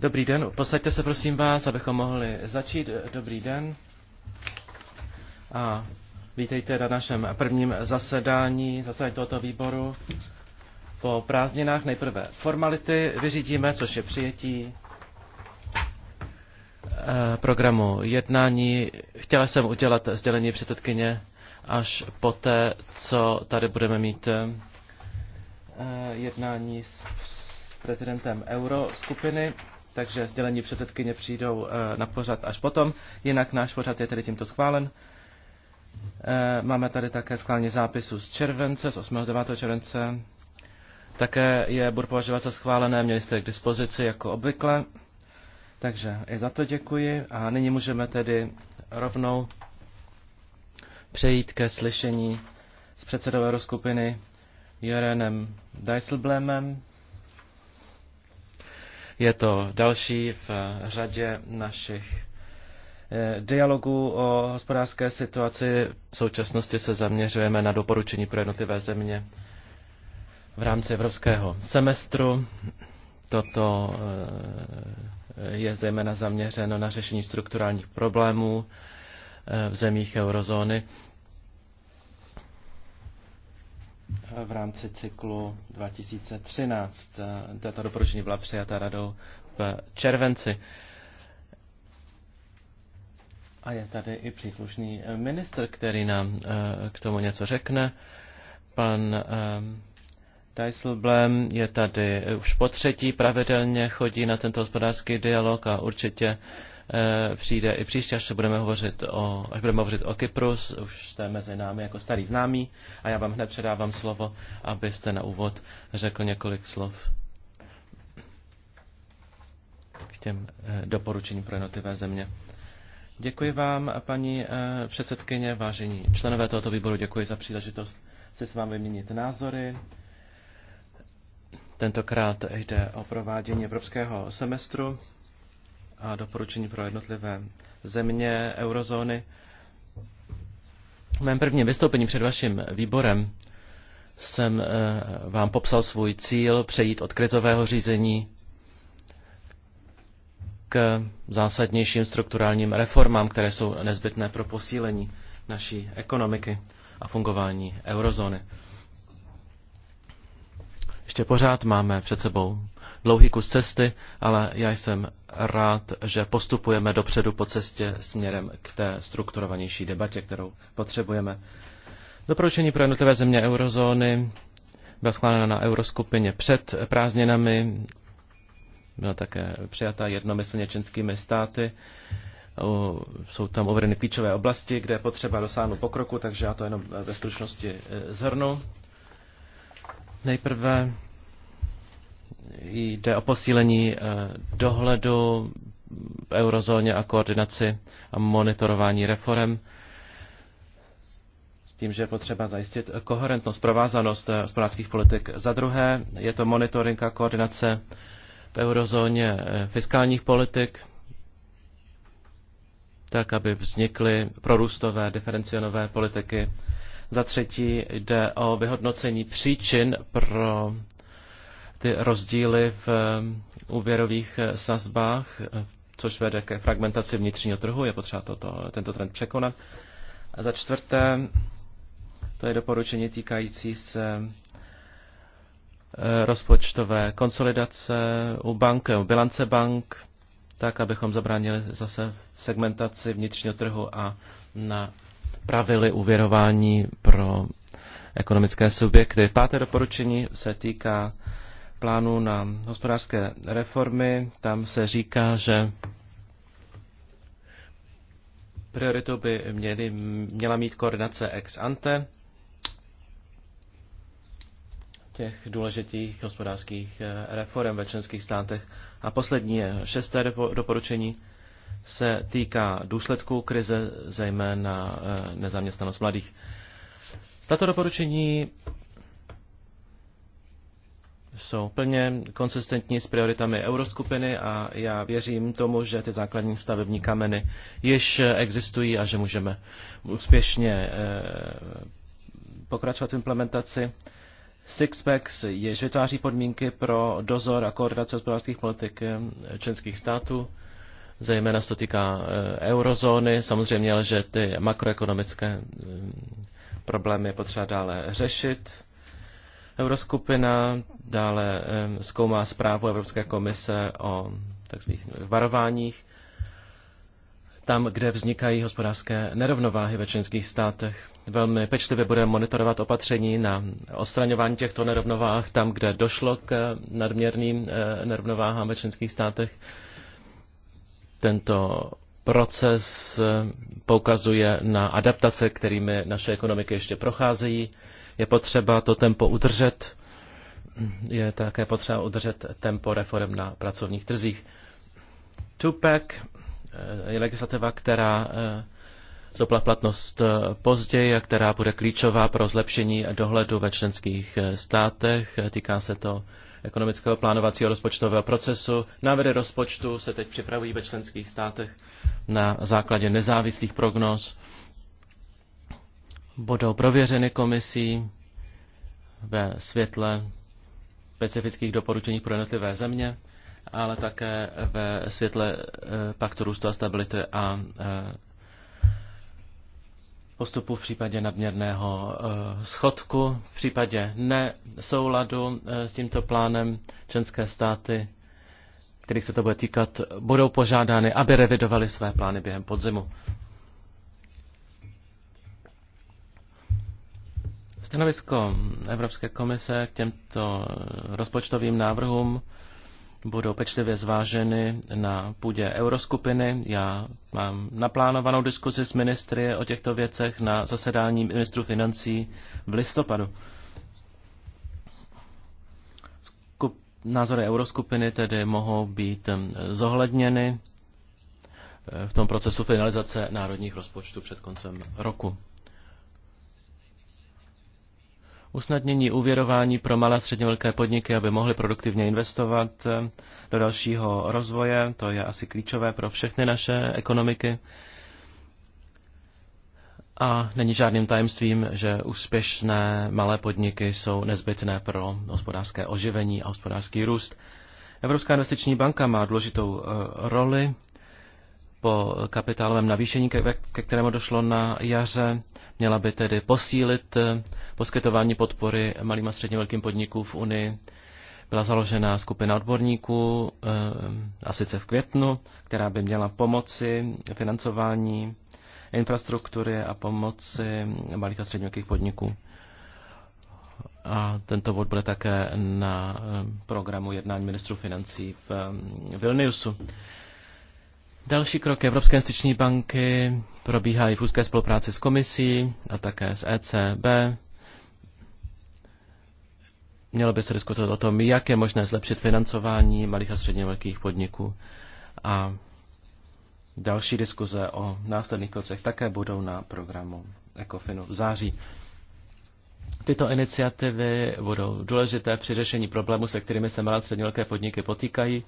Dobrý den, posaďte se prosím vás, abychom mohli začít. Dobrý den. A vítejte na našem prvním zasedání, zasedání tohoto výboru. Po prázdninách nejprve formality vyřídíme, což je přijetí eh, programu jednání. Chtěla jsem udělat sdělení předsedkyně až poté, co tady budeme mít eh, jednání s prezidentem Euroskupiny, takže sdělení předsedkyně přijdou eh, na pořad až potom. Jinak náš pořad je tedy tímto schválen. Eh, máme tady také schválení zápisu z července, z 8. 9. července. Také je budu považovat za schválené, měli jste k dispozici jako obvykle. Takže i za to děkuji a nyní můžeme tedy rovnou přejít ke slyšení s předsedou Euroskupiny Jorenem Dijsselblemem. Je to další v eh, řadě našich eh, dialogů o hospodářské situaci. V současnosti se zaměřujeme na doporučení pro jednotlivé země v rámci evropského semestru. Toto eh, je zejména zaměřeno na řešení strukturálních problémů v zemích eurozóny v rámci cyklu 2013. Eh, Tato doporučení byla přijata radou v červenci. A je tady i příslušný eh, minister, který nám eh, k tomu něco řekne. Pan ehm, Dijsselblem je tady už po třetí, pravidelně chodí na tento hospodářský dialog a určitě Eh, přijde i příště, až budeme hovořit o, až budeme hovořit o Kypru, už jste mezi námi jako starý známý a já vám hned předávám slovo, abyste na úvod řekl několik slov k těm eh, doporučením pro jednotlivé země. Děkuji vám, paní eh, předsedkyně, vážení členové tohoto výboru, děkuji za příležitost si s vámi vyměnit názory. Tentokrát jde o provádění evropského semestru a doporučení pro jednotlivé země eurozóny. V mém prvním vystoupení před vaším výborem jsem eh, vám popsal svůj cíl přejít od krizového řízení k zásadnějším strukturálním reformám, které jsou nezbytné pro posílení naší ekonomiky a fungování eurozóny. Ještě pořád máme před sebou dlouhý kus cesty, ale já jsem rád, že postupujeme dopředu po cestě směrem k té strukturovanější debatě, kterou potřebujeme. Doporučení pro jednotlivé země eurozóny byla schválena na euroskupině před prázdninami, byla také přijata jednomyslně čínskými státy. Jsou tam uvedeny klíčové oblasti, kde je potřeba dosáhnout pokroku, takže já to jenom ve stručnosti zhrnu. Eh, Nejprve jde o posílení eh, dohledu v eurozóně a koordinaci a monitorování reform tím, že je potřeba zajistit koherentnost, provázanost eh, hospodářských politik. Za druhé je to monitoring a koordinace v eurozóně eh, fiskálních politik, tak, aby vznikly prorůstové diferencionové politiky. Za třetí jde o vyhodnocení příčin pro ty rozdíly v úvěrových eh, sazbách, eh, což vede ke fragmentaci vnitřního trhu. Je potřeba toto, tento trend překonat. A za čtvrté, to je doporučení týkající se eh, rozpočtové konsolidace u bank, u bilance bank, tak, abychom zabránili zase segmentaci vnitřního trhu a na pravily uvěrování pro ekonomické subjekty. Páté doporučení se týká plánu na hospodářské reformy. Tam se říká, že prioritu by měly, měla mít koordinace ex ante těch důležitých hospodářských eh, reform ve členských státech. A poslední je šesté doporučení se týká důsledků krize, zejména eh, nezaměstnanost mladých. Tato doporučení jsou plně konsistentní s prioritami euroskupiny a já věřím tomu, že ty základní stavební kameny již existují a že můžeme úspěšně eh, pokračovat v implementaci. Sixpacks již vytváří podmínky pro dozor a koordinaci hospodářských politik eh, členských států, zejména se to týká eh, eurozóny, samozřejmě, ale že ty makroekonomické problémy je potřeba dále řešit Euroskupina dále zkoumá zprávu Evropské komise o takzvaných varováních tam, kde vznikají hospodářské nerovnováhy ve členských státech. Velmi pečlivě budeme monitorovat opatření na odstraňování těchto nerovnováh tam, kde došlo k nadměrným eh, nerovnováhám ve členských státech. Tento proces eh, poukazuje na adaptace, kterými naše ekonomiky ještě procházejí. Je potřeba to tempo udržet. Je také potřeba udržet tempo reform na pracovních trzích. Tupac eh, je legislativa, která eh, zopla platnost eh, později a která bude klíčová pro zlepšení dohledu ve členských státech. Týká se to ekonomického plánovacího rozpočtového procesu. Návrhy rozpočtu se teď připravují ve členských státech na základě nezávislých prognóz budou prověřeny komisí ve světle specifických doporučení pro jednotlivé země, ale také ve světle eh, paktu růstu a stability a eh, postupu v případě nadměrného eh, schodku. V případě nesouladu s tímto plánem členské státy, kterých se to bude týkat, budou požádány, aby revidovali své plány během podzimu. Stanovisko Evropské komise k těmto rozpočtovým návrhům budou pečlivě zváženy na půdě euroskupiny. Já mám naplánovanou diskuzi s ministry o těchto věcech na zasedání ministrů financí v listopadu. Názory euroskupiny tedy mohou být zohledněny eh, v tom procesu finalizace národních rozpočtů před koncem roku usnadnění uvěrování pro malé a středně velké podniky, aby mohly produktivně investovat eh, do dalšího rozvoje. To je asi klíčové pro všechny naše ekonomiky. A není žádným tajemstvím, že úspěšné malé podniky jsou nezbytné pro hospodářské oživení a hospodářský růst. Evropská investiční banka má důležitou eh, roli po kapitálovém navýšení, ke kterému došlo na jaře. Měla by tedy posílit eh, poskytování podpory malým a středně velkým podnikům v Unii. Byla založena skupina odborníků, eh, a sice v květnu, která by měla pomoci financování infrastruktury a pomoci malých a středně velkých podniků. A tento bod bude také na eh, programu jednání ministrů financí v Vilniusu. Další kroky Evropské styční banky probíhají v úzké spolupráci s komisí a také s ECB. Mělo by se diskutovat o tom, jak je možné zlepšit financování malých a středně velkých podniků. A další diskuze o následných krocech také budou na programu Ecofinu v září. Tyto iniciativy budou důležité při řešení problémů, se kterými se malé a středně velké podniky potýkají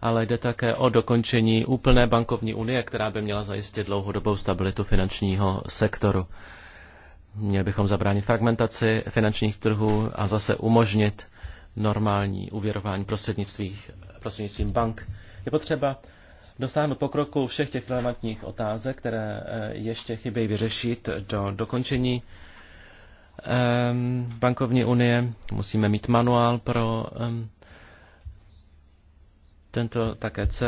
ale jde také o dokončení úplné bankovní unie, která by měla zajistit dlouhodobou stabilitu finančního sektoru. Měli bychom zabránit fragmentaci finančních trhů a zase umožnit normální uvěrování prostřednictvím bank. Je potřeba dosáhnout pokroku všech těch relevantních otázek, které eh, ještě chybějí vyřešit do dokončení eh, bankovní unie. Musíme mít manuál pro eh, tento také C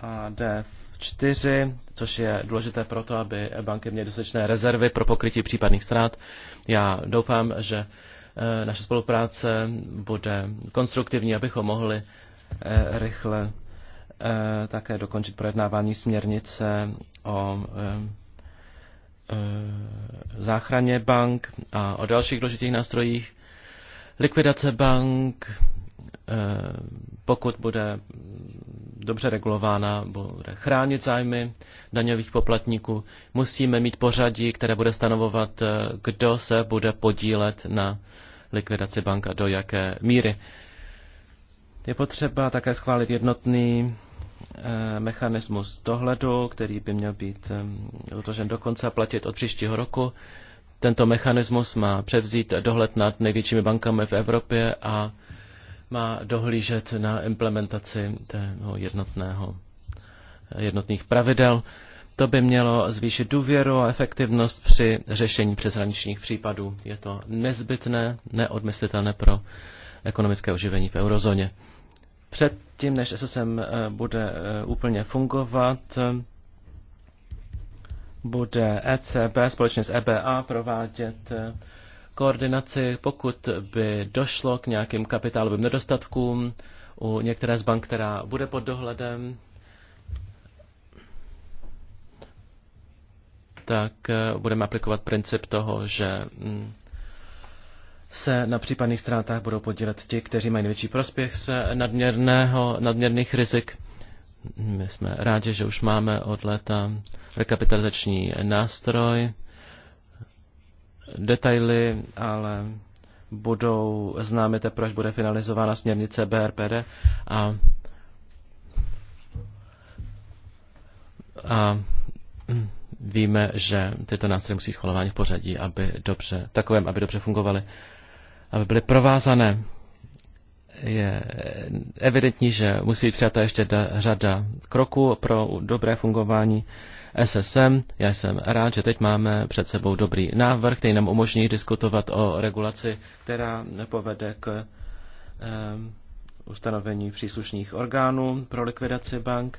a D4, což je důležité pro to, aby banky měly dostatečné rezervy pro pokrytí případných ztrát. Já doufám, že eh, naše spolupráce bude konstruktivní, abychom mohli eh, rychle eh, také dokončit projednávání směrnice o záchraně bank a o dalších důležitých nástrojích, likvidace bank, Eh, pokud bude dobře regulována, bude chránit zájmy daňových poplatníků. Musíme mít pořadí, které bude stanovovat, eh, kdo se bude podílet na likvidaci banka, do jaké míry. Je potřeba také schválit jednotný eh, mechanismus dohledu, který by měl být dotožen do konce a platit od příštího roku. Tento mechanismus má převzít dohled nad největšími bankami v Evropě a má dohlížet na implementaci toho jednotného, jednotných pravidel. To by mělo zvýšit důvěru a efektivnost při řešení přeshraničních případů. Je to nezbytné, neodmyslitelné pro ekonomické oživení v eurozóně. Předtím, než SSM eh, bude eh, úplně fungovat, eh, bude ECB společně s EBA provádět koordinaci, pokud by došlo k nějakým kapitálovým nedostatkům u některé z bank, která bude pod dohledem, tak eh, budeme aplikovat princip toho, že mm, se na případných ztrátách budou podílet ti, kteří mají největší prospěch se nadměrného, nadměrných rizik. My jsme rádi, že už máme od léta rekapitalizační nástroj, Detaily ale budou známy teprve, až bude finalizována směrnice BRPD a, a víme, že tyto nástroje musí schvalování v pořadí, aby dobře, takovém, aby dobře fungovaly, aby byly provázané. Je evidentní, že musí být přijata ještě da, řada kroků pro dobré fungování SSM. Já jsem rád, že teď máme před sebou dobrý návrh, který nám umožní diskutovat o regulaci, která povede k ehm, ustanovení příslušných orgánů pro likvidaci bank.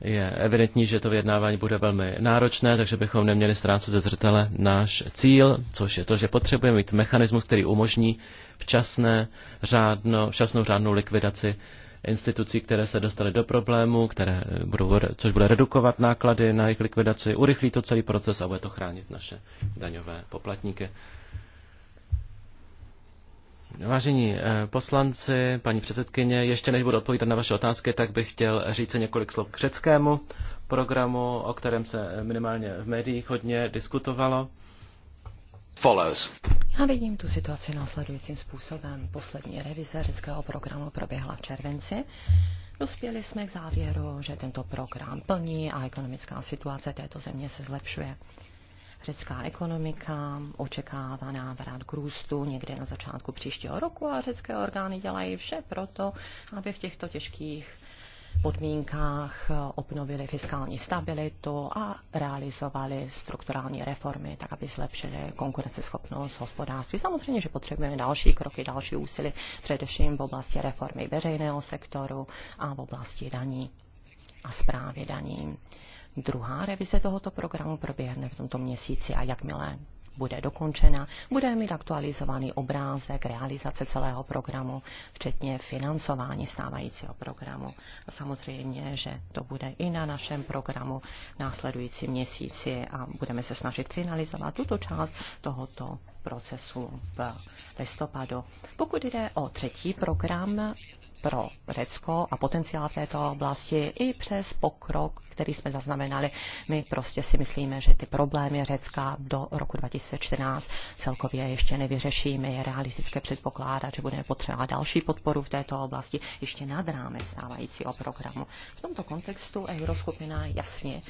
Je evidentní, že to vyjednávání bude velmi náročné, takže bychom neměli ztrácet ze zřetele náš cíl, což je to, že potřebujeme mít mechanismus, který umožní včasné, řádno, včasnou řádnou likvidaci institucí, které se dostaly do problému, které budou, což bude redukovat náklady na jejich likvidaci, urychlí to celý proces a bude to chránit naše daňové poplatníky. Vážení eh, poslanci, paní předsedkyně, ještě než budu odpovídat na vaše otázky, tak bych chtěl říct několik slov k řeckému programu, o kterém se minimálně v médiích hodně diskutovalo follows. Já vidím tu situaci následujícím způsobem. Poslední revize řeckého programu proběhla v červenci. Dospěli jsme k závěru, že tento program plní a ekonomická situace této země se zlepšuje. Řecká ekonomika očekává návrat k růstu někde na začátku příštího roku a řecké orgány dělají vše proto, aby v těchto těžkých podmínkách eh, obnovili fiskální stabilitu a realizovali strukturální reformy, tak aby zlepšili konkurenceschopnost hospodářství. Samozřejmě, že potřebujeme další kroky, další úsilí, především v oblasti reformy veřejného sektoru a v oblasti daní a zprávy daní. Druhá revize tohoto programu proběhne v tomto měsíci a jakmile bude dokončena, bude mít aktualizovaný obrázek realizace celého programu, včetně financování stávajícího programu. A samozřejmě, že to bude i na našem programu v následující měsíci a budeme se snažit finalizovat tuto část tohoto procesu v listopadu. Pokud jde o třetí program, pro Řecko a potenciál v této oblasti i přes pokrok, který jsme zaznamenali. My prostě si myslíme, že ty problémy Řecka do roku 2014 celkově ještě nevyřešíme. Je realistické předpokládat, že budeme potřebovat další podporu v této oblasti ještě nad rámec stávajícího programu. V tomto kontextu Euroskupina jasně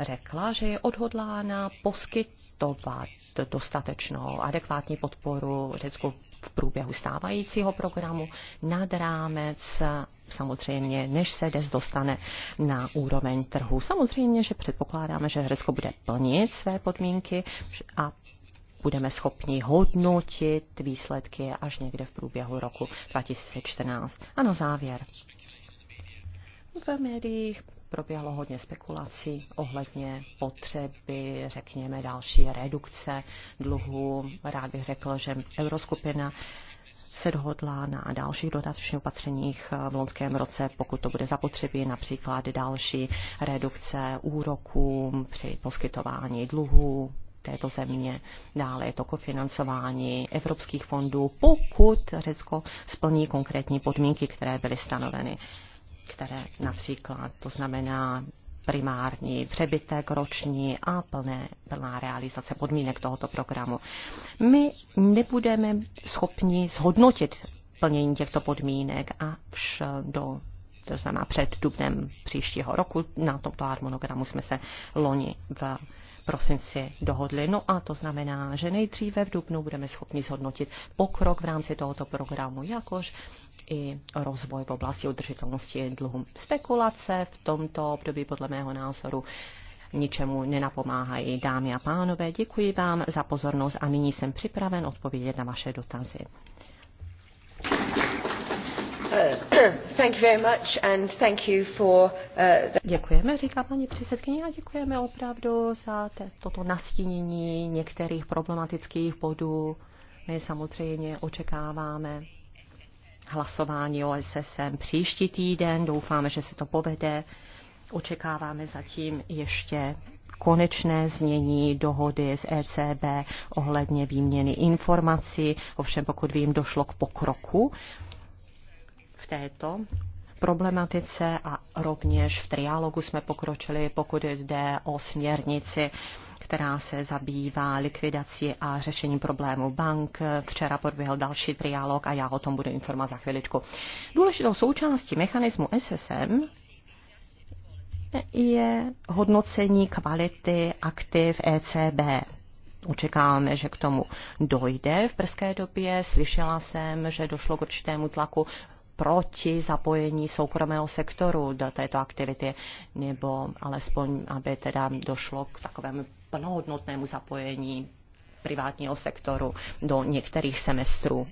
řekla, že je odhodlána poskytovat dostatečnou adekvátní podporu Řecku v průběhu stávajícího programu nad rámec samozřejmě, než se DES dostane na úroveň trhu. Samozřejmě, že předpokládáme, že Hřecko bude plnit své podmínky a budeme schopni hodnotit výsledky až někde v průběhu roku 2014. A na závěr. V médiích proběhlo hodně spekulací ohledně potřeby, řekněme, další redukce dluhu. Rád bych řekl, že Euroskupina se dohodla na dalších dodatečných opatřeních v loňském roce, pokud to bude zapotřebí, například další redukce úroků při poskytování dluhů této země. Dále je to kofinancování evropských fondů, pokud Řecko splní konkrétní podmínky, které byly stanoveny které například to znamená primární přebytek roční a plné, plná realizace podmínek tohoto programu. My nebudeme schopni zhodnotit plnění těchto podmínek a vš do to znamená před dubnem příštího roku. Na tomto harmonogramu jsme se loni v prosinci dohodli. No a to znamená, že nejdříve v Dubnu budeme schopni zhodnotit pokrok v rámci tohoto programu, jakož i rozvoj v oblasti udržitelnosti dluhu. Spekulace v tomto období podle mého názoru ničemu nenapomáhají. Dámy a pánové, děkuji vám za pozornost a nyní jsem připraven odpovědět na vaše dotazy. Uh, děkujeme, říká paní předsedkyně, a děkujeme opravdu za toto nastínění některých problematických bodů. My samozřejmě očekáváme hlasování o SSM příští týden. Doufáme, že se to povede. Očekáváme zatím ještě konečné znění dohody z ECB ohledně výměny informací. Ovšem, pokud vím, došlo k pokroku této problematice a rovněž v triálogu jsme pokročili, pokud jde o směrnici která se zabývá likvidací a řešením problémů bank. Včera proběhl další triálog a já o tom budu informovat za chviličku. Důležitou součástí mechanismu SSM je hodnocení kvality aktiv ECB. Očekáváme, že k tomu dojde v brzké době. Slyšela jsem, že došlo k určitému tlaku proti zapojení soukromého sektoru do této aktivity, nebo alespoň, aby teda došlo k takovému plnohodnotnému zapojení privátního sektoru do některých semestrů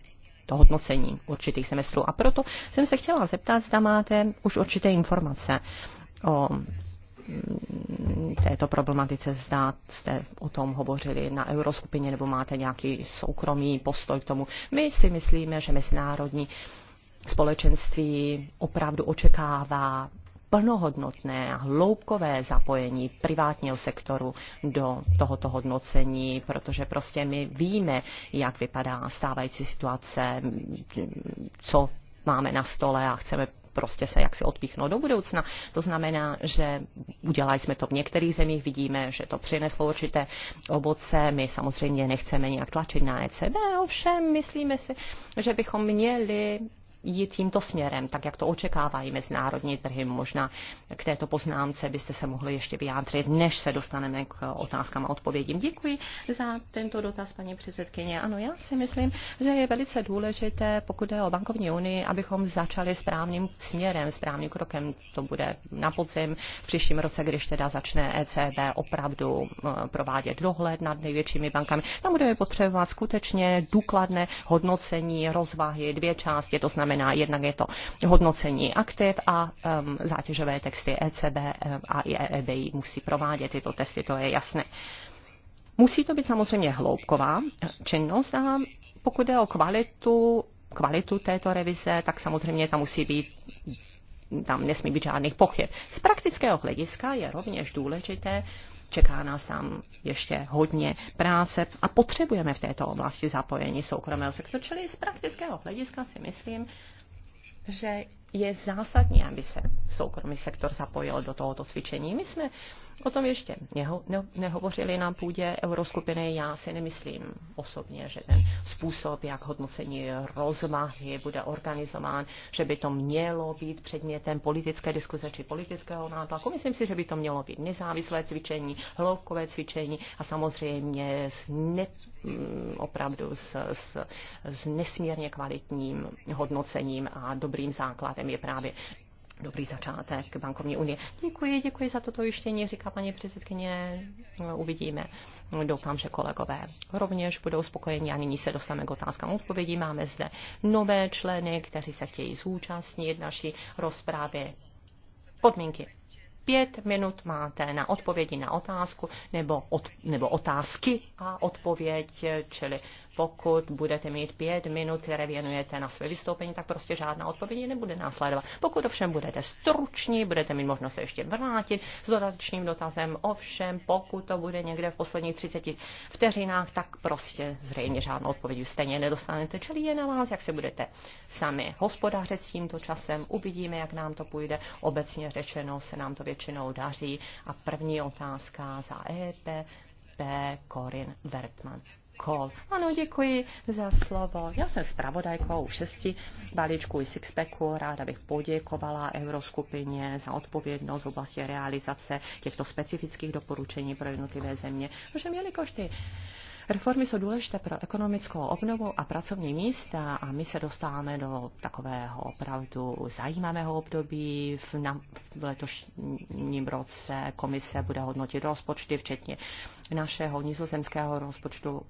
to hodnocení určitých semestrů. A proto jsem se chtěla zeptat, zda máte už určité informace o mm, této problematice zda jste o tom hovořili na euroskupině, nebo máte nějaký soukromý postoj k tomu. My si myslíme, že mezinárodní společenství opravdu očekává plnohodnotné a hloubkové zapojení privátního sektoru do tohoto hodnocení, protože prostě my víme, jak vypadá stávající situace, co máme na stole a chceme prostě se jaksi odpíchnout do budoucna. To znamená, že udělali jsme to v některých zemích, vidíme, že to přineslo určité ovoce. My samozřejmě nechceme nějak tlačit na ECB, ovšem myslíme si, že bychom měli jít tímto směrem, tak jak to očekávají mezinárodní trhy. Možná k této poznámce byste se mohli ještě vyjádřit, než se dostaneme k otázkám a odpovědím. Děkuji za tento dotaz, paní předsedkyně. Ano, já si myslím, že je velice důležité, pokud je o bankovní unii, abychom začali správným směrem, správným krokem. To bude na podzim v příštím roce, když teda začne ECB opravdu eh, provádět dohled nad největšími bankami. Tam budeme potřebovat skutečně důkladné hodnocení, rozvahy, dvě části, to znamená znamená, jednak je to hodnocení aktiv a um, zátěžové texty ECB a i EBI e musí provádět tyto testy, to je jasné. Musí to být samozřejmě hloubková eh, činnost a pokud je o kvalitu, kvalitu této revize, tak samozřejmě tam musí být tam nesmí být žádných pochyb. Z praktického hlediska je rovněž důležité Čeká nás tam ještě hodně práce a potřebujeme v této oblasti zapojení soukromého sektoru. Čili z praktického hlediska si myslím, že je zásadní, aby se soukromý sektor zapojil do tohoto cvičení. My jsme O tom ještě neho, ne, nehovořili na půdě euroskupiny. Já si nemyslím osobně, že ten způsob, jak hodnocení rozmahy bude organizován, že by to mělo být předmětem politické diskuze či politického nátlaku. Myslím si, že by to mělo být nezávislé cvičení, hloubkové cvičení a samozřejmě s ne, mm, opravdu s, s, s nesmírně kvalitním hodnocením a dobrým základem je právě dobrý začátek bankovní unie. Děkuji, děkuji za toto ujištění, říká paní předsedkyně. Uvidíme. Doufám, že kolegové rovněž budou spokojeni a nyní se dostaneme k otázkám odpovědí. Máme zde nové členy, kteří se chtějí zúčastnit naší rozprávy. Podmínky. Pět minut máte na odpovědi na otázku nebo, od, nebo otázky a odpověď, čili pokud budete mít pět minut, které věnujete na své vystoupení, tak prostě žádná odpověď nebude následovat. Pokud ovšem budete struční, budete mít možnost se ještě vrátit s dodatečným dotazem, ovšem pokud to bude někde v posledních 30 vteřinách, tak prostě zřejmě žádnou odpověď stejně nedostanete. Čili je na vás, jak se budete sami hospodařit s tímto časem. Uvidíme, jak nám to půjde. Obecně řečeno se nám to většinou daří. A první otázka za EP. P. Corin Wertmann úkol. Ano, děkuji za slovo. Já jsem zpravodajkou šesti balíčků i sixpacku. Ráda bych poděkovala Euroskupině za odpovědnost v oblasti realizace těchto specifických doporučení pro jednotlivé země, protože jelikož ty Reformy jsou důležité pro ekonomickou obnovu a pracovní místa a my se dostáváme do takového opravdu zajímavého období. V, na, v letošním roce komise bude hodnotit rozpočty, včetně našeho nizozemského rozpočtu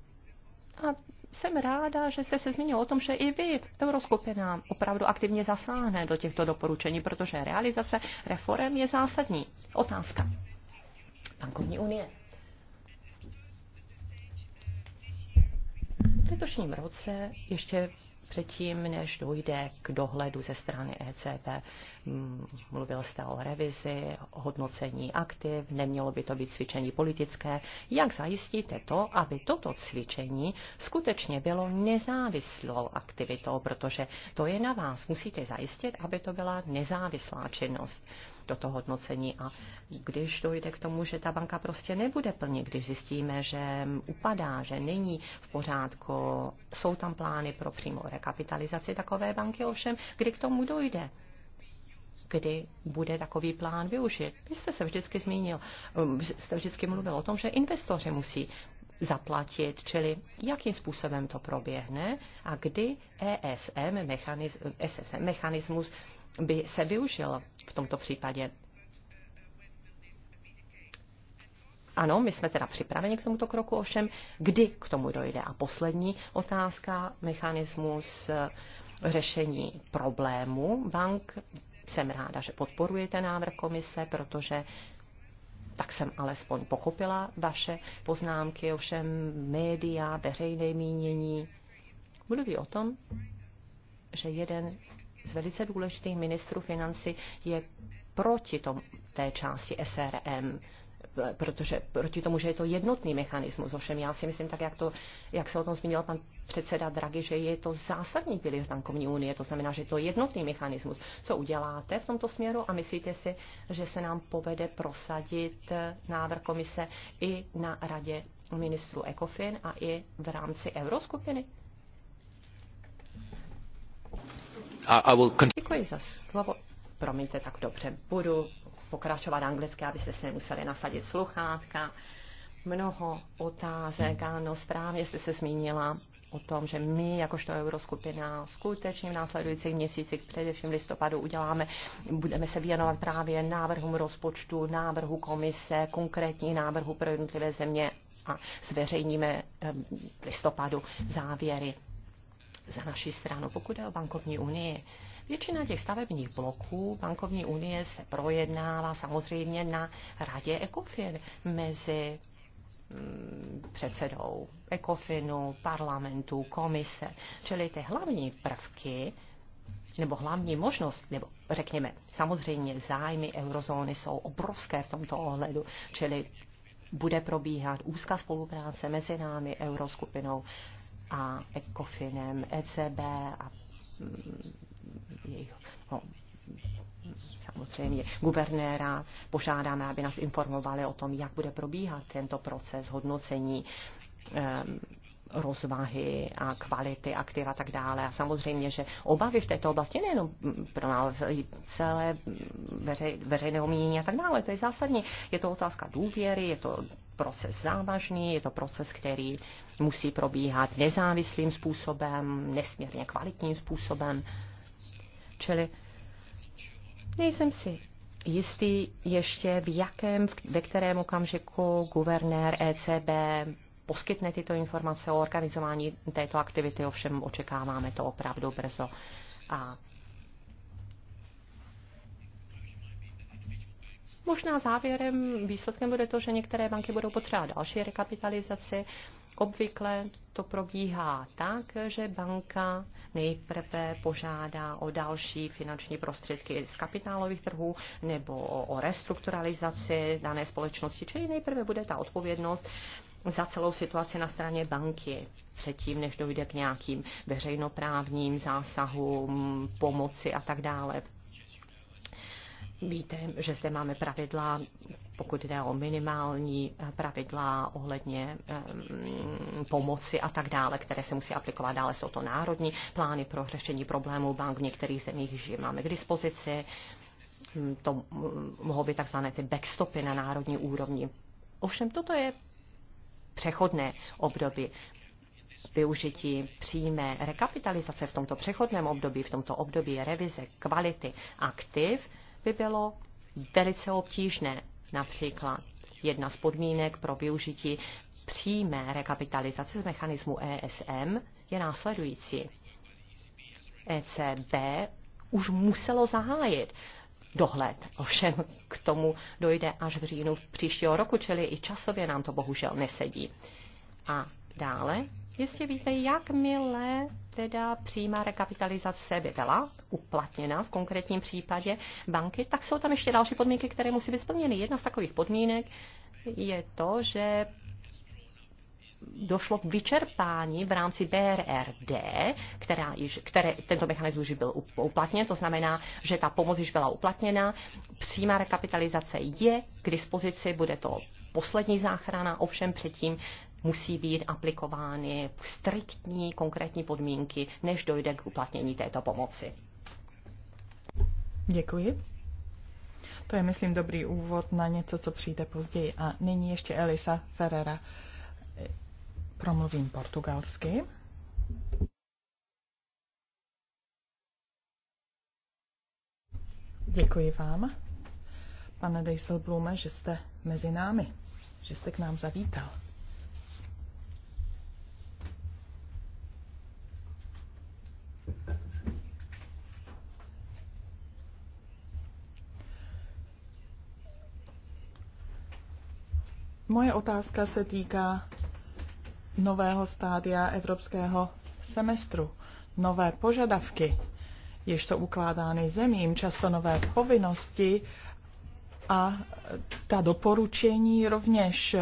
a jsem ráda, že jste se zmínil o tom, že i vy Euroskupina opravdu aktivně zasáhne do těchto doporučení, protože realizace reform je zásadní. Otázka. Bankovní unie. V letošním roce, ještě předtím, než dojde k dohledu ze strany ECB, mm, mluvil jste o revizi, o hodnocení aktiv, nemělo by to být cvičení politické. Jak zajistíte to, aby toto cvičení skutečně bylo nezávislou aktivitou, protože to je na vás. Musíte zajistit, aby to byla nezávislá činnost do toho hodnocení a když dojde k tomu, že ta banka prostě nebude plně, když zjistíme, že upadá, že není v pořádku, jsou tam plány pro přímou rekapitalizaci takové banky, ovšem, kdy k tomu dojde? kdy bude takový plán využit. Vy jste se vždycky zmínil, um, jste vždycky mluvil o tom, že investoři musí zaplatit, čili jakým způsobem to proběhne a kdy ESM, mechaniz, SSM, mechanismus by se využil v tomto případě. Ano, my jsme teda připraveni k tomuto kroku, ovšem kdy k tomu dojde. A poslední otázka, mechanismus eh, řešení problému bank. Jsem ráda, že podporujete návrh komise, protože tak jsem alespoň pochopila vaše poznámky, ovšem média, veřejné mínění mluví o tom, že jeden z velice důležitých ministrů financí je proti tom, té části SRM protože proti tomu, že je to jednotný mechanismus. Ovšem já si myslím, tak jak, to, jak se o tom zmínil pan předseda Draghi, že je to zásadní pilíř bankovní unie, to znamená, že je to jednotný mechanismus. Co uděláte v tomto směru a myslíte si, že se nám povede prosadit návrh komise i na radě ministru ECOFIN a i v rámci euroskupiny? Děkuji za slovo. Promiňte, tak dobře. Budu pokračovat anglicky, abyste si nemuseli nasadit sluchátka. Mnoho otázek, ano, správně jste se zmínila o tom, že my, jakožto Euroskupina, skutečně v následujících měsících, především v listopadu, uděláme, budeme se věnovat právě návrhům rozpočtu, návrhu komise, konkrétní návrhu pro jednotlivé země a zveřejníme ehm, v listopadu závěry za naší stranu, pokud je o bankovní unii. Většina těch stavebních bloků bankovní unie se projednává samozřejmě na radě ECOFIN mezi mm, předsedou ECOFINu, parlamentu, komise. Čili ty hlavní prvky nebo hlavní možnost, nebo řekněme, samozřejmě zájmy eurozóny jsou obrovské v tomto ohledu, čili bude probíhat úzká spolupráce mezi námi, Euroskupinou a ECOFINem, ECB a mm, jejich, no, samozřejmě guvernéra. Požádáme, aby nás informovali o tom, jak bude probíhat tento proces hodnocení ehm, rozvahy a kvality aktiv a tak dále. A samozřejmě, že obavy v této oblasti nejenom pro nás, celé veřej, veřejného mínění a tak dále, to je zásadní. Je to otázka důvěry, je to proces závažný, je to proces, který musí probíhat nezávislým způsobem, nesmírně kvalitním způsobem. Čili nejsem si jistý ještě, v jakém, ve kterém okamžiku guvernér ECB poskytne tyto informace o organizování této aktivity, ovšem očekáváme to opravdu brzo. A Možná závěrem, výsledkem bude to, že některé banky budou potřebovat další rekapitalizaci. Obvykle to probíhá tak, že banka nejprve požádá o další finanční prostředky z kapitálových trhů nebo o restrukturalizaci dané společnosti, čili nejprve bude ta odpovědnost za celou situaci na straně banky předtím, než dojde k nějakým veřejnoprávním zásahům, pomoci a tak dále. Víte, že zde máme pravidla, pokud jde o minimální pravidla ohledně um, pomoci a tak dále, které se musí aplikovat. Dále jsou to národní plány pro řešení problémů bank v některých zemích, že máme k dispozici. To mohou být takzvané ty backstopy na národní úrovni. Ovšem toto je přechodné období využití přímé rekapitalizace v tomto přechodném období, v tomto období revize kvality aktiv by bylo velice obtížné. Například jedna z podmínek pro využití přímé rekapitalizace z mechanismu ESM je následující. ECB už muselo zahájit dohled. Ovšem k tomu dojde až v říjnu příštího roku, čili i časově nám to bohužel nesedí. A dále Jistě víte, milé, teda přímá rekapitalizace by byla uplatněna v konkrétním případě banky, tak jsou tam ještě další podmínky, které musí být splněny. Jedna z takových podmínek je to, že došlo k vyčerpání v rámci BRRD, která již, které, tento mechanismus již byl uplatněn, to znamená, že ta pomoc již byla uplatněna. Přímá rekapitalizace je k dispozici, bude to poslední záchrana, ovšem předtím musí být aplikovány striktní konkrétní podmínky, než dojde k uplatnění této pomoci. Děkuji. To je, myslím, dobrý úvod na něco, co přijde později. A nyní ještě Elisa Ferrera. Promluvím portugalsky. Děkuji vám, pane Dejselblume, že jste mezi námi, že jste k nám zavítal. Moje otázka se týká nového stádia evropského semestru, nové požadavky, jež jsou ukládány zemím, často nové povinnosti a ta doporučení rovněž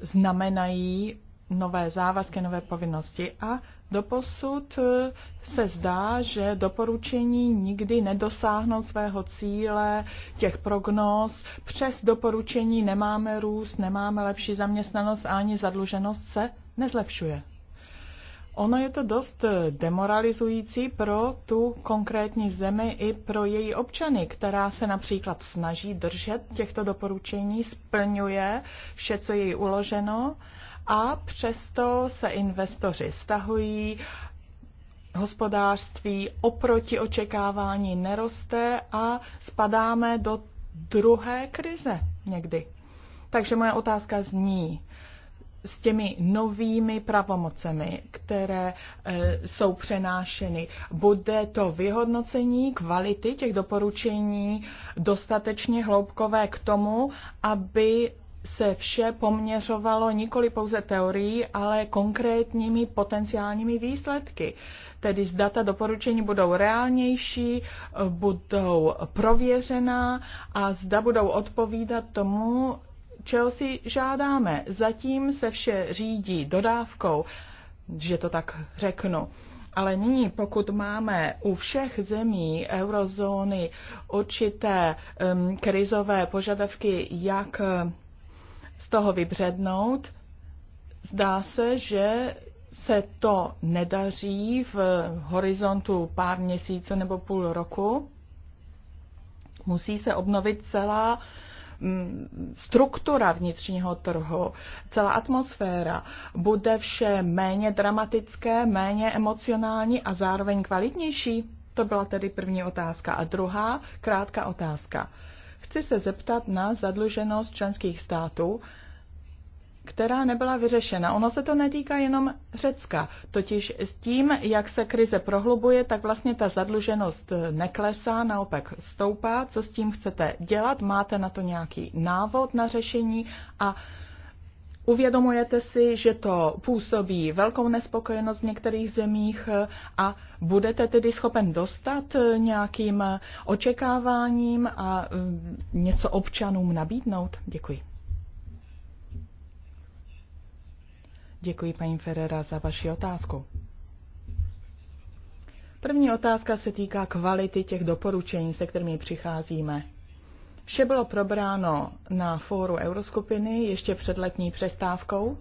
znamenají nové závazky, nové povinnosti a doposud eh, se zdá, že doporučení nikdy nedosáhnou svého cíle, těch prognóz. Přes doporučení nemáme růst, nemáme lepší zaměstnanost a ani zadluženost se nezlepšuje. Ono je to dost eh, demoralizující pro tu konkrétní zemi i pro její občany, která se například snaží držet těchto doporučení, splňuje vše, co je jí uloženo a přesto se investoři stahují, hospodářství oproti očekávání neroste a spadáme do druhé krize někdy. Takže moje otázka zní, s těmi novými pravomocemi, které e, jsou přenášeny. Bude to vyhodnocení kvality těch doporučení dostatečně hloubkové k tomu, aby se vše poměřovalo nikoli pouze teorií, ale konkrétními potenciálními výsledky. Tedy z data doporučení budou reálnější, budou prověřená a zda budou odpovídat tomu, čeho si žádáme. Zatím se vše řídí dodávkou, že to tak řeknu. Ale nyní, pokud máme u všech zemí eurozóny určité um, krizové požadavky, jak z toho vybřednout. Zdá se, že se to nedaří v horizontu pár měsíců nebo půl roku. Musí se obnovit celá mm, struktura vnitřního trhu, celá atmosféra bude vše méně dramatické, méně emocionální a zároveň kvalitnější? To byla tedy první otázka. A druhá krátká otázka. Chci se zeptat na zadluženost členských států, která nebyla vyřešena. Ono se to netýká jenom Řecka. Totiž s tím, jak se krize prohlubuje, tak vlastně ta zadluženost neklesá, naopak stoupá. Co s tím chcete dělat? Máte na to nějaký návod na řešení? A Uvědomujete si, že to působí velkou nespokojenost v některých zemích a budete tedy schopen dostat nějakým očekáváním a mm, něco občanům nabídnout? Děkuji. Děkuji, paní Ferrera, za vaši otázku. První otázka se týká kvality těch doporučení, se kterými přicházíme. Vše bylo probráno na fóru Euroskupiny ještě před letní přestávkou.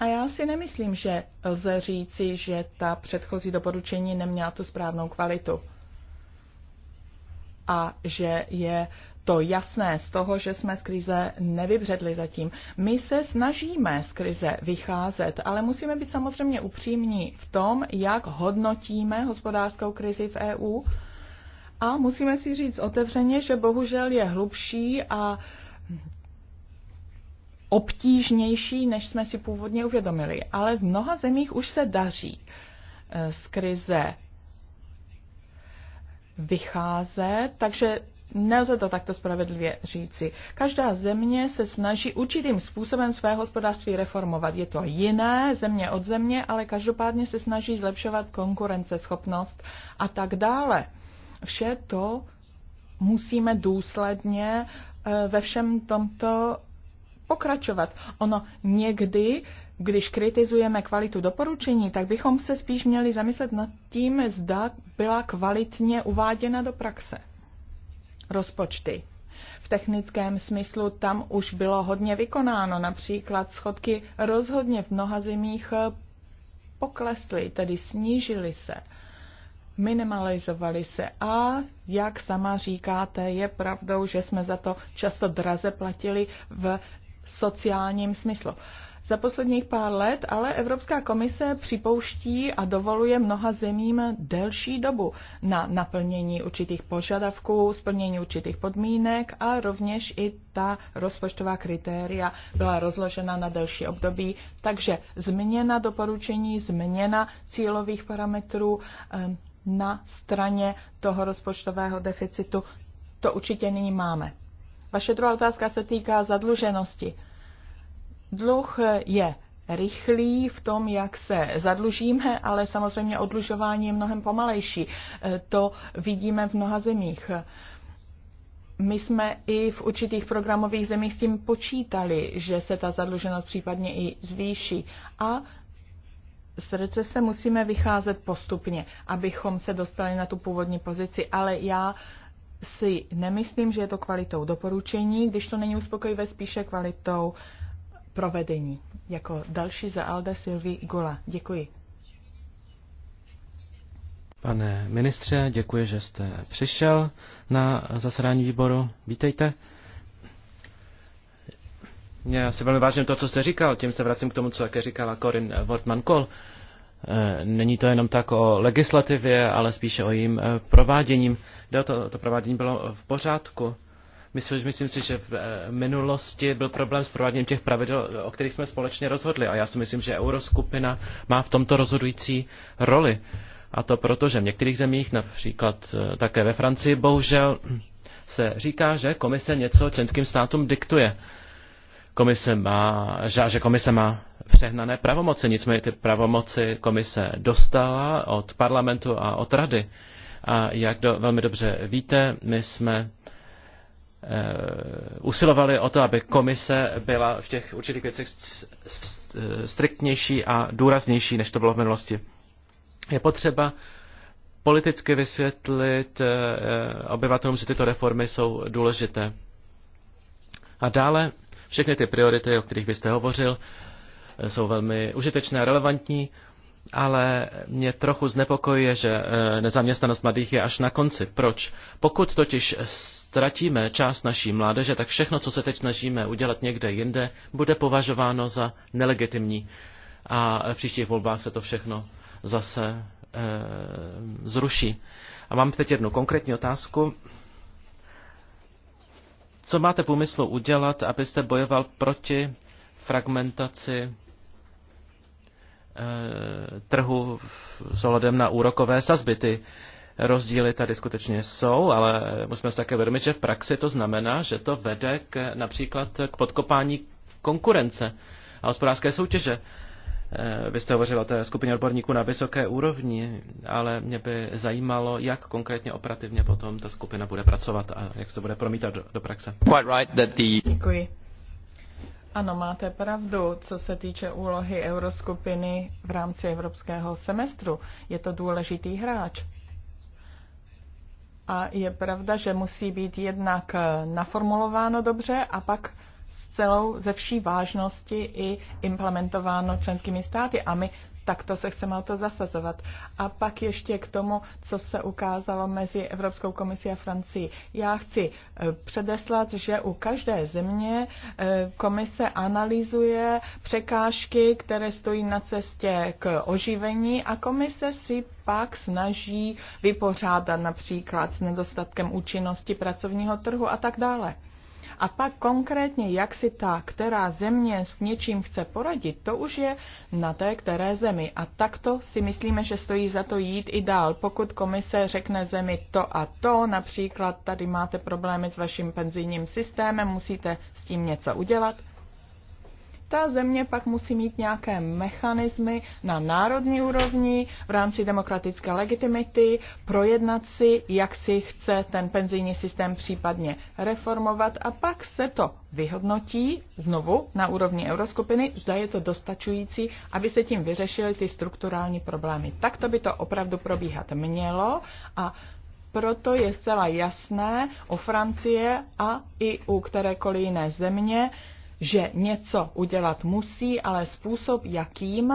A já si nemyslím, že lze říci, že ta předchozí doporučení neměla tu správnou kvalitu. A že je to jasné z toho, že jsme z krize nevybředli zatím. My se snažíme z krize vycházet, ale musíme být samozřejmě upřímní v tom, jak hodnotíme hospodářskou krizi v EU a musíme si říct otevřeně, že bohužel je hlubší a obtížnější, než jsme si původně uvědomili. Ale v mnoha zemích už se daří eh, z krize vycházet, takže Nelze to takto spravedlivě říci. Každá země se snaží určitým způsobem své hospodářství reformovat. Je to jiné, země od země, ale každopádně se snaží zlepšovat konkurenceschopnost a tak dále. Vše to musíme důsledně eh, ve všem tomto pokračovat. Ono někdy, když kritizujeme kvalitu doporučení, tak bychom se spíš měli zamyslet nad tím, zda byla kvalitně uváděna do praxe. Rozpočty. V technickém smyslu tam už bylo hodně vykonáno, například schodky rozhodně v mnoha zemích eh, poklesly, tedy snížily se minimalizovaly se a, jak sama říkáte, je pravdou, že jsme za to často draze platili v sociálním smyslu. Za posledních pár let ale Evropská komise připouští a dovoluje mnoha zemím delší dobu na naplnění určitých požadavků, splnění určitých podmínek a rovněž i ta rozpočtová kritéria byla rozložena na delší období. Takže změna doporučení, změna cílových parametrů, eh, na straně toho rozpočtového deficitu. To určitě nyní máme. Vaše druhá otázka se týká zadluženosti. Dluh je rychlý v tom, jak se zadlužíme, ale samozřejmě odlužování je mnohem pomalejší. To vidíme v mnoha zemích. My jsme i v určitých programových zemích s tím počítali, že se ta zadluženost případně i zvýší. A z recese musíme vycházet postupně, abychom se dostali na tu původní pozici, ale já si nemyslím, že je to kvalitou doporučení, když to není uspokojivé, spíše kvalitou provedení. Jako další za Alde Silvi Gula. Děkuji. Pane ministře, děkuji, že jste přišel na zasedání výboru. Vítejte. Já si velmi vážím to, co jste říkal, tím se vracím k tomu, co také říkala Corin wortmann kohl eh, Není to jenom tak o legislativě, ale spíše o jejím eh, prováděním. Jde to, to provádění bylo v pořádku. Myslím, myslím si, že v eh, minulosti byl problém s prováděním těch pravidel, o kterých jsme společně rozhodli. A já si myslím, že euroskupina má v tomto rozhodující roli. A to proto, že v některých zemích, například také ve Francii, bohužel se říká, že komise něco členským státům diktuje komise má, že komise má přehnané pravomoci, nicméně ty pravomoci komise dostala od parlamentu a od rady. A jak do, velmi dobře víte, my jsme eh, usilovali o to, aby komise byla v těch určitých věcech striktnější a důraznější, než to bylo v minulosti. Je potřeba politicky vysvětlit eh, obyvatelům, že tyto reformy jsou důležité. A dále všechny ty priority, o kterých byste hovořil, jsou velmi užitečné a relevantní, ale mě trochu znepokojuje, že eh, nezaměstnanost mladých je až na konci. Proč? Pokud totiž ztratíme část naší mládeže, tak všechno, co se teď snažíme udělat někde jinde, bude považováno za nelegitimní. A v příštích volbách se to všechno zase e, zruší. A mám teď jednu konkrétní otázku. Co máte v úmyslu udělat, abyste bojoval proti fragmentaci eh, trhu s ohledem na úrokové sazby. Ty rozdíly tady skutečně jsou, ale musíme se také vědomit, že v praxi to znamená, že to vede k, například k podkopání konkurence a hospodářské soutěže. Eh, vy jste hovořil o té skupině odborníků na vysoké úrovni, ale mě by zajímalo, jak konkrétně operativně potom ta skupina bude pracovat a jak se to bude promítat do, do praxe. Quite right that the... Děkuji. Ano, máte pravdu, co se týče úlohy euroskupiny v rámci evropského semestru. Je to důležitý hráč. A je pravda, že musí být jednak naformulováno dobře a pak s celou, ze vší vážnosti i implementováno členskými státy a my takto se chceme o to zasazovat. A pak ještě k tomu, co se ukázalo mezi Evropskou komisí a Francií. Já chci eh, předeslat, že u každé země eh, komise analyzuje překážky, které stojí na cestě k oživení a komise si pak snaží vypořádat například s nedostatkem účinnosti pracovního trhu a tak dále. A pak konkrétně, jak si ta, která země s něčím chce poradit, to už je na té, které zemi. A takto si myslíme, že stojí za to jít i dál. Pokud komise řekne zemi to a to, například tady máte problémy s vaším penzijním systémem, musíte s tím něco udělat, ta země pak musí mít nějaké mechanismy na národní úrovni v rámci demokratické legitimity, projednat si, jak si chce ten penzijní systém případně reformovat a pak se to vyhodnotí znovu na úrovni euroskupiny, zda je to dostačující, aby se tím vyřešily ty strukturální problémy. Tak to by to opravdu probíhat mělo a proto je zcela jasné o Francie a i u kterékoliv jiné země, že něco udělat musí, ale způsob, jakým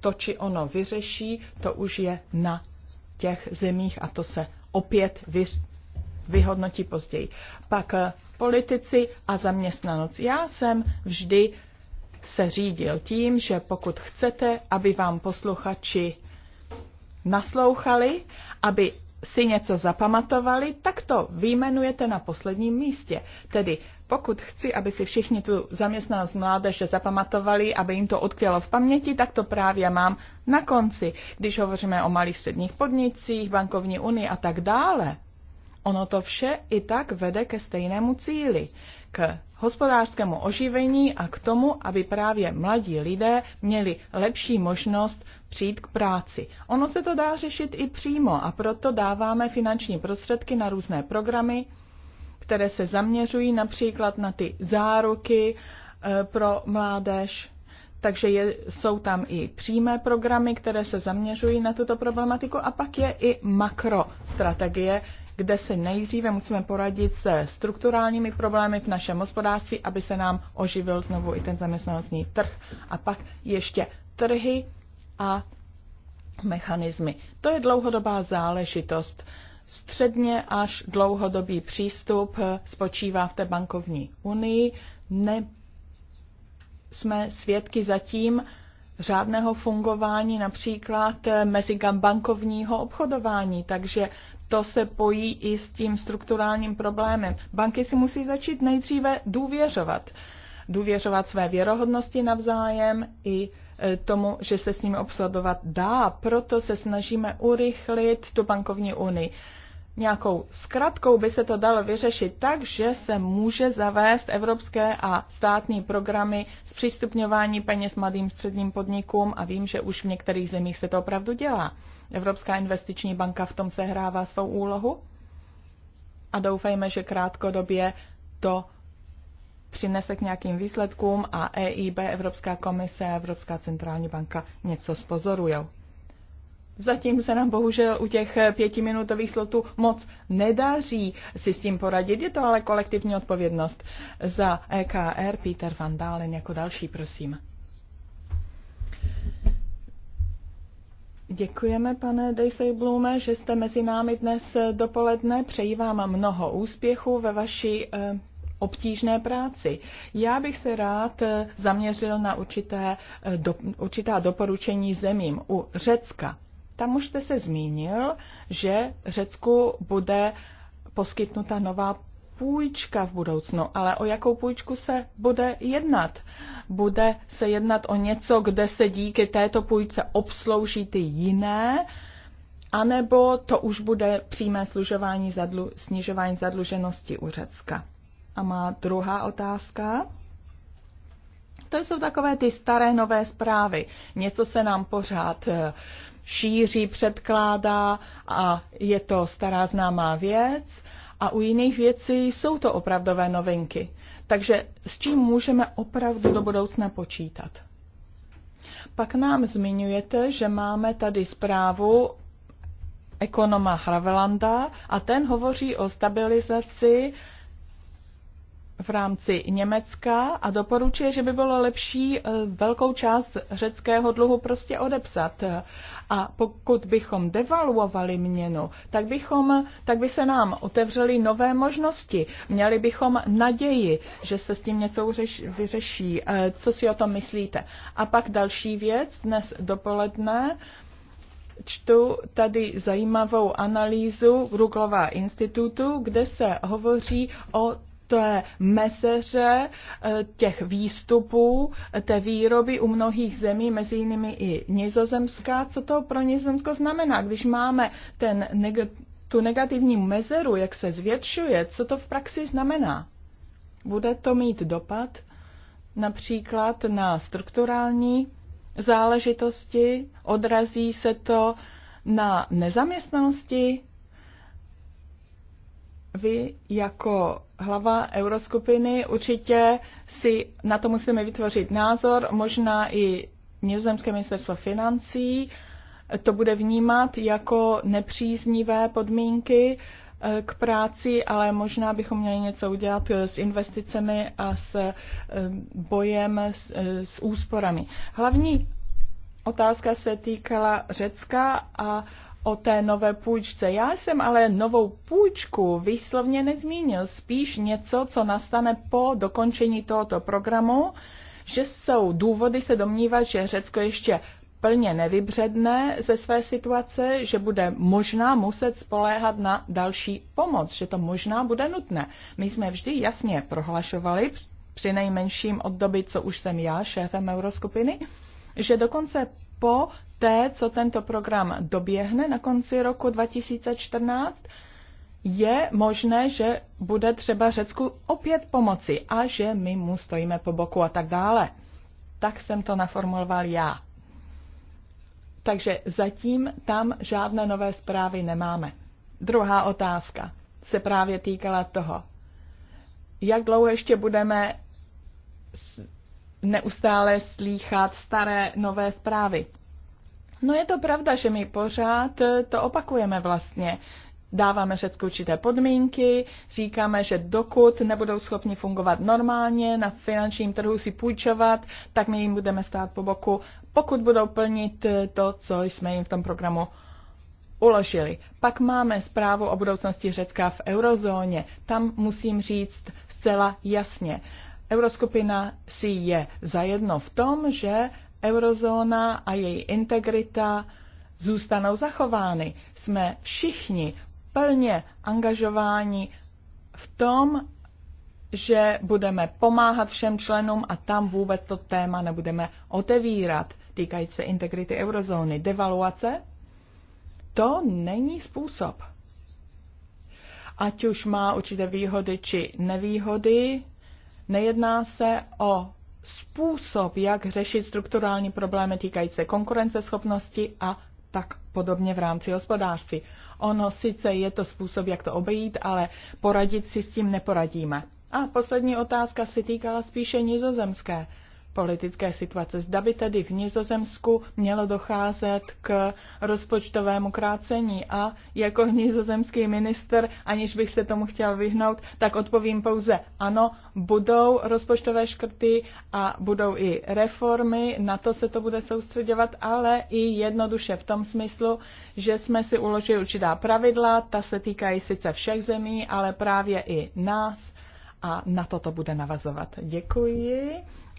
to či ono vyřeší, to už je na těch zemích a to se opět vyř- vyhodnotí později. Pak eh, politici a zaměstnanost. Já jsem vždy se řídil tím, že pokud chcete, aby vám posluchači naslouchali, aby si něco zapamatovali, tak to výjmenujete na posledním místě. Tedy pokud chci, aby si všichni tu zaměstnanost mládeže zapamatovali, aby jim to odkvělo v paměti, tak to právě mám na konci, když hovoříme o malých středních podnicích, bankovní unii a tak dále. Ono to vše i tak vede ke stejnému cíli, k hospodářskému oživení a k tomu, aby právě mladí lidé měli lepší možnost přijít k práci. Ono se to dá řešit i přímo a proto dáváme finanční prostředky na různé programy, které se zaměřují například na ty záruky eh, pro mládež, takže je, jsou tam i přímé programy, které se zaměřují na tuto problematiku a pak je i makrostrategie, kde se nejdříve musíme poradit se strukturálními problémy v našem hospodářství, aby se nám oživil znovu i ten zaměstnanostní trh a pak ještě trhy a mechanismy. To je dlouhodobá záležitost. Uh, Středně až dlouhodobý přístup eh, spočívá v té bankovní unii. Ne, jsme svědky zatím řádného fungování například eh, bankovního obchodování, takže to se pojí i s tím strukturálním problémem. Banky si musí začít nejdříve důvěřovat. Důvěřovat své věrohodnosti navzájem i eh, tomu, že se s nimi obsadovat dá. Proto se snažíme urychlit tu bankovní unii nějakou zkratkou by se to dalo vyřešit tak, že se může zavést evropské a státní programy zpřístupňování peněz mladým středním podnikům a vím, že už v některých zemích se to opravdu dělá. Evropská investiční banka v tom sehrává svou úlohu a doufejme, že krátkodobě to přinese k nějakým výsledkům a EIB, Evropská komise a Evropská centrální banka něco spozorujou. Zatím se nám bohužel u těch pětiminutových slotů moc nedaří si s tím poradit. Je to ale kolektivní odpovědnost. Za EKR Peter Van Dalen jako další, prosím. Děkujeme, pane Blume, že jste mezi námi dnes dopoledne. Přeji vám mnoho úspěchu ve vaší eh, obtížné práci. Já bych se rád eh, zaměřil na určité, eh, do, určitá doporučení zemím. U Řecka tam už jste se zmínil, že Řecku bude poskytnuta nová půjčka v budoucnu, ale o jakou půjčku se bude jednat? Bude se jednat o něco, kde se díky této půjčce obslouží ty jiné, anebo to už bude přímé služování zadlu, snižování zadluženosti u Řecka? A má druhá otázka. To jsou takové ty staré nové zprávy. Něco se nám pořád eh, šíří, předkládá a je to stará známá věc a u jiných věcí jsou to opravdové novinky. Takže s čím můžeme opravdu do budoucna počítat? Pak nám zmiňujete, že máme tady zprávu ekonoma Hravelanda a ten hovoří o stabilizaci v rámci Německa a doporučuje, že by bylo lepší e, velkou část řeckého dluhu prostě odepsat. A pokud bychom devaluovali měnu, tak, bychom, tak by se nám otevřely nové možnosti. Měli bychom naději, že se s tím něco uřeš, vyřeší. E, co si o tom myslíte? A pak další věc, dnes dopoledne čtu tady zajímavou analýzu Ruglova institutu, kde se hovoří o té meseře eh, těch výstupů, eh, té výroby u mnohých zemí, mezi jinými i Nizozemská. Co to pro Nizozemsko znamená, když máme ten tu negativní mezeru, jak se zvětšuje, co to v praxi znamená? Bude to mít dopad například na strukturální záležitosti, odrazí se to na nezaměstnanosti. Vy jako hlava euroskupiny. Určitě si na to musíme vytvořit názor, možná i Nizozemské ministerstvo financí to bude vnímat jako nepříznivé podmínky eh, k práci, ale možná bychom měli něco udělat eh, s investicemi a s eh, bojem s, s úsporami. Hlavní otázka se týkala Řecka a o té nové půjčce. Já jsem ale novou půjčku výslovně nezmínil, spíš něco, co nastane po dokončení tohoto programu, že jsou důvody se domnívat, že Řecko ještě plně nevybředne ze své situace, že bude možná muset spoléhat na další pomoc, že to možná bude nutné. My jsme vždy jasně prohlašovali, při nejmenším od doby, co už jsem já šéfem euroskupiny, že dokonce po poté, co tento program doběhne na konci roku 2014, je možné, že bude třeba Řecku opět pomoci a že my mu stojíme po boku a tak dále. Tak jsem to naformuloval já. Takže zatím tam žádné nové zprávy nemáme. Druhá otázka se právě týkala toho, jak dlouho ještě budeme neustále slýchat staré nové zprávy. No je to pravda, že my pořád eh, to opakujeme vlastně. Dáváme Řecku určité podmínky, říkáme, že dokud nebudou schopni fungovat normálně, na finančním trhu si půjčovat, tak my jim budeme stát po boku, pokud budou plnit eh, to, co jsme jim v tom programu uložili. Pak máme zprávu o budoucnosti Řecka v eurozóně. Tam musím říct zcela jasně. Euroskupina si je zajedno v tom, že eurozóna a její integrita zůstanou zachovány. Jsme všichni plně angažováni v tom, že budeme pomáhat všem členům a tam vůbec to téma nebudeme otevírat týkající se integrity eurozóny. Devaluace? To není způsob. Ať už má určité výhody či nevýhody, nejedná se o způsob, jak řešit strukturální problémy týkající konkurenceschopnosti a tak podobně v rámci hospodářství. Ono sice je to způsob, jak to obejít, ale poradit si s tím neporadíme. A poslední otázka se týkala spíše nizozemské politické situace. Zda by tedy v Nizozemsku mělo docházet k rozpočtovému krácení a jako nizozemský minister, aniž bych se tomu chtěl vyhnout, tak odpovím pouze ano, budou rozpočtové škrty a budou i reformy, na to se to bude soustředovat, ale i jednoduše v tom smyslu, že jsme si uložili určitá pravidla, ta se týkají sice všech zemí, ale právě i nás a na to to bude navazovat. Děkuji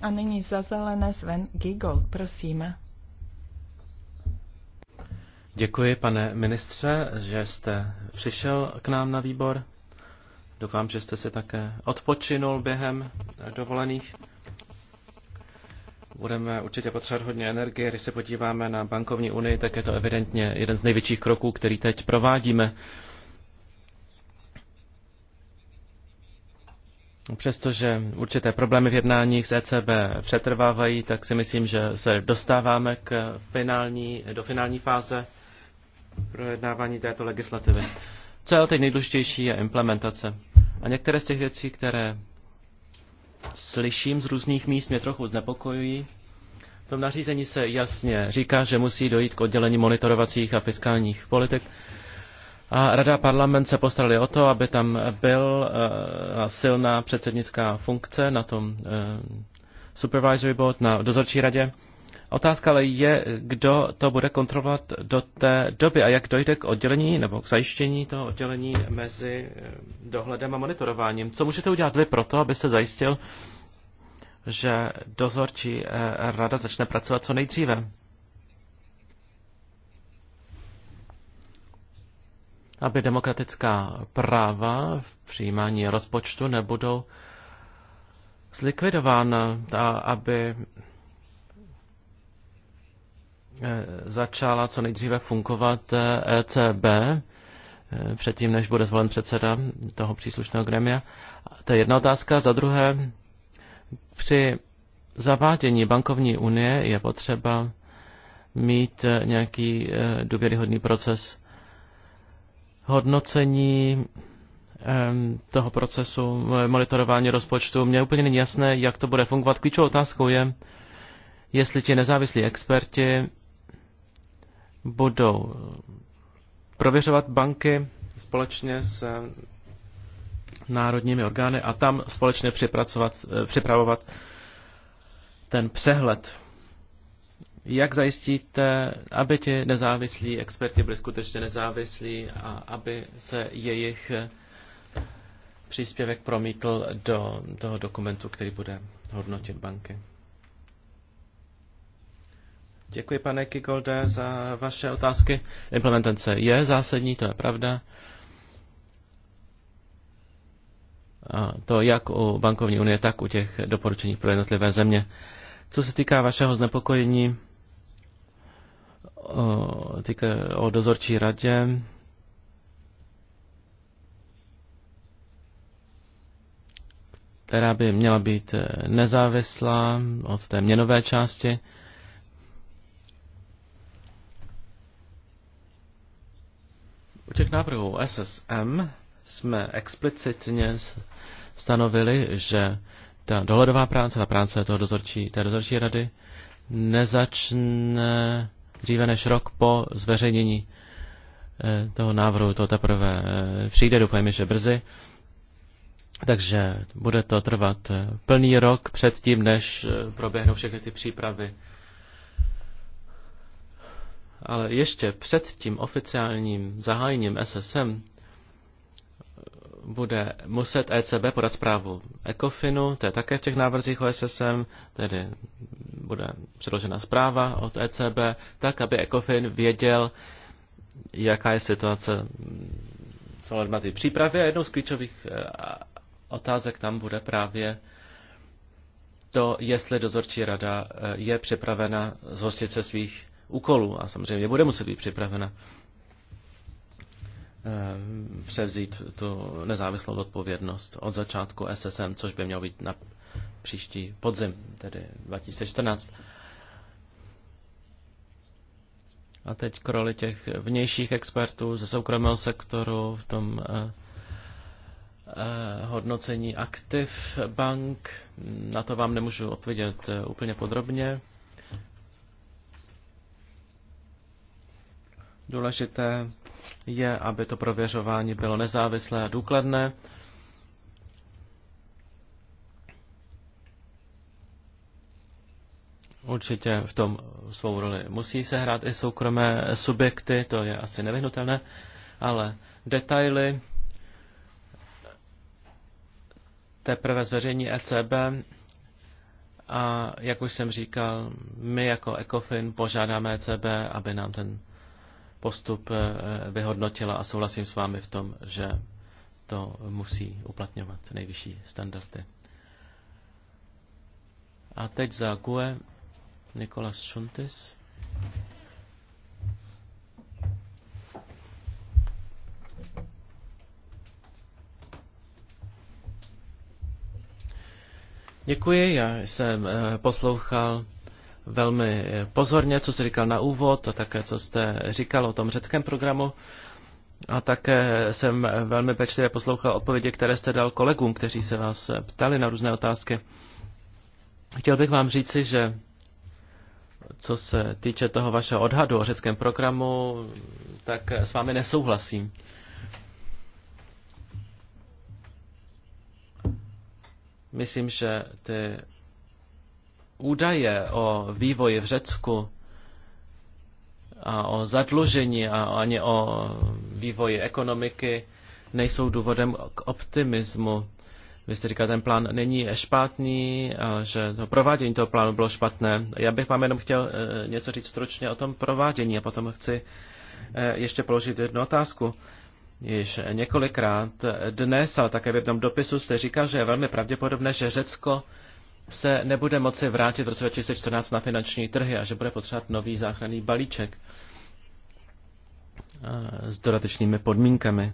a nyní za zelené Sven Gigold, prosím. Děkuji, pane ministře, že jste přišel k nám na výbor. Doufám, že jste se také odpočinul během dovolených. Budeme určitě potřebovat hodně energie. Když se podíváme na bankovní unii, tak je to evidentně jeden z největších kroků, který teď provádíme. Přestože určité problémy v jednáních s ECB přetrvávají, tak si myslím, že se dostáváme k finální, do finální fáze projednávání této legislativy. Co je teď nejdůležitější, je implementace. A některé z těch věcí, které slyším z různých míst, mě trochu znepokojují. V tom nařízení se jasně říká, že musí dojít k oddělení monitorovacích a fiskálních politik. A Rada parlament se postarali o to, aby tam byl eh, silná předsednická funkce na tom eh, supervisory board, na dozorčí radě. Otázka ale je, kdo to bude kontrolovat do té doby a jak dojde k oddělení nebo k zajištění toho oddělení mezi eh, dohledem a monitorováním. Co můžete udělat vy pro to, abyste zajistil, že dozorčí rada začne pracovat co nejdříve? aby demokratická práva v přijímání rozpočtu nebudou zlikvidována a aby eh, začala co nejdříve fungovat ECB, eh, e eh, předtím, než bude zvolen předseda toho příslušného gremia. To je jedna otázka. Za druhé, při zavádění bankovní unie je potřeba mít nějaký důvěryhodný proces hodnocení toho procesu eh, monitorování rozpočtu. Mně úplně není jasné, jak to bude fungovat. Klíčovou otázkou je, jestli ti nezávislí experti budou prověřovat banky společně s eh, národními orgány a tam společně eh, připravovat ten přehled jak zajistíte, aby ti nezávislí experti byli skutečně nezávislí a aby se jejich eh, příspěvek promítl do toho dokumentu, který bude hodnotit banky? Děkuji, pane Kigolde, za vaše otázky. Implementace je zásadní, to je pravda. A to jak u bankovní unie, tak u těch doporučení pro jednotlivé země. Co se týká vašeho znepokojení, týká o dozorčí radě. která by měla být nezávislá od té měnové části. U těch návrhů SSM jsme explicitně stanovili, že ta dohledová práce, ta práce toho dozorčí, té dozorčí rady nezačne dříve než rok po zveřejnění eh, toho návrhu. To teprve eh, přijde, doufejme, že brzy. Takže bude to trvat eh, plný rok předtím, než proběhnou všechny ty přípravy. Ale ještě před tím oficiálním zahájením SSM bude muset ECB podat zprávu ECOFINu, to je také v těch návrzích OSSM, tedy bude předložena zpráva od ECB, tak aby ECOFIN věděl, jaká je situace celé na ty přípravy. A jednou z klíčových eh, otázek tam bude právě to, jestli dozorčí rada eh, je připravena zhostit se svých úkolů a samozřejmě bude muset být připravena. Eh, převzít tu nezávislou odpovědnost od začátku SSM, což by mělo být na příští podzim, tedy 2014. A teď k roli těch vnějších expertů ze soukromého sektoru v tom eh, eh, hodnocení aktiv bank. Na to vám nemůžu odpovědět úplně podrobně. Důležité je, aby to prověřování bylo nezávislé a důkladné. Určitě v tom svou roli musí se hrát i soukromé subjekty, to je asi nevyhnutelné, ale detaily teprve zveřejní ECB a jak už jsem říkal, my jako ECOFIN požádáme ECB, aby nám ten postup eh, vyhodnotila a souhlasím s vámi v tom, že to musí uplatňovat nejvyšší standardy. A teď za GUE Nikolas Šuntis. Děkuji, já jsem eh, poslouchal velmi eh, pozorně, co jste říkal na úvod a také, co jste říkal o tom řeckém programu. A také jsem velmi pečlivě poslouchal odpovědi, které jste dal kolegům, kteří se vás eh, ptali na různé otázky. Chtěl bych vám říci, že co se týče toho vašeho odhadu o řeckém programu, tak eh, s vámi nesouhlasím. Myslím, že ty údaje o vývoji v Řecku a o zadlužení a ani o vývoji ekonomiky nejsou důvodem k optimismu. Vy jste říkal, ten plán není špatný, že to provádění toho plánu bylo špatné. Já bych vám jenom chtěl e, něco říct stručně o tom provádění a potom chci e, ještě položit jednu otázku. Již několikrát dnes, ale také v jednom dopisu jste říkal, že je velmi pravděpodobné, že Řecko se nebude moci vrátit v roce 2014 na finanční trhy a že bude potřebovat nový záchranný balíček eh, s dodatečnými podmínkami.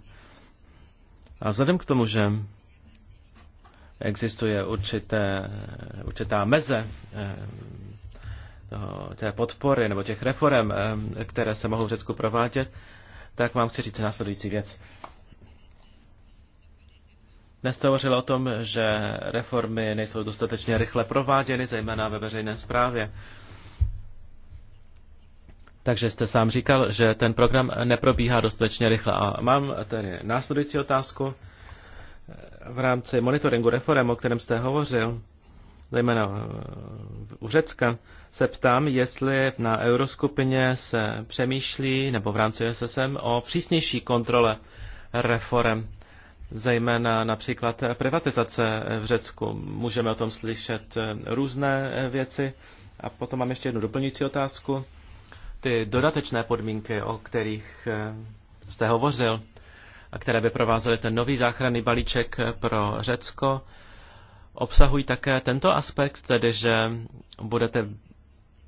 A vzhledem k tomu, že existuje určité, určitá meze eh, té podpory nebo těch reform, eh, které se mohou v Řecku provádět, tak vám chci říct následující věc. Dnes se hovořilo o tom, že reformy nejsou dostatečně rychle prováděny, zejména ve veřejné správě. Takže jste sám říkal, že ten program neprobíhá dostatečně rychle. A mám tedy následující otázku. V rámci monitoringu reform, o kterém jste hovořil, zejména u Řecka, se ptám, jestli na euroskupině se přemýšlí, nebo v rámci SSM, o přísnější kontrole reform zejména například privatizace v Řecku. Můžeme o tom slyšet různé věci. A potom mám ještě jednu doplňující otázku. Ty dodatečné podmínky, o kterých eh, jste hovořil, a které by provázely ten nový záchranný balíček pro Řecko, obsahují také tento aspekt, tedy že budete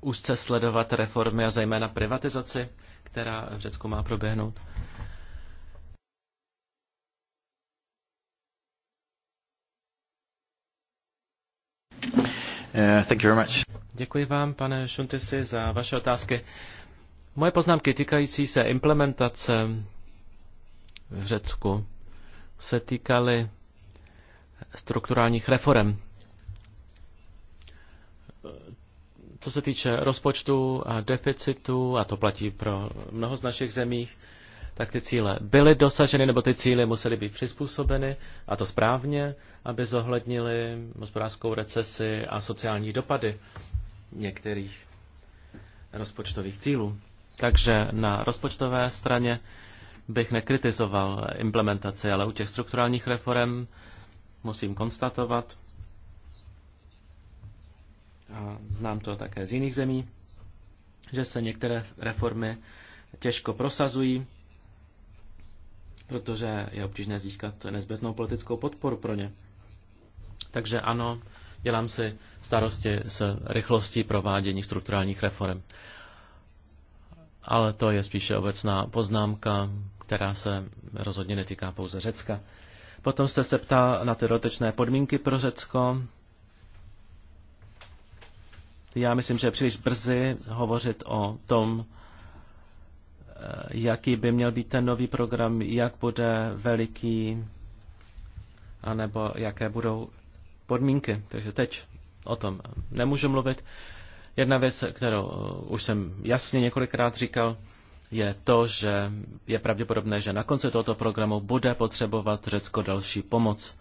úzce sledovat reformy a zejména privatizaci, která v Řecku má proběhnout. Uh, thank you very much. Děkuji vám, pane Šuntisi, za vaše otázky. Moje poznámky týkající se implementace v Řecku se týkaly strukturálních reform. Co se týče rozpočtu a deficitu, a to platí pro mnoho z našich zemích, tak ty cíle byly dosaženy, nebo ty cíle musely být přizpůsobeny, a to správně, aby zohlednili hospodářskou recesi a sociální dopady některých rozpočtových cílů. Takže na rozpočtové straně bych nekritizoval implementaci, ale u těch strukturálních reform musím konstatovat, a znám to také z jiných zemí, že se některé reformy těžko prosazují protože je obtížné získat nezbytnou politickou podporu pro ně. Takže ano, dělám si starosti s rychlostí provádění strukturálních reform. Ale to je spíše obecná poznámka, která se rozhodně netýká pouze Řecka. Potom jste se ptal na ty dotečné podmínky pro Řecko. Já myslím, že je příliš brzy hovořit o tom, jaký by měl být ten nový program, jak bude veliký, anebo jaké budou podmínky. Takže teď o tom nemůžu mluvit. Jedna věc, kterou eh, už jsem jasně několikrát říkal, je to, že je pravděpodobné, že na konci tohoto programu bude potřebovat Řecko další pomoc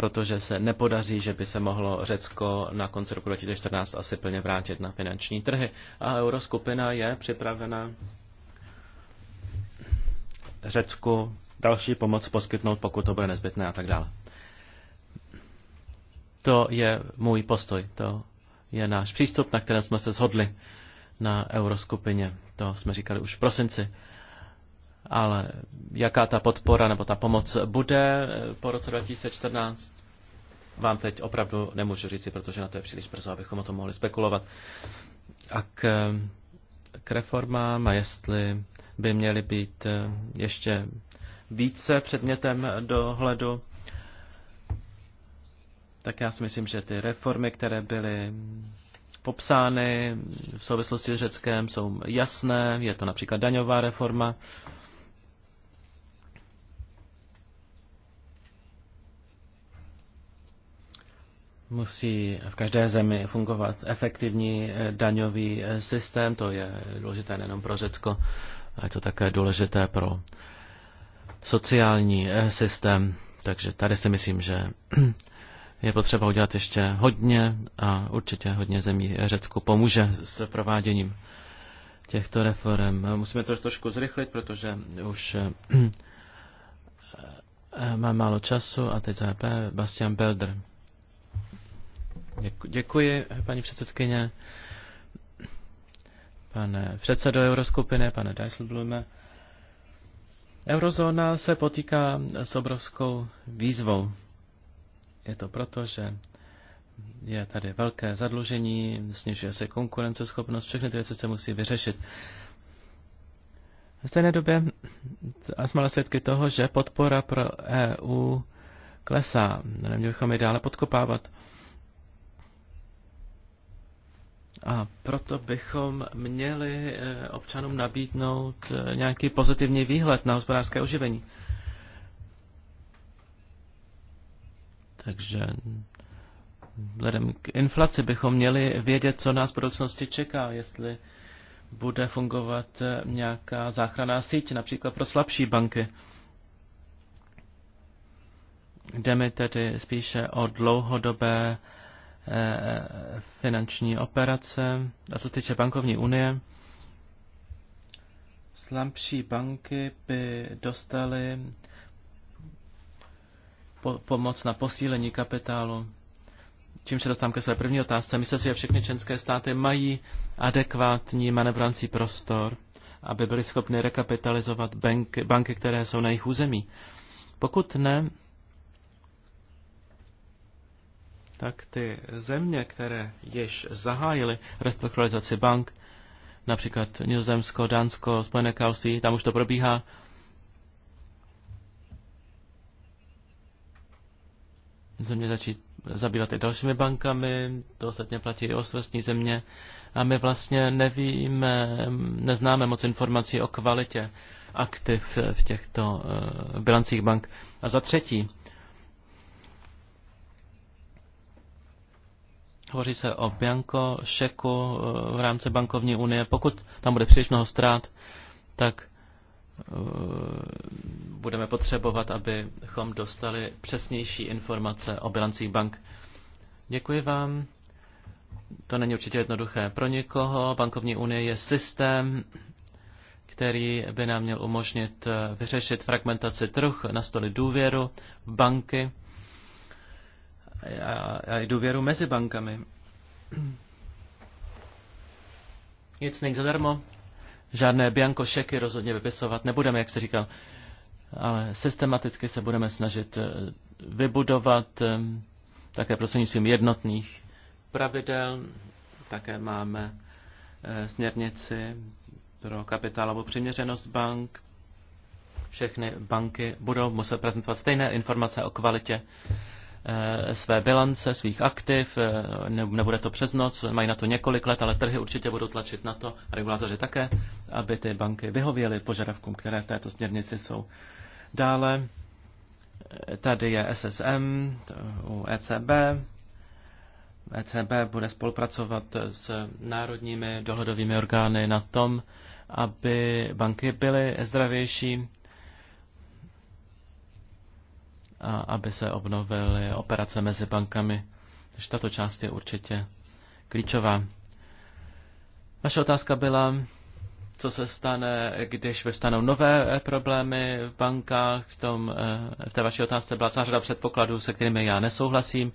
protože se nepodaří, že by se mohlo Řecko na konci roku 2014 asi plně vrátit na finanční trhy. A euroskupina je připravena Řecku další pomoc poskytnout, pokud to bude nezbytné a tak dále. To je můj postoj, to je náš přístup, na kterém jsme se shodli na euroskupině. To jsme říkali už v prosinci ale jaká ta podpora nebo ta pomoc bude eh, po roce 2014, vám teď opravdu nemůžu říct, protože na to je příliš brzo, abychom o tom mohli spekulovat. A k, k reformám a jestli by měly být eh, ještě více předmětem dohledu, tak já si myslím, že ty reformy, které byly popsány v souvislosti s Řeckem, jsou jasné. Je to například daňová reforma, Musí v každé zemi fungovat efektivní eh, daňový eh, systém, to je důležité nejenom pro Řecko, ale je to také důležité pro sociální eh, systém. Takže tady si myslím, že je potřeba udělat ještě hodně a určitě hodně zemí Řecku pomůže s prováděním těchto reform. Musíme to trošku zrychlit, protože už mám málo času a teď zápe Bastian Belder. Děkuji, paní předsedkyně. Pane předsedo Euroskupiny, pane Dijsselblume. Eurozóna se potýká s obrovskou výzvou. Je to proto, že je tady velké zadlužení, snižuje se konkurenceschopnost, všechny ty věci se musí vyřešit. V stejné době jsme svědky toho, že podpora pro EU klesá. Neměli bychom ji dále podkopávat. A proto bychom měli eh, občanům nabídnout eh, nějaký pozitivní výhled na hospodářské oživení. Takže vzhledem k inflaci bychom měli vědět, co nás v budoucnosti čeká, jestli bude fungovat eh, nějaká záchranná síť, například pro slabší banky. Jde mi tedy spíše o dlouhodobé Eh, finanční operace. A co se týče bankovní unie, slabší banky by dostaly po- pomoc na posílení kapitálu. Čím se dostám ke své první otázce. Myslím si, že všechny členské státy mají adekvátní manevrancí prostor, aby byly schopny rekapitalizovat banky, banky které jsou na jejich území. Pokud ne, tak ty země, které již zahájily restrukturalizaci bank, například Nizozemsko, Dánsko, Spojené království, tam už to probíhá, země začít zabývat i dalšími bankami, to ostatně platí i ostrostní země a my vlastně nevíme, neznáme moc informací o kvalitě aktiv v těchto eh, bilancích bank. A za třetí, Hovoří se o Bianco, šeku eh, v rámci bankovní unie. Pokud tam bude příliš mnoho ztrát, tak eh, budeme potřebovat, abychom dostali přesnější informace o bilancích bank. Děkuji vám. To není určitě jednoduché pro někoho Bankovní unie je systém, který by nám měl umožnit eh, vyřešit fragmentaci trh, nastolit důvěru v banky a, a i důvěru mezi bankami. Nic není zadarmo, žádné bianko šeky rozhodně vypisovat nebudeme, jak se říkal, ale systematicky se budeme snažit eh, vybudovat eh, také prostřednictvím jednotných pravidel. Také máme eh, směrnici pro kapitálovou přiměřenost bank. Všechny banky budou muset prezentovat stejné informace o kvalitě Eh, své bilance, svých aktiv, eh, nebude to přes noc, mají na to několik let, ale trhy určitě budou tlačit na to, a regulátoři také, aby ty banky vyhověly požadavkům, které v této směrnici jsou. Dále eh, tady je SSM u ECB. ECB bude spolupracovat s národními dohledovými orgány na tom, aby banky byly zdravější, a aby se obnovily operace mezi bankami. Takže tato část je určitě klíčová. Vaše otázka byla, co se stane, když vystanou nové eh, problémy v bankách. V, tom, eh, v té vaší otázce byla celá řada předpokladů, se kterými já nesouhlasím.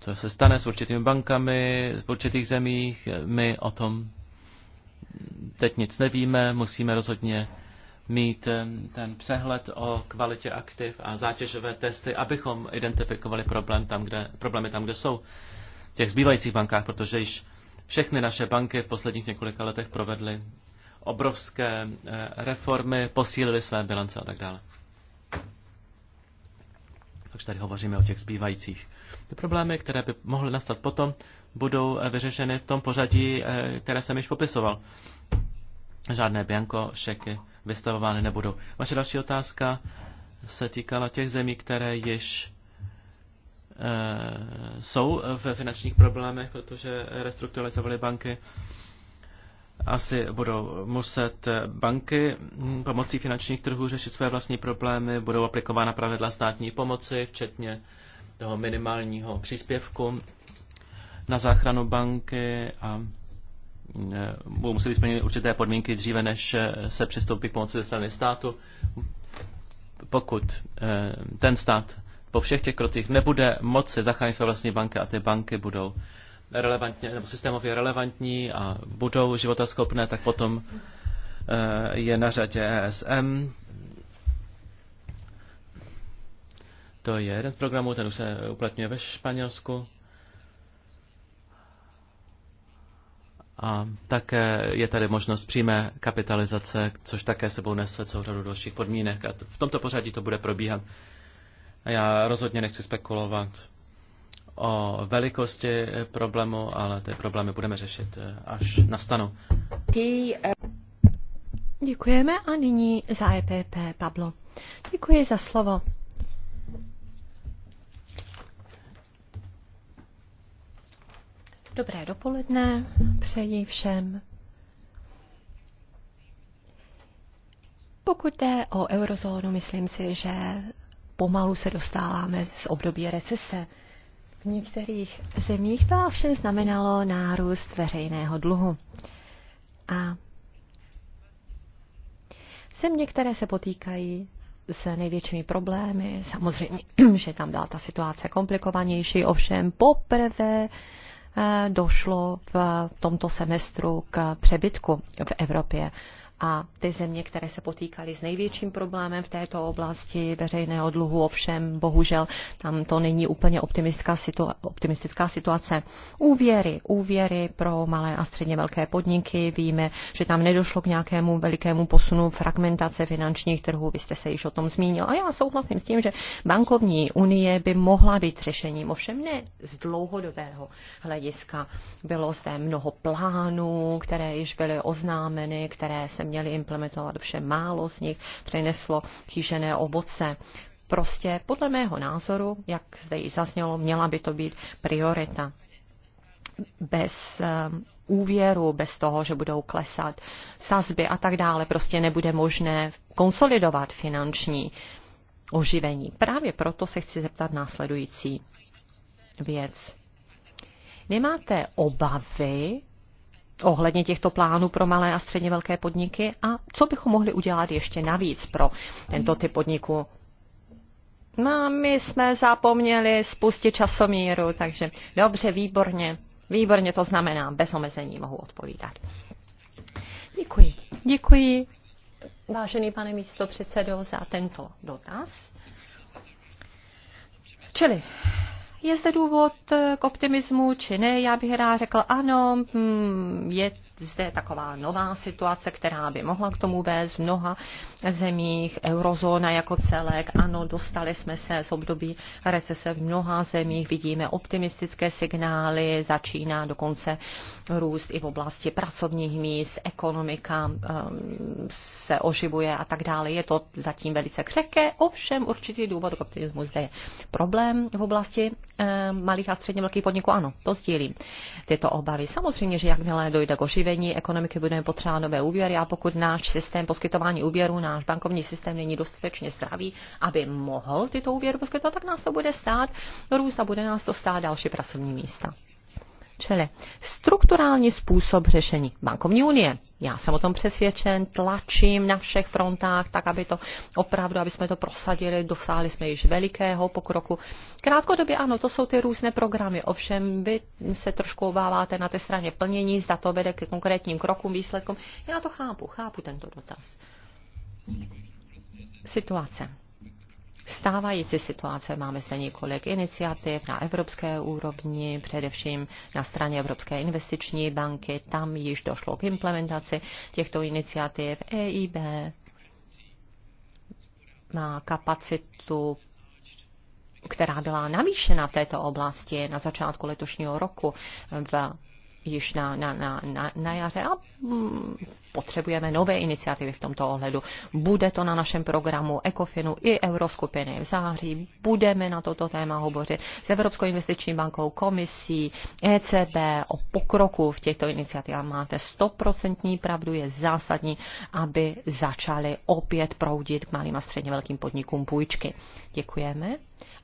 Co se stane s určitými bankami, v určitých zemích, my o tom teď nic nevíme, musíme rozhodně mít ten přehled o kvalitě aktiv a zátěžové testy, abychom identifikovali problém tam, kde, problémy tam, kde jsou, v těch zbývajících bankách, protože již všechny naše banky v posledních několika letech provedly obrovské reformy, posílily své bilance a tak dále. Takže tady hovoříme o těch zbývajících. Ty problémy, které by mohly nastat potom, budou eh, vyřešeny v tom pořadí, eh, které jsem již popisoval. Žádné bianko, šeky vystavovány nebudou. Vaše další otázka se týkala těch zemí, které již e, jsou ve finančních problémech, protože restrukturalizovaly banky. Asi budou muset banky pomocí finančních trhů řešit své vlastní problémy, budou aplikována pravidla státní pomoci, včetně toho minimálního příspěvku na záchranu banky a budou eh, muset splnit určité podmínky dříve, než eh, se přistoupí k pomoci ze strany státu. Pokud eh, ten stát po všech těch krocích nebude moci zachránit své vlastní banky a ty banky budou relevantně, nebo systémově relevantní a budou životaschopné, tak potom je na řadě ESM. To je jeden z programů, ten už se uplatňuje ve Španělsku. A také je tady možnost přímé kapitalizace, což také sebou nese celou řadu dalších podmínek. A v tomto pořadí to bude probíhat. A já rozhodně nechci spekulovat o velikosti eh, problému, ale ty problémy budeme řešit, eh, až nastanou. Děkujeme a nyní za EPP Pablo. Děkuji za slovo. Dobré dopoledne přeji všem. Pokud jde o eurozónu, myslím si, že pomalu se dostáváme z období recese. V některých zemích to ovšem znamenalo nárůst veřejného dluhu. A země, které se potýkají s největšími problémy. Samozřejmě, že tam byla ta situace komplikovanější, ovšem poprvé Eh, došlo v tomto semestru k přebytku v Evropě a ty země, které se potýkaly s největším problémem v této oblasti veřejného dluhu, ovšem bohužel tam to není úplně optimistická, situa- optimistická situace. Úvěry, úvěry pro malé a středně velké podniky, víme, že tam nedošlo k nějakému velikému posunu fragmentace finančních trhů, vy jste se již o tom zmínil. A já souhlasím s tím, že bankovní unie by mohla být řešením, ovšem ne z dlouhodobého hlediska. Bylo zde mnoho plánů, které již byly oznámeny, které se měli implementovat, vše málo z nich přineslo kýžené ovoce. Prostě podle mého názoru, jak zde již zaznělo, měla by to být priorita. Bez ehm, úvěru, bez toho, že budou klesat sazby a tak dále, prostě nebude možné konsolidovat finanční oživení. Právě proto se chci zeptat následující věc. Nemáte obavy ohledně těchto plánů pro malé a středně velké podniky a co bychom mohli udělat ještě navíc pro tento typ podniku. No, my jsme zapomněli spustit časomíru, takže dobře, výborně. Výborně to znamená, bez omezení mohu odpovídat. Děkuji. Děkuji, vážený pane místo předsedo, za tento dotaz. Čili je zde důvod k optimismu či ne? Já bych rád řekl ano, hmm, je zde taková nová situace, která by mohla k tomu vést v mnoha zemích, eurozóna jako celek. Ano, dostali jsme se z období recese v mnoha zemích, vidíme optimistické signály, začíná dokonce růst i v oblasti pracovních míst, ekonomika ehm, se oživuje a tak dále. Je to zatím velice křehké, ovšem určitý důvod k optimismu zde je. Problém v oblasti ehm, malých a středně velkých podniků, ano, to sdílím tyto obavy. Samozřejmě, že jakmile dojde k oživě, oživení ekonomiky budeme potřebovat nové úvěry a pokud náš systém poskytování úvěru, náš bankovní systém není dostatečně zdravý, aby mohl tyto úvěry poskytovat, tak nás to bude stát růst a bude nás to stát další pracovní místa. Čili strukturální způsob řešení bankovní unie. Já jsem o tom přesvědčen, tlačím na všech frontách, tak aby to opravdu, aby jsme to prosadili, dosáhli jsme již velikého pokroku. Krátkodobě ano, to jsou ty různé programy, ovšem vy se trošku obáváte na té straně plnění, zda to vede ke konkrétním krokům, výsledkům. Já to chápu, chápu tento dotaz. Situace stávající situace. Máme zde několik iniciativ na evropské úrovni, především na straně Evropské investiční banky. Tam již došlo k implementaci těchto iniciativ. EIB má kapacitu která byla navýšena v této oblasti na začátku letošního roku v již na, na, na, na, na jaře a mm, potřebujeme nové iniciativy v tomto ohledu. Bude to na našem programu ECOFINu i Euroskupiny v září. Budeme na toto téma hovořit s Evropskou investiční bankou, komisí, ECB o pokroku v těchto iniciativách. Máte stoprocentní pravdu, je zásadní, aby začaly opět proudit k malým a středně velkým podnikům půjčky. Děkujeme.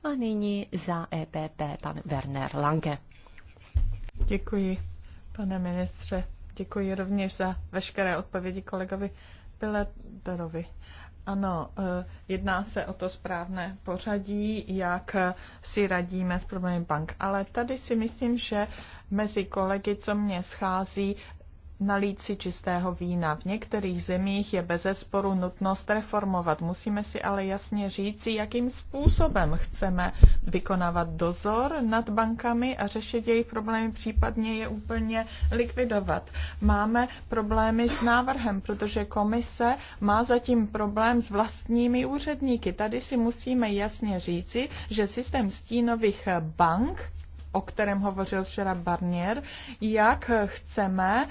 A nyní za EPP pan Werner Lange. Děkuji. Pane ministře, děkuji rovněž za veškeré odpovědi kolegovi Pilerovi. Ano, eh, jedná se o to správné pořadí, jak si radíme s problémy bank. Ale tady si myslím, že mezi kolegy, co mě schází, nalít si čistého vína. V některých zemích je bezesporu nutnost reformovat. Musíme si ale jasně říci, jakým způsobem chceme vykonávat dozor nad bankami a řešit jejich problémy, případně je úplně likvidovat. Máme problémy s návrhem, protože komise má zatím problém s vlastními úředníky. Tady si musíme jasně říci, že systém stínových bank, o kterém hovořil včera Barnier, jak chceme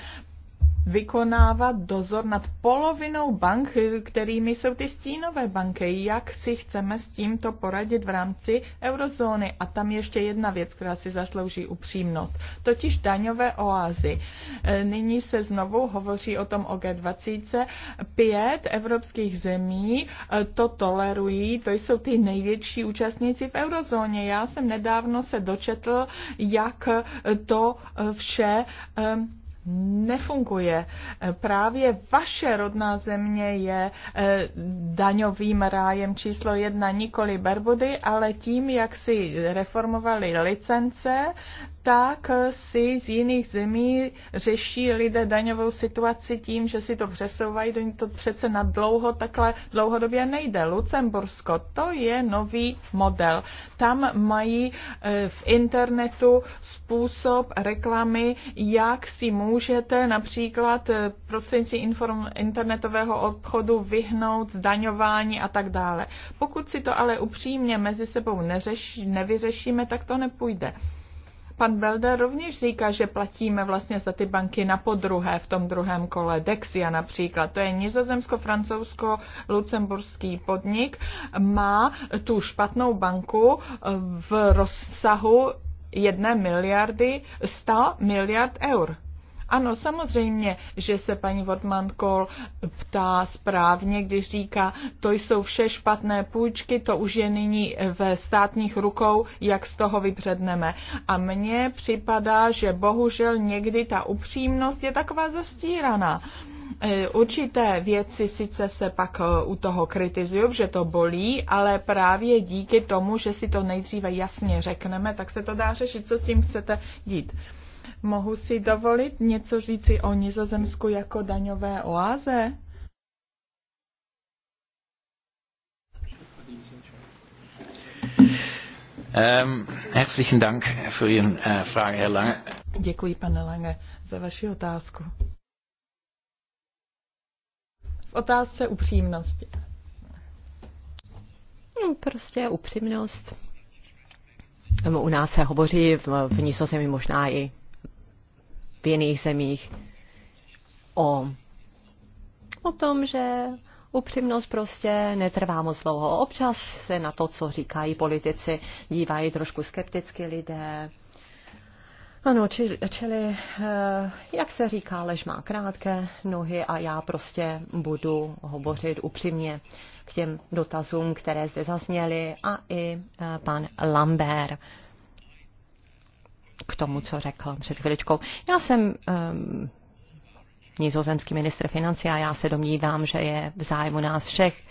vykonávat dozor nad polovinou bank, kterými jsou ty stínové banky. Jak si chceme s tímto poradit v rámci eurozóny? A tam ještě jedna věc, která si zaslouží upřímnost, totiž daňové oázy. E, nyní se znovu hovoří o tom o G20. Pět evropských zemí e, to tolerují, to jsou ty největší účastníci v eurozóně. Já jsem nedávno se dočetl, jak e, to vše nefunguje. Právě vaše rodná země je eh, daňovým rájem číslo jedna, nikoli Berbudy, ale tím, jak si reformovali licence, tak si z jiných zemí řeší lidé daňovou situaci tím, že si to přesouvají, do to přece na dlouho takhle dlouhodobě nejde. Lucembursko, to je nový model. Tam mají e, v internetu způsob reklamy, jak si můžete například e, prostřednictvím internetového obchodu vyhnout zdaňování a tak dále. Pokud si to ale upřímně mezi sebou neřeši, nevyřešíme, tak to nepůjde. Pan Belder rovněž říká, že platíme vlastně za ty banky na podruhé v tom druhém kole. Dexia například, to je nizozemsko-francouzsko-lucemburský podnik, má tu špatnou banku eh, v rozsahu jedné miliardy 100 miliard eur. Ano, samozřejmě, že se paní Wortmann Kohl ptá správně, když říká, to jsou vše špatné půjčky, to už je nyní ve státních rukou, jak z toho vybředneme. A mně připadá, že bohužel někdy ta upřímnost je taková zastíraná. E, určité věci sice se pak e, u toho kritizují, že to bolí, ale právě díky tomu, že si to nejdříve jasně řekneme, tak se to dá řešit, co s tím chcete dít. Mohu si dovolit něco říci o Nizozemsku jako daňové oáze? Um, herzlichen Dank für Ihren uh, Frage, Herr Lange. Děkuji, pane Lange, za vaši otázku. V otázce upřímnosti. No, prostě upřímnost. U nás se hovoří v, v Nizozemí možná i v jiných zemích o, o tom, že upřímnost prostě netrvá moc dlouho. Občas se na to, co říkají politici, dívají trošku skepticky lidé. Ano, čili, čili eh, jak se říká, lež má krátké nohy a já prostě budu hovořit upřímně k těm dotazům, které zde zazněly a i eh, pan Lambert k tomu, co řekl před chviličkou. Já jsem um, nizozemský ministr financí a já se domnívám, že je v zájmu nás všech,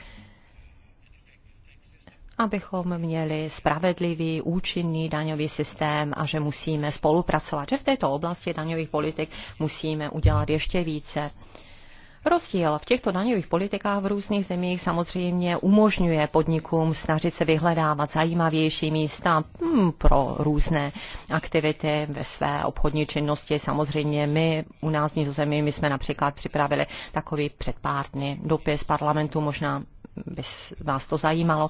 abychom měli spravedlivý, účinný daňový systém a že musíme spolupracovat, že v této oblasti daňových politik musíme udělat ještě více. Uh, Rozdíl v těchto daňových politikách v různých zemích samozřejmě umožňuje podnikům snažit se vyhledávat zajímavější místa hmm, pro různé aktivity ve své obchodní činnosti. Samozřejmě my u nás v zemi, my jsme například připravili takový před pár dny dopis parlamentu, možná by vás to zajímalo.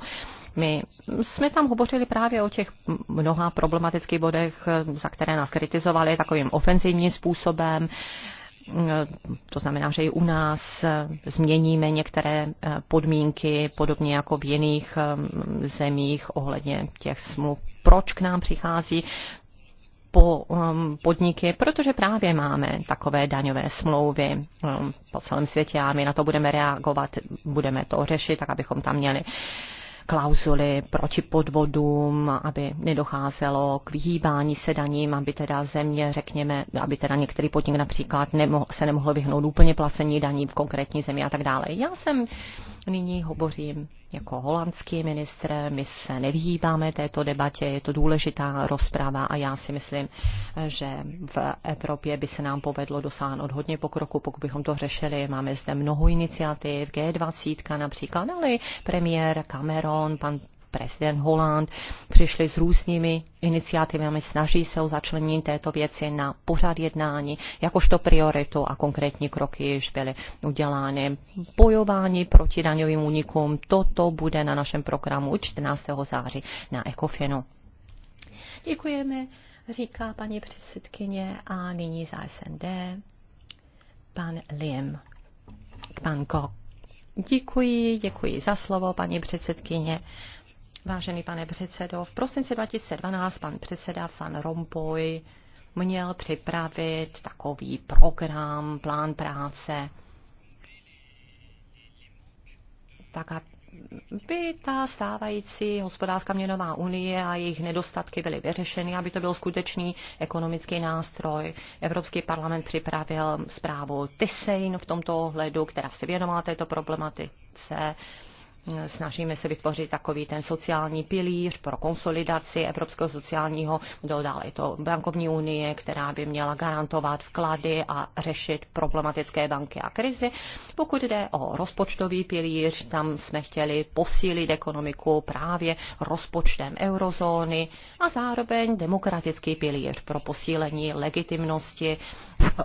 My jsme tam hovořili právě o těch mnoha problematických bodech, za které nás kritizovali takovým ofenzivním způsobem to znamená, že i u nás změníme některé eh, podmínky, podobně jako v jiných eh, zemích ohledně těch smluv. Proč k nám přichází po um, podniky, protože právě máme takové daňové smlouvy um, po celém světě a my na to budeme reagovat, budeme to řešit, tak abychom tam měli uh, klauzuly proti podvodům, aby nedocházelo k vyhýbání se daním, aby teda země, řekněme, aby teda některý podnik například nemohl, se nemohl vyhnout úplně placení daní v konkrétní zemi a tak dále. Já jsem nyní hovořím jako holandský ministr. My se nevýbáme této debatě, je to důležitá rozpráva a já si myslím, že v Evropě by se nám povedlo dosáhnout hodně pokroku, pokud bychom to řešili. Máme zde mnoho iniciativ, G20 například, ale premiér Cameron, pan prezident Holland přišli s různými iniciativami, snaží se o začlenění této věci na pořad jednání, jakožto prioritu a konkrétní kroky již byly udělány. Bojování proti daňovým únikům, toto bude na našem programu 14. září na Ekofinu. Děkujeme, říká paní předsedkyně a nyní za SND pan Liem. Pan Kok. Děkuji, děkuji za slovo, paní předsedkyně. Vážený pane předsedo, v prosinci 2012 pan předseda Van Rompuy měl připravit takový program, plán práce, tak aby ta stávající hospodářská měnová unie a jejich nedostatky byly vyřešeny, aby to byl skutečný ekonomický nástroj. Evropský parlament připravil zprávu Tysein v tomto ohledu, která se věnovala této problematice snažíme se vytvořit takový ten sociální pilíř pro konsolidaci Evropského sociálního dodal. Je to bankovní unie, která by měla garantovat vklady a řešit problematické banky a krizi. Pokud jde o rozpočtový pilíř, tam jsme chtěli posílit ekonomiku právě rozpočtem eurozóny a zároveň demokratický pilíř pro posílení legitimnosti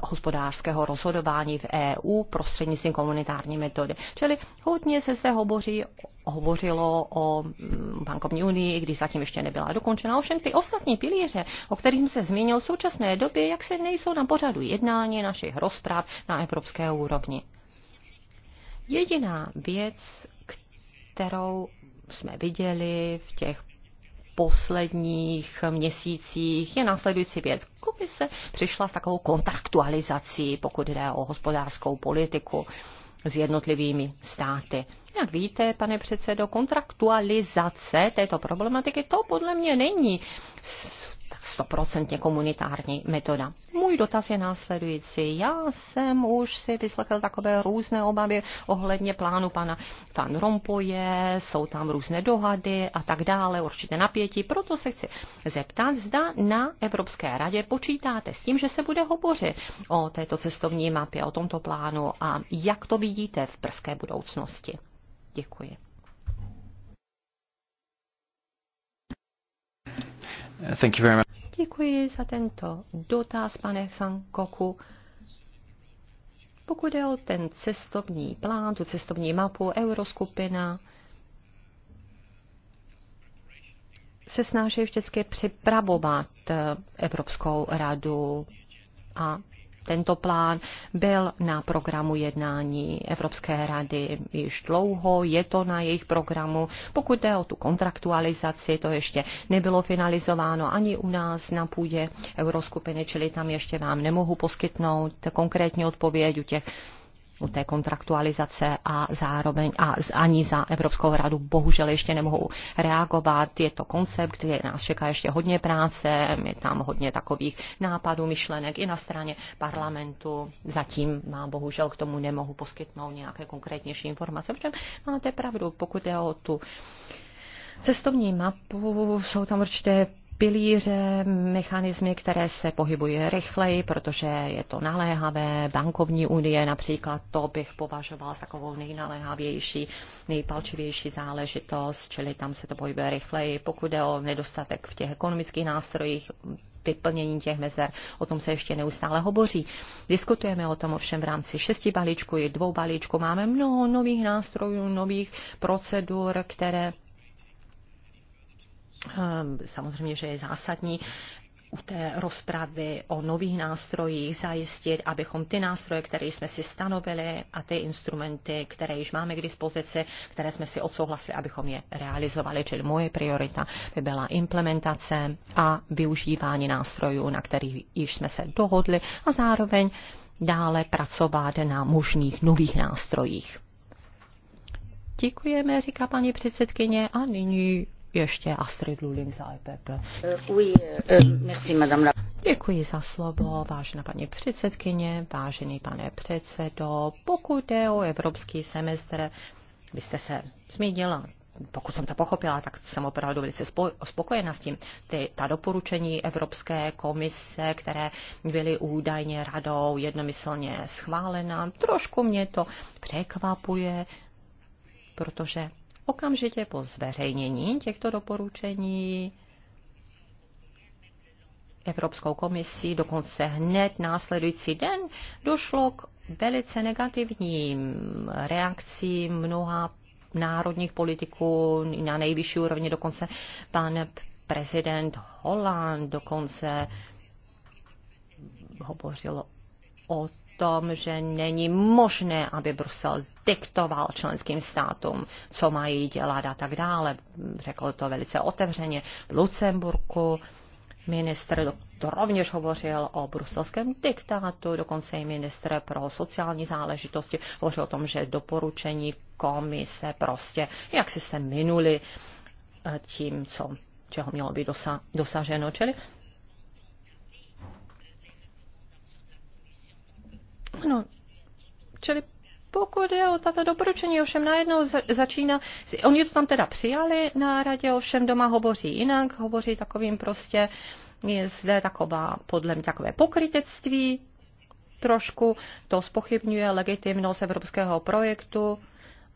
hospodářského rozhodování v EU prostřednictvím komunitární metody. Čili hodně se zde hovoří, hovořilo o mm, bankovní unii, když zatím ještě nebyla dokončena. Ovšem ty ostatní pilíře, o kterých se zmínil v současné době, jak se nejsou na pořadu jednání našich rozpráv na evropské úrovni. Jediná věc, kterou jsme viděli v těch posledních měsících je následující věc. Komise přišla s takovou kontraktualizací, pokud jde o hospodářskou politiku s jednotlivými státy. Jak víte, pane předsedo, kontraktualizace této problematiky, to podle mě není tak stoprocentně komunitární metoda. Můj dotaz je následující. Já jsem už si vyslechl takové různé obavy ohledně plánu pana Van Rompoje, jsou tam různé dohady a tak dále, určité napětí. Proto se chci zeptat, zda na Evropské radě počítáte s tím, že se bude hovořit o této cestovní mapě, o tomto plánu a jak to vidíte v brzké budoucnosti. Děkuji. Thank you very much. Děkuji za tento dotaz, pane Fankoku. Pokud je o ten cestovní plán, tu cestovní mapu, euroskupina, se snaží vždycky připravovat eh, Evropskou radu a tento plán byl na programu jednání Evropské rady již dlouho, je to na jejich programu. Pokud jde o tu kontraktualizaci, to ještě nebylo finalizováno ani u nás na půdě euroskupiny, čili tam ještě vám nemohu poskytnout konkrétní odpověď u těch u té kontraktualizace a zároveň a ani za Evropskou radu bohužel ještě nemohou reagovat. Je to koncept, kde nás čeká ještě hodně práce, je tam hodně takových nápadů, myšlenek i na straně parlamentu. Zatím má bohužel k tomu nemohu poskytnout nějaké konkrétnější informace. Ovšem máte pravdu, pokud je o tu cestovní mapu, jsou tam určité pilíře, mechanismy, které se pohybují rychleji, protože je to naléhavé, bankovní unie například, to bych považovala za takovou nejnaléhavější, nejpalčivější záležitost, čili tam se to pohybuje rychleji. Pokud je o nedostatek v těch ekonomických nástrojích, vyplnění těch mezer. O tom se ještě neustále hovoří. Diskutujeme o tom ovšem v rámci šesti balíčku i dvou balíčků. Máme mnoho nových nástrojů, nových procedur, které Ehm, samozřejmě, že je zásadní u té rozpravy o nových nástrojích zajistit, abychom ty nástroje, které jsme si stanovili a ty instrumenty, které již máme k dispozici, které jsme si odsouhlasili, abychom je realizovali. Čili moje priorita by byla implementace a využívání nástrojů, na kterých již jsme se dohodli a zároveň dále pracovat na možných nových nástrojích. Děkujeme, říká paní předsedkyně, a nyní ještě Astrid Luling za EPP. Euh, Děkuji za slovo, vážená paní předsedkyně, vážený pane předsedo. Pokud jde o evropský semestr, vy jste se zmínila pokud jsem to pochopila, tak jsem opravdu velice spokojena s tím. Ty, ta doporučení Evropské komise, které byly údajně radou jednomyslně schválena, trošku mě to překvapuje, protože Okamžitě po zveřejnění těchto doporučení Evropskou komisí, dokonce hned následující den, došlo k velice negativním reakcím mnoha národních politiků na nejvyšší úrovni, dokonce pan prezident Holland dokonce hovořil o tom, že není možné, aby Brusel diktoval členským státům, co mají dělat a tak dále. Řekl to velice otevřeně v Lucemburku. Ministr to rovněž hovořil o bruselském diktátu, dokonce i ministr pro sociální záležitosti hovořil o tom, že doporučení komise prostě, jak si se minuli eh, tím, co, čeho mělo být dosa, dosaženo. Čili Ano, čili pokud je tato doporučení, ovšem najednou začíná, oni to tam teda přijali na radě, ovšem doma hovoří jinak, hovoří takovým prostě, je zde taková, podle mě takové pokrytectví, trošku to spochybňuje legitimnost evropského projektu.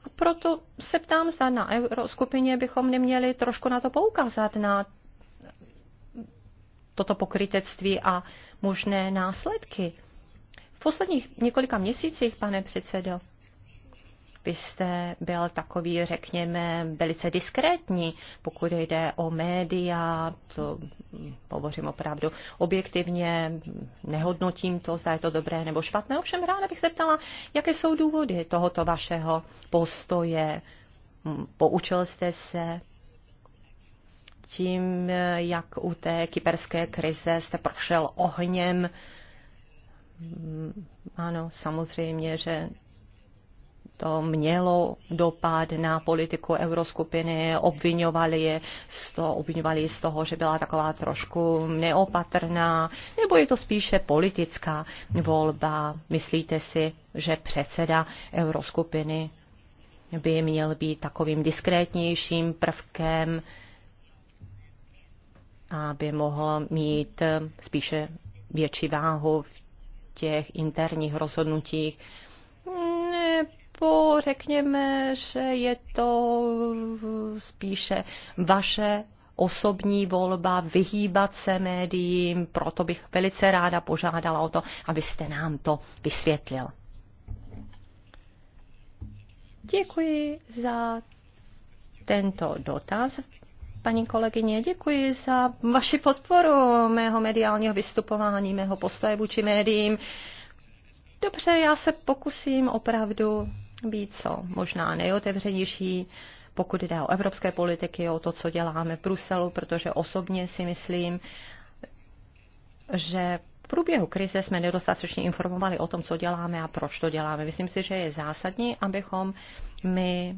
A proto se ptám, zda na euroskupině bychom neměli trošku na to poukázat, na toto pokrytectví a možné následky. V posledních několika měsících, pane předsedo, vy jste byl takový, řekněme, velice diskrétní, pokud jde o média, to hovořím opravdu objektivně, nehodnotím to, zda je to dobré nebo špatné. Ovšem ráda bych se ptala, jaké jsou důvody tohoto vašeho postoje. Poučil jste se tím, jak u té kyperské krize jste prošel ohněm, Mm, ano, samozřejmě, že to mělo dopad na politiku euroskupiny, obvinovali je z toho, obvinovali z toho, že byla taková trošku neopatrná, nebo je to spíše politická volba. Myslíte si, že předseda euroskupiny by měl být takovým diskrétnějším prvkem, aby mohl mít spíše větší váhu v těch interních rozhodnutích, nebo řekněme, že je to spíše vaše osobní volba, vyhýbat se médiím, proto bych velice ráda požádala o to, abyste nám to vysvětlil. Děkuji za tento dotaz. Paní kolegyně, děkuji za vaši podporu mého mediálního vystupování, mého postoje vůči médiím. Dobře, já se pokusím opravdu být co možná nejotevřenější, pokud jde o evropské politiky, o to, co děláme v Bruselu, protože osobně si myslím, že v průběhu krize jsme nedostatečně informovali o tom, co děláme a proč to děláme. Myslím si, že je zásadní, abychom my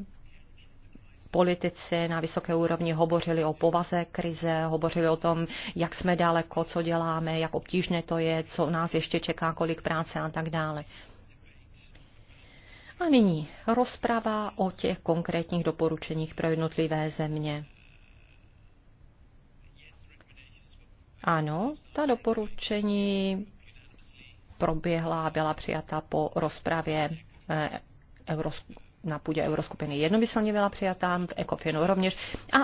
politici na vysoké úrovni hovořili o povaze krize, hovořili o tom, jak jsme daleko, co děláme, jak obtížné to je, co nás ještě čeká, kolik práce a tak dále. A nyní rozprava o těch konkrétních doporučeních pro jednotlivé země. Ano, ta doporučení proběhla a byla přijata po rozpravě Euros, eh, na půdě Euroskupiny jednomyslně byla přijatá, v ECOFINu rovněž. A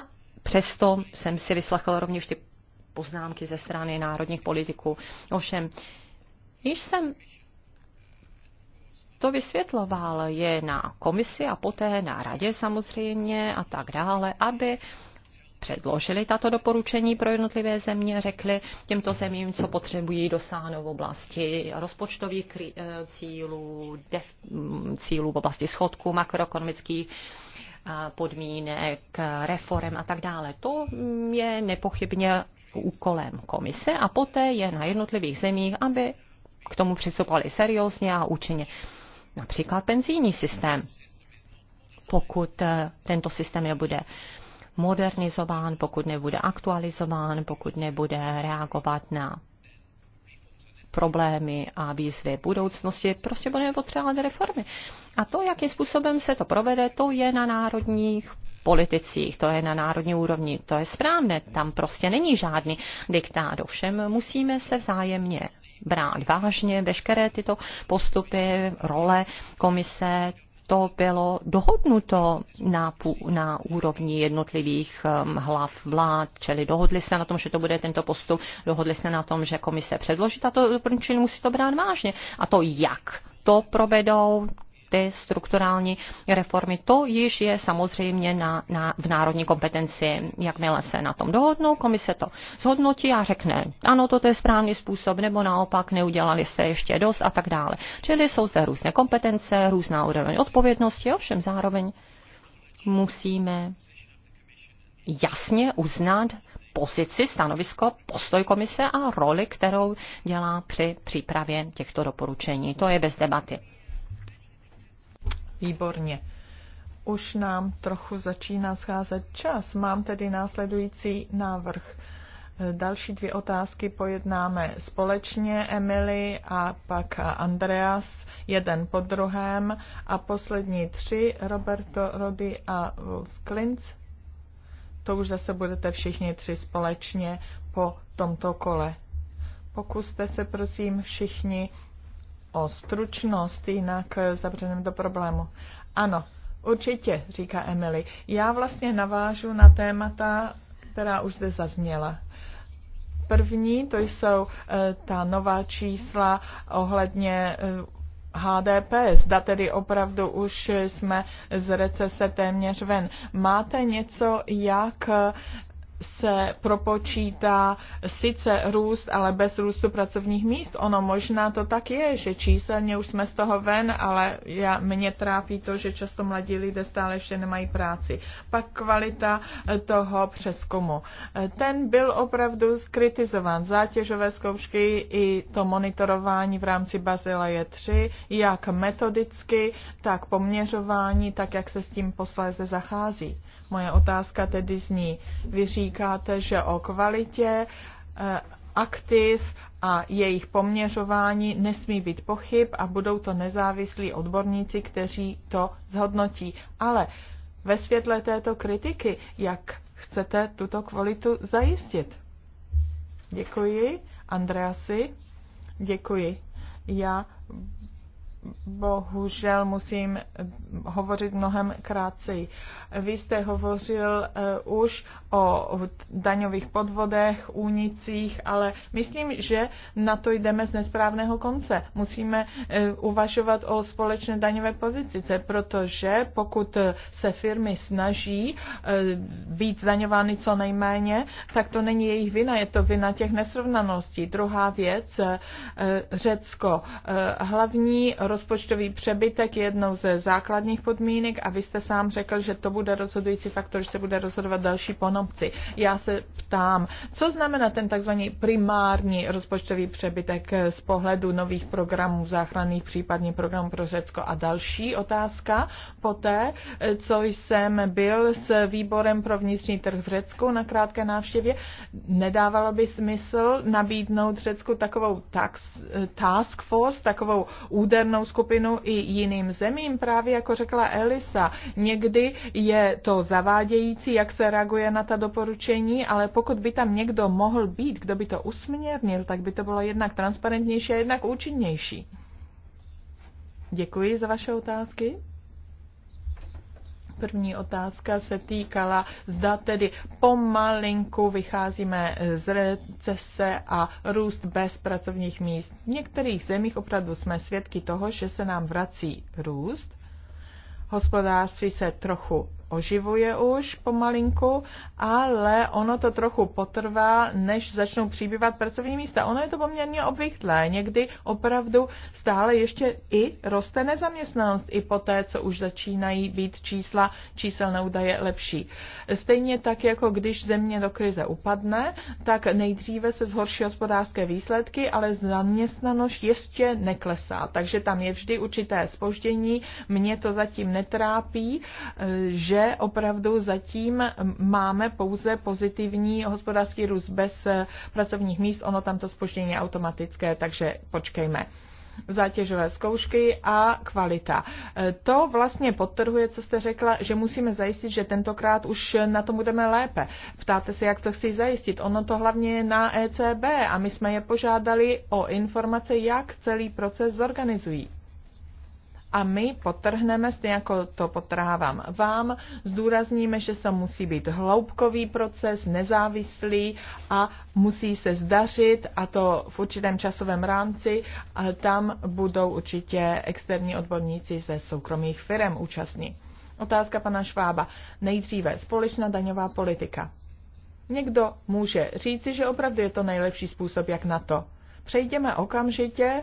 přesto jsem si vyslechl rovněž ty poznámky ze strany národních politiků. Ovšem, když jsem to vysvětloval, je na komisi a poté na radě samozřejmě a tak dále, aby předložili tato doporučení pro jednotlivé země, řekli těmto zemím, co potřebují dosáhnout v oblasti rozpočtových eh, cílů, def, mm, cílů v oblasti schodku makroekonomických eh, podmínek, reform a tak dále. To mm, je nepochybně úkolem komise a poté je na jednotlivých zemích, aby k tomu přistupovali seriózně a účinně. Například penzijní systém. Pokud eh, tento systém nebude bude modernizován, pokud nebude aktualizován, pokud nebude reagovat na problémy a výzvy budoucnosti, prostě budeme potřebovat reformy. A to, jakým způsobem se to provede, to je na národních politicích, to je na národní úrovni, to je správné, tam prostě není žádný diktát. Ovšem musíme se vzájemně brát vážně veškeré tyto postupy, role komise, to bylo dohodnuto na, na úrovni jednotlivých um, hlav vlád, čili dohodli se na tom, že to bude tento postup, dohodli se na tom, že komise předloží tato doporučení, musí to brát vážně. A to, jak to provedou, ty strukturální reformy, to již je samozřejmě na, na, v národní kompetenci. Jakmile se na tom dohodnou, komise to zhodnotí a řekne, ano, toto je správný způsob, nebo naopak neudělali se ještě dost a tak dále. Čili jsou zde různé kompetence, různá úroveň odpovědnosti, ovšem zároveň musíme jasně uznat pozici, stanovisko, postoj komise a roli, kterou dělá při přípravě těchto doporučení. To je bez debaty. Výborně. Už nám trochu začíná scházet čas. Mám tedy následující návrh. Další dvě otázky pojednáme společně, Emily a pak Andreas, jeden po druhém. A poslední tři, Roberto Rody a Wolf Klinc. To už zase budete všichni tři společně po tomto kole. Pokuste se prosím všichni o stručnost, jinak zabředeme do problému. Ano, určitě, říká Emily. Já vlastně navážu na témata, která už zde zazněla. První, to jsou eh, ta nová čísla ohledně HDP, eh, zda tedy opravdu už jsme z recese téměř ven. Máte něco, jak eh, se propočítá sice růst, ale bez růstu pracovních míst. Ono možná to tak je, že číselně už jsme z toho ven, ale já, mě trápí to, že často mladí lidé stále ještě nemají práci. Pak kvalita eh, toho přeskumu. Eh, ten byl opravdu skritizován. Zátěžové zkoušky i to monitorování v rámci Bazila je 3, jak metodicky, tak poměřování, tak jak se s tím posléze zachází Moje otázka tedy zní, vy říkáte, že o kvalitě eh, aktiv a jejich poměřování nesmí být pochyb a budou to nezávislí odborníci, kteří to zhodnotí. Ale ve světle této kritiky, jak chcete tuto kvalitu zajistit? Děkuji, Andreasi. Děkuji. Já bohužel musím hovořit mnohem kráceji. Vy jste hovořil uh, už o daňových podvodech, únicích, ale myslím, že na to jdeme z nesprávného konce. Musíme uh, uvažovat o společné daňové pozici, protože pokud eh, se firmy snaží uh, být zdaňovány co nejméně, tak to není jejich vina, je to vina těch nesrovnaností. Druhá věc, uh, Řecko. Uh, hlavní rozpočtový přebytek je jednou ze základních podmínek a vy jste sám řekl, že to bude rozhodující faktor, že se bude rozhodovat další ponomci. Já se ptám, co znamená ten takzvaný primární rozpočtový přebytek z pohledu nových programů záchranných, případně program pro Řecko a další otázka poté, co jsem byl s výborem pro vnitřní trh v Řecku na krátké návštěvě, nedávalo by smysl nabídnout Řecku takovou tax, task force, takovou údernou podpůrnou skupinu i jiným zemím. Právě jako řekla Elisa, někdy je to zavádějící, jak se reaguje na ta doporučení, ale pokud by tam někdo mohl být, kdo by to usměrnil, tak by to bylo jednak transparentnější a jednak účinnější. Děkuji za vaše otázky. První otázka se týkala, zda tedy pomalinku vycházíme z recese a růst bez pracovních míst. V některých zemích opravdu jsme svědky toho, že se nám vrací růst, hospodářství se trochu oživuje už pomalinku, ale ono to trochu potrvá, než začnou přibývat pracovní místa. Ono je to poměrně obvyklé. Někdy opravdu stále ještě i roste nezaměstnanost i po té, co už začínají být čísla, číselné údaje lepší. Stejně tak, jako když země do krize upadne, tak nejdříve se zhorší hospodářské výsledky, ale zaměstnanost ještě neklesá. Takže tam je vždy určité spoždění. Mě to zatím netrápí, že že opravdu zatím máme pouze pozitivní hospodářský růst bez eh, pracovních míst, ono tam to spoždění je automatické, takže počkejme zátěžové zkoušky a kvalita. Eh, to vlastně podtrhuje, co jste řekla, že musíme zajistit, že tentokrát už na tom budeme lépe. Ptáte se, jak to chci zajistit. Ono to hlavně je na ECB a my jsme je požádali o informace, jak celý proces zorganizují a my potrhneme, stejně jako to potrhávám vám, zdůrazníme, že se musí být hloubkový proces, nezávislý a musí se zdařit a to v určitém časovém rámci, ale tam budou určitě externí odborníci ze soukromých firm účastní. Otázka pana Švába. Nejdříve společná daňová politika. Někdo může říci, že opravdu je to nejlepší způsob, jak na to. Přejdeme okamžitě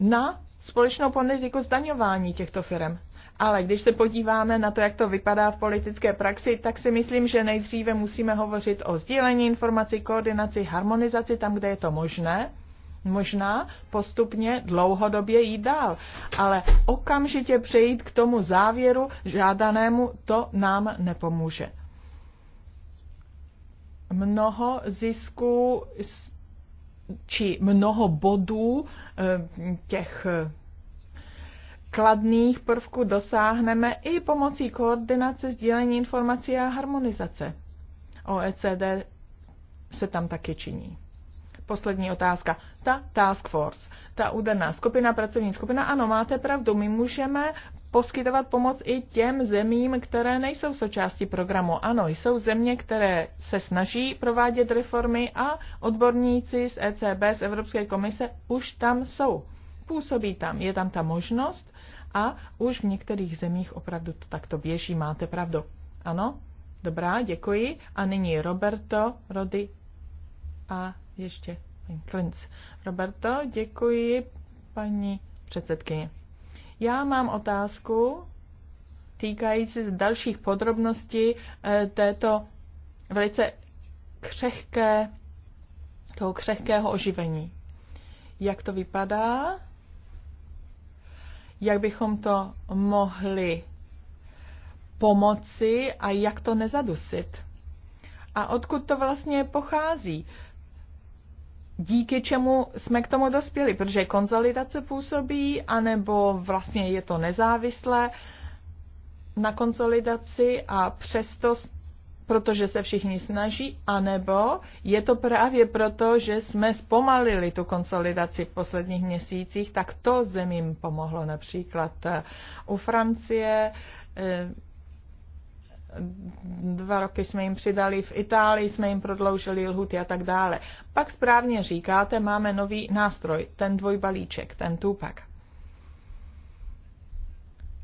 na společnou politiku zdaňování těchto firm. Ale když se podíváme na to, jak to vypadá v politické praxi, tak si myslím, že nejdříve musíme hovořit o sdílení informací, koordinaci, harmonizaci tam, kde je to možné. Možná postupně dlouhodobě jít dál, ale okamžitě přejít k tomu závěru žádanému, to nám nepomůže mnoho zisků či mnoho bodů eh, těch eh, kladných prvků dosáhneme i pomocí koordinace, sdílení informací a harmonizace. OECD se tam taky činí. Poslední otázka. Ta task force, ta úderná skupina, pracovní skupina, ano, máte pravdu, my můžeme poskytovat pomoc i těm zemím, které nejsou součástí programu. Ano, jsou země, které se snaží provádět reformy a odborníci z ECB, z Evropské komise, už tam jsou. Působí tam, je tam ta možnost a už v některých zemích opravdu to takto běží, máte pravdu. Ano, dobrá, děkuji. A nyní Roberto, Rody a ještě Klinc. Roberto, děkuji paní předsedkyně. Já mám otázku týkající se dalších podrobností eh, této velice křehké, toho křehkého oživení. Jak to vypadá? Jak bychom to mohli pomoci a jak to nezadusit? A odkud to vlastně pochází? díky čemu jsme k tomu dospěli, protože konzolidace působí, anebo vlastně je to nezávislé na konsolidaci a přesto protože se všichni snaží, anebo je to právě proto, že jsme zpomalili tu konsolidaci v posledních měsících, tak to zemím pomohlo například eh, u Francie, eh, dva roky jsme jim přidali, v Itálii jsme jim prodloužili lhuty a tak dále. Pak správně říkáte, máme nový nástroj, ten dvojbalíček, ten tupak.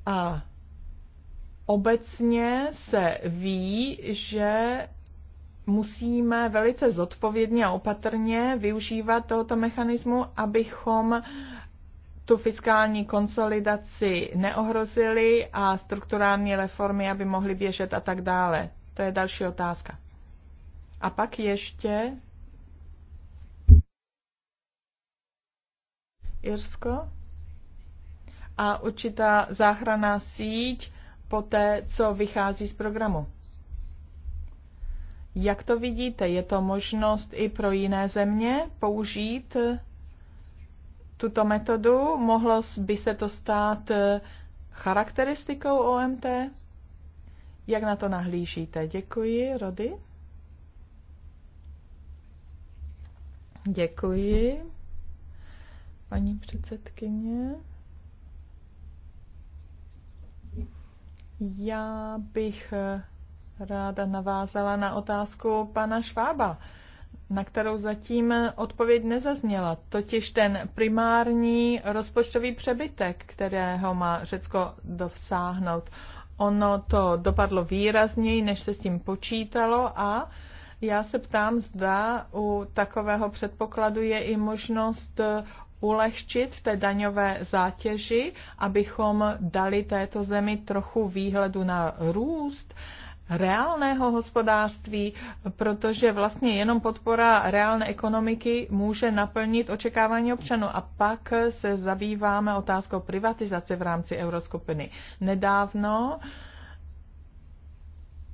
A obecně se ví, že musíme velice zodpovědně a opatrně využívat tohoto mechanismu, abychom tu fiskální konsolidaci neohrozily a strukturální reformy, aby mohly běžet a tak dále. To je další otázka. A pak ještě Irsko a určitá záchranná síť po té, co vychází z programu. Jak to vidíte? Je to možnost i pro jiné země použít tuto metodu? Mohlo by se to stát eh, charakteristikou OMT? Jak na to nahlížíte? Děkuji, Rody. Děkuji, paní předsedkyně. Já bych eh, ráda navázala na otázku pana Švába na kterou zatím odpověď nezazněla, totiž ten primární rozpočtový přebytek, kterého má Řecko dosáhnout. Ono to dopadlo výrazněji, než se s tím počítalo a já se ptám, zda u takového předpokladu je i možnost ulehčit v té daňové zátěži, abychom dali této zemi trochu výhledu na růst, reálného hospodářství, protože vlastně jenom podpora reálné ekonomiky může naplnit očekávání občanů. A pak se zabýváme otázkou privatizace v rámci euroskupiny. Nedávno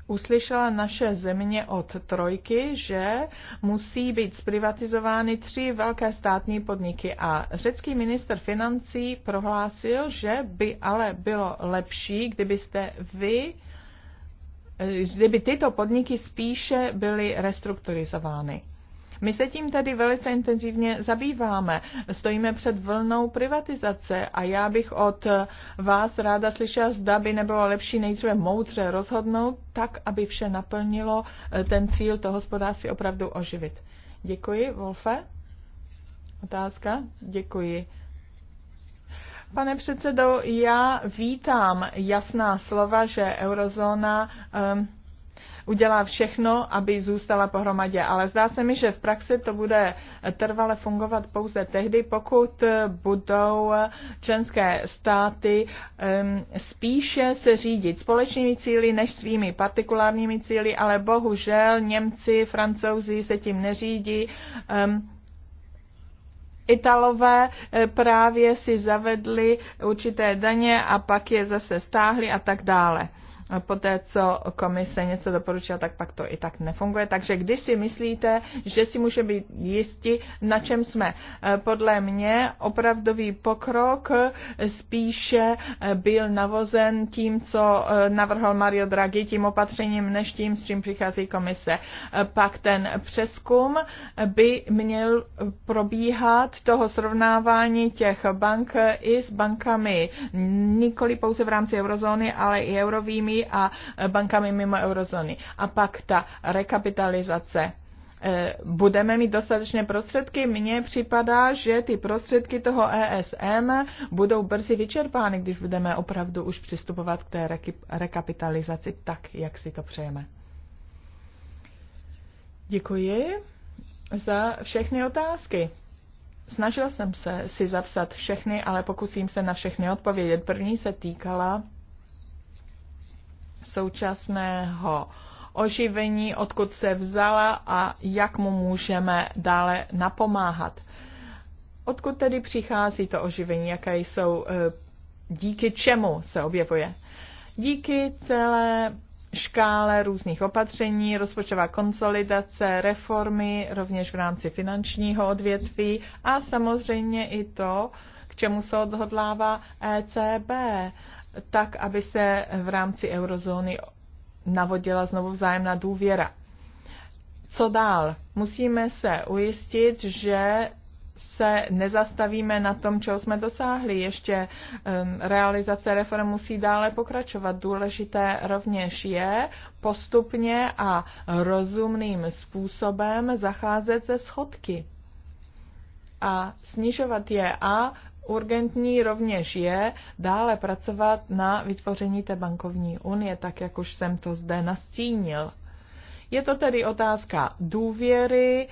uslyšela naše země od trojky, že musí být zprivatizovány tři velké státní podniky a řecký minister financí prohlásil, že by ale bylo lepší, kdybyste vy kdyby tyto podniky spíše byly restrukturizovány. My se tím tedy velice intenzivně zabýváme. Stojíme před vlnou privatizace a já bych od vás ráda slyšela, zda by nebylo lepší nejdříve moudře rozhodnout, tak, aby vše naplnilo eh, ten cíl to hospodářství opravdu oživit. Děkuji, Wolfe. Otázka? Děkuji. Pane předsedo, já vítám jasná slova, že eurozóna um, udělá všechno, aby zůstala pohromadě. Ale zdá se mi, že v praxi to bude trvale fungovat pouze tehdy, pokud budou členské státy ehm, spíše se řídit společnými cíly než svými partikulárními cíly, ale bohužel Němci, Francouzi se tím neřídí. Um, Italové eh, právě si zavedli určité daně a pak je zase stáhli a tak dále poté, co komise něco doporučila, tak pak to i tak nefunguje. Takže když si myslíte, že si může být jisti, na čem jsme? Eh, podle mě opravdový pokrok eh, spíše eh, byl navozen tím, co navrhl Mario Draghi, tím opatřením, než tím, s čím přichází komise. Pak ten přeskum by měl probíhat toho srovnávání těch bank i s bankami, nikoli pouze v rámci eurozóny, ale i eurovými a bankami mimo eurozóny. A pak ta rekapitalizace e, budeme mít dostatečné prostředky. Mně připadá, že ty prostředky toho ESM budou brzy vyčerpány, když budeme opravdu už přistupovat k té rekapitalizaci tak, jak si to přejeme. Děkuji za všechny otázky. Snažila jsem se si zapsat všechny, ale pokusím se na všechny odpovědět. První se týkala současného oživení, odkud se vzala a jak mu můžeme dále napomáhat. Odkud tedy přichází to oživení, jaké jsou, e, díky čemu se objevuje? Díky celé škále různých opatření, rozpočtová konsolidace, reformy, rovněž v rámci finančního odvětví a samozřejmě i to, k čemu se odhodlává ECB tak, aby se v rámci eurozóny navodila znovu vzájemná důvěra. Co dál? Musíme se ujistit, že se nezastavíme na tom, čeho jsme dosáhli. Ještě um, realizace reform musí dále pokračovat. Důležité rovněž je postupně a rozumným způsobem zacházet ze schodky a snižovat je a Urgentní rovněž je dále pracovat na vytvoření té bankovní unie, tak jak už jsem to zde nastínil. Je to tedy otázka důvěry,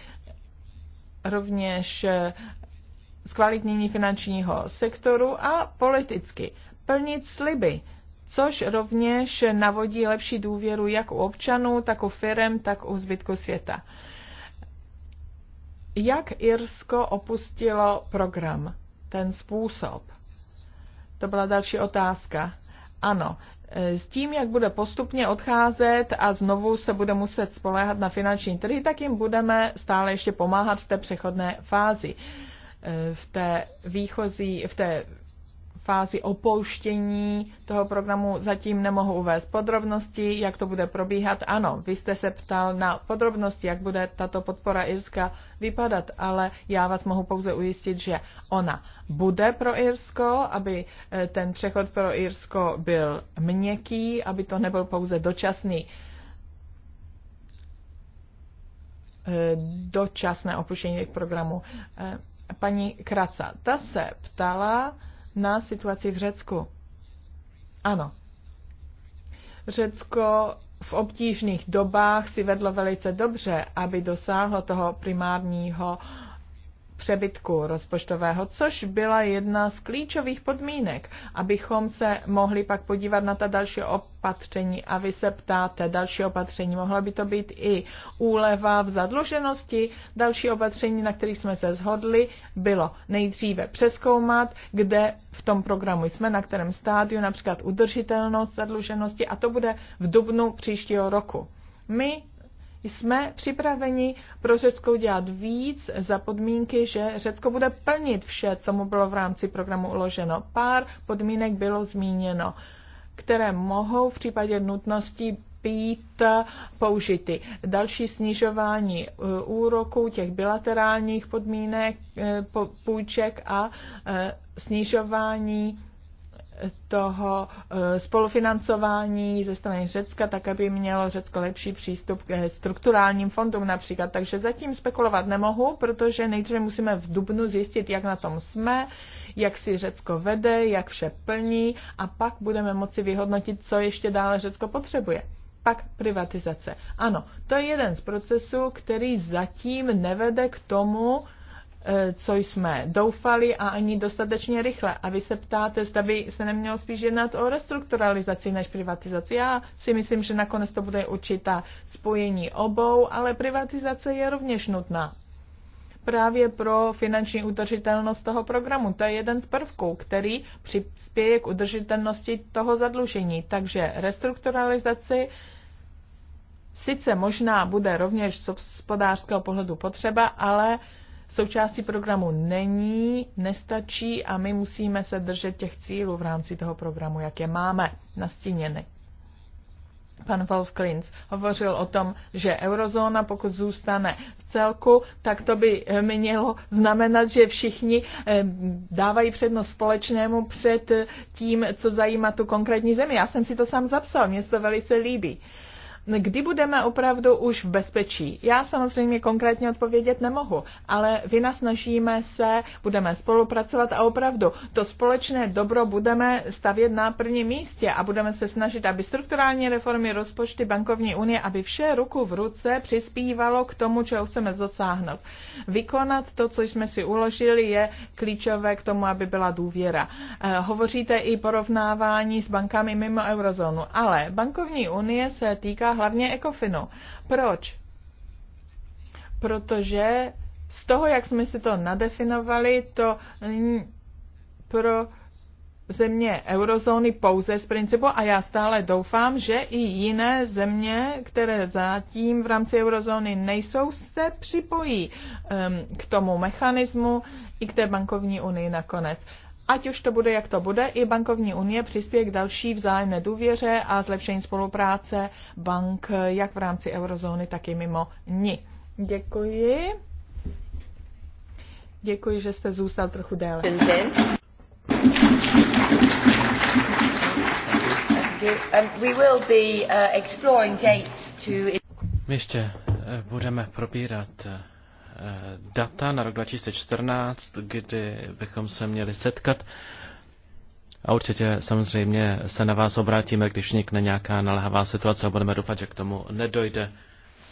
rovněž eh, zkvalitnění finančního sektoru a politicky plnit sliby, což rovněž navodí lepší důvěru jak u občanů, tak u firm, tak u zbytku světa. Jak Irsko opustilo program? ten způsob? To byla další otázka. Ano, e, s tím, jak bude postupně odcházet a znovu se bude muset spoléhat na finanční trhy, tak jim budeme stále ještě pomáhat v té přechodné fázi. E, v té výchozí, v té fázi opouštění toho programu zatím nemohu uvést podrobnosti, jak to bude probíhat. Ano, vy jste se ptal na podrobnosti, jak bude tato podpora Irska vypadat, ale já vás mohu pouze ujistit, že ona bude pro Irsko, aby e, ten přechod pro Irsko byl měkký, aby to nebyl pouze dočasný e, dočasné opuštění programu. E, paní Kraca, ta se ptala, na situaci v Řecku. Ano. Řecko v obtížných dobách si vedlo velice dobře, aby dosáhlo toho primárního uh, přebytku rozpočtového, což byla jedna z klíčových podmínek, abychom se mohli pak podívat na ta další opatření. A vy se ptáte, další opatření, mohla by to být i úleva v zadluženosti. Další opatření, na kterých jsme se zhodli, bylo nejdříve přeskoumat, kde v tom programu jsme, na kterém stádiu, například udržitelnost zadluženosti a to bude v dubnu příštího roku. My jsme připraveni pro Řecko udělat víc za podmínky, že Řecko bude plnit vše, co mu bylo v rámci programu uloženo. Pár podmínek bylo zmíněno, které mohou v případě nutnosti být použity. Další snižování eh, úroků těch bilaterálních podmínek, eh, půjček a eh, snižování toho eh, spolufinancování ze strany Řecka, tak aby mělo Řecko lepší přístup k eh, strukturálním fondům například. Takže zatím spekulovat nemohu, protože nejdříve musíme v Dubnu zjistit, jak na tom jsme, jak si Řecko vede, jak vše plní a pak budeme moci vyhodnotit, co ještě dále Řecko potřebuje pak privatizace. Ano, to je jeden z procesů, který zatím nevede k tomu, Eh, co jsme doufali a ani dostatečně rychle. A vy se ptáte, zda by se nemělo spíš jednat o restrukturalizaci než privatizaci. Já si myslím, že nakonec to bude určitá spojení obou, ale privatizace je rovněž nutná právě pro finanční udržitelnost toho programu. To je jeden z prvků, který přispěje k udržitelnosti toho zadlužení. Takže restrukturalizaci sice možná bude rovněž z hospodářského pohledu potřeba, ale součástí programu není, nestačí a my musíme se držet těch cílů v rámci toho programu, jak je máme nastíněny. Pan Wolf Klins hovořil o tom, že eurozóna, pokud zůstane v celku, tak to by eh, mělo znamenat, že všichni eh, dávají přednost společnému před eh, tím, co zajímá tu konkrétní zemi. Já jsem si to sám zapsal, mě se to velice líbí kdy budeme opravdu už v bezpečí? Já samozřejmě konkrétně odpovědět nemohu, ale snažíme se, budeme spolupracovat a opravdu to společné dobro budeme stavět na prvním místě a budeme se snažit, aby strukturální reformy rozpočty bankovní unie, aby vše ruku v ruce přispívalo k tomu, čeho chceme dosáhnout. Vykonat to, co jsme si uložili, je klíčové k tomu, aby byla důvěra. Eh, hovoříte i porovnávání s bankami mimo eurozónu, ale bankovní unie se týká hlavně Ekofino. Proč? Protože z toho, jak jsme si to nadefinovali, to pro země eurozóny pouze z principu a já stále doufám, že i jiné země, které zatím v rámci eurozóny nejsou, se připojí um, k tomu mechanismu i k té bankovní unii nakonec. Ať už to bude, jak to bude, i bankovní unie přispěje k další vzájemné důvěře a zlepšení spolupráce bank jak v rámci eurozóny, tak i mimo ní. Děkuji. Děkuji, že jste zůstal trochu déle. Um, uh, My ještě eh, budeme probírat eh, Eh, data na rok 2014, kdy bychom se měli setkat. A určitě samozřejmě se na vás obrátíme, když vznikne nějaká naléhavá situace a budeme doufat, že k tomu nedojde.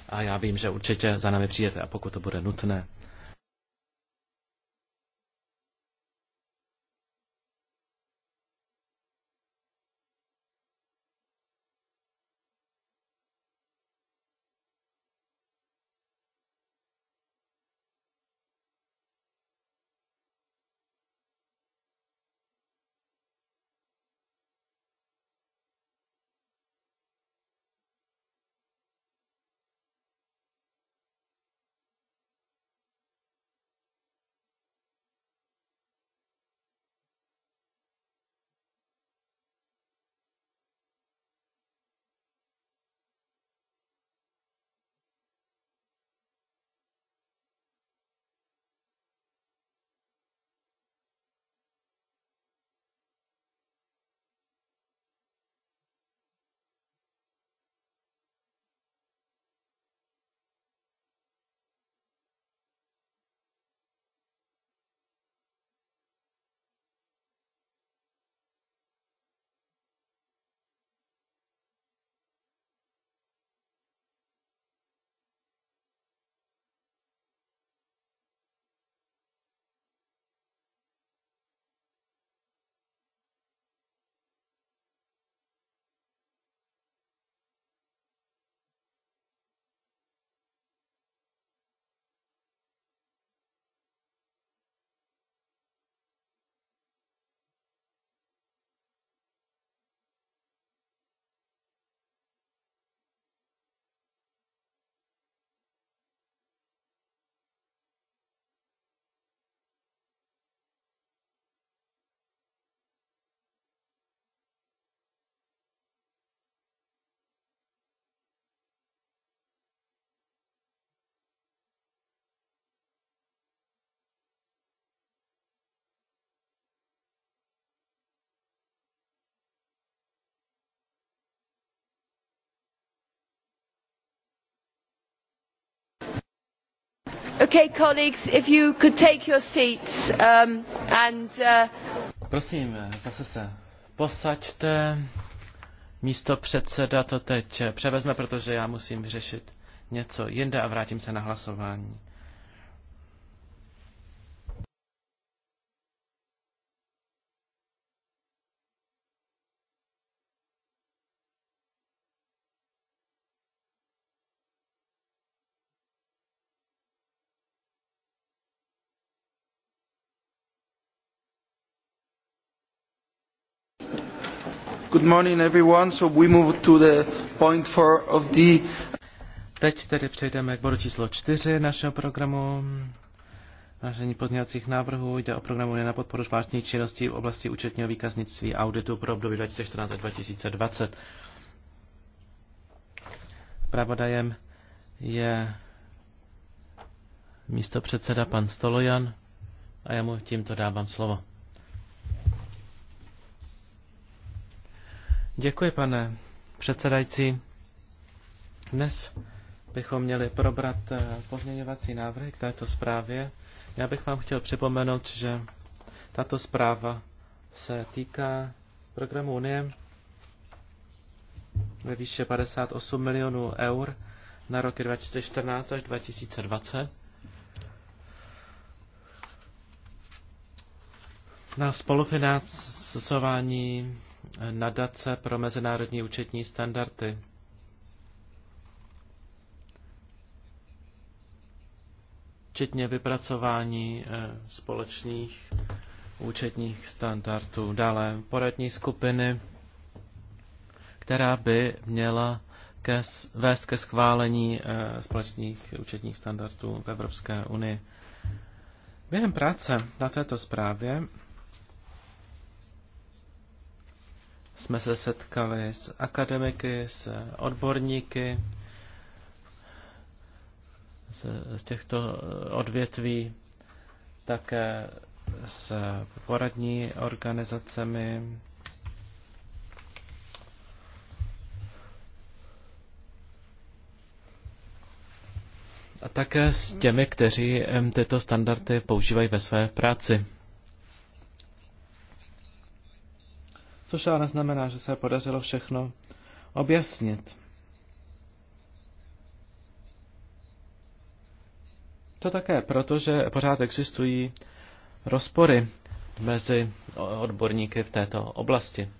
A já vím, že určitě za námi přijdete a pokud to bude nutné, Okay, colleagues, if you could take your seats um, and... Uh... Prosím, zase se posaďte. Místo předseda to teď převezme, protože já musím řešit něco jinde a vrátím se na hlasování. Good morning everyone, so we move to the point four of the... Teď tedy přejdeme k bodu číslo čtyři našeho programu. Vážení pozměňovacích návrhů jde o programu na podporu zvláštní činnosti v oblasti účetního výkaznictví a auditu pro období 2014 2020. Pravodajem je místo předseda pan Stolojan a já mu tímto dávám slovo. Děkuji, pane předsedající. Dnes bychom měli probrat eh, pozměňovací návrhy k této zprávě. Já bych vám chtěl připomenout, že tato zpráva se týká programu Unie ve výše 58 milionů eur na roky 2014 až 2020. Na spolufinancování nadace pro mezinárodní účetní standardy. Včetně vypracování eh, společných účetních standardů. Dále poradní skupiny, která by měla ke, vést ke schválení eh, společných účetních standardů v Evropské unii. Během práce na této zprávě jsme se setkali s akademiky, s odborníky z, z těchto odvětví, také s poradní organizacemi. A také s těmi, kteří tyto standardy používají ve své práci. což ale neznamená, že se podařilo všechno objasnit. To také proto, že pořád existují rozpory mezi odborníky v této oblasti.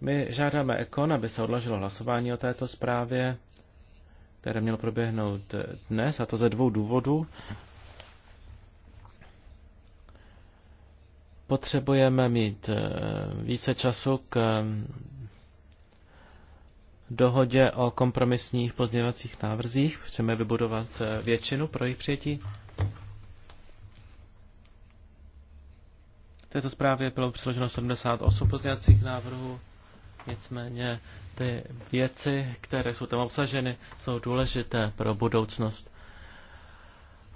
My žádáme Ekon, aby se odložilo hlasování o této zprávě, které mělo proběhnout dnes, a to ze dvou důvodů. Potřebujeme mít eh, více času k eh, dohodě o kompromisních pozměňovacích návrzích. Chceme vybudovat eh, většinu pro jejich přijetí. V této zprávě bylo přiloženo 78 pozdějacích návrhů, nicméně ty věci, které jsou tam obsaženy, jsou důležité pro budoucnost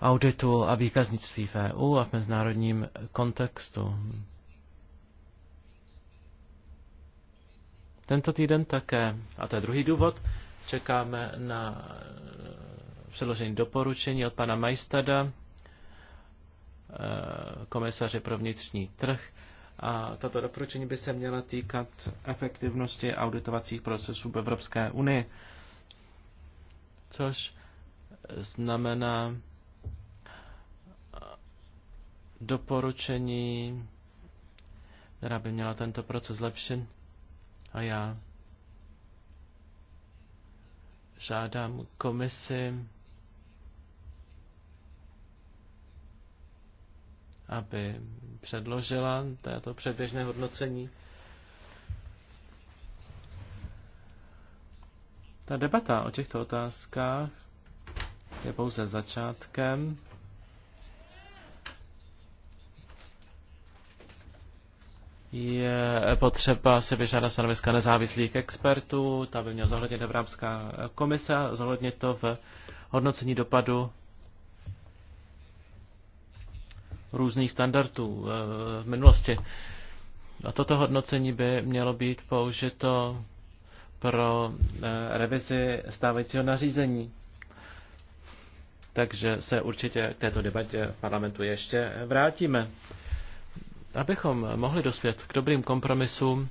auditu a výkaznictví v EU a v mezinárodním kontextu. Tento týden také, a to je druhý důvod, čekáme na předložení doporučení od pana Majstada, eh, komisaře pro vnitřní trh. A tato doporučení by se měla týkat efektivnosti auditovacích procesů v Evropské unii, což znamená doporučení, která by měla tento proces zlepšit. A já žádám komisi, aby předložila této předběžné hodnocení. Ta debata o těchto otázkách je pouze začátkem. je potřeba si vyžádat stanoviska nezávislých expertů, ta by měla zohlednit Evropská komise, zohlednit to v hodnocení dopadu různých standardů eh, v minulosti. A toto hodnocení by mělo být použito pro eh, revizi stávajícího nařízení. Takže se určitě k této debatě v parlamentu ještě vrátíme. Abychom mohli dospět k dobrým kompromisům,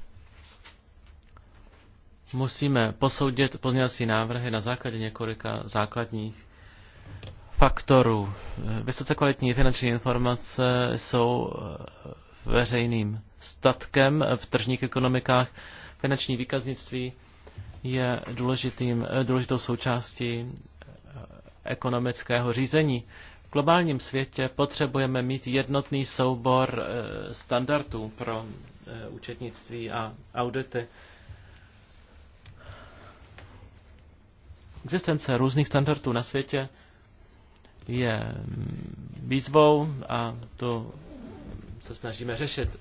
musíme posoudit pozměňovací návrhy na základě několika základních faktorů. Vysoce kvalitní finanční informace jsou veřejným statkem v tržních ekonomikách. Finanční výkaznictví je důležitým, důležitou součástí ekonomického řízení globálním světě potřebujeme mít jednotný soubor eh, standardů pro eh, účetnictví a audity. Existence různých standardů na světě je mm, výzvou a to se snažíme řešit.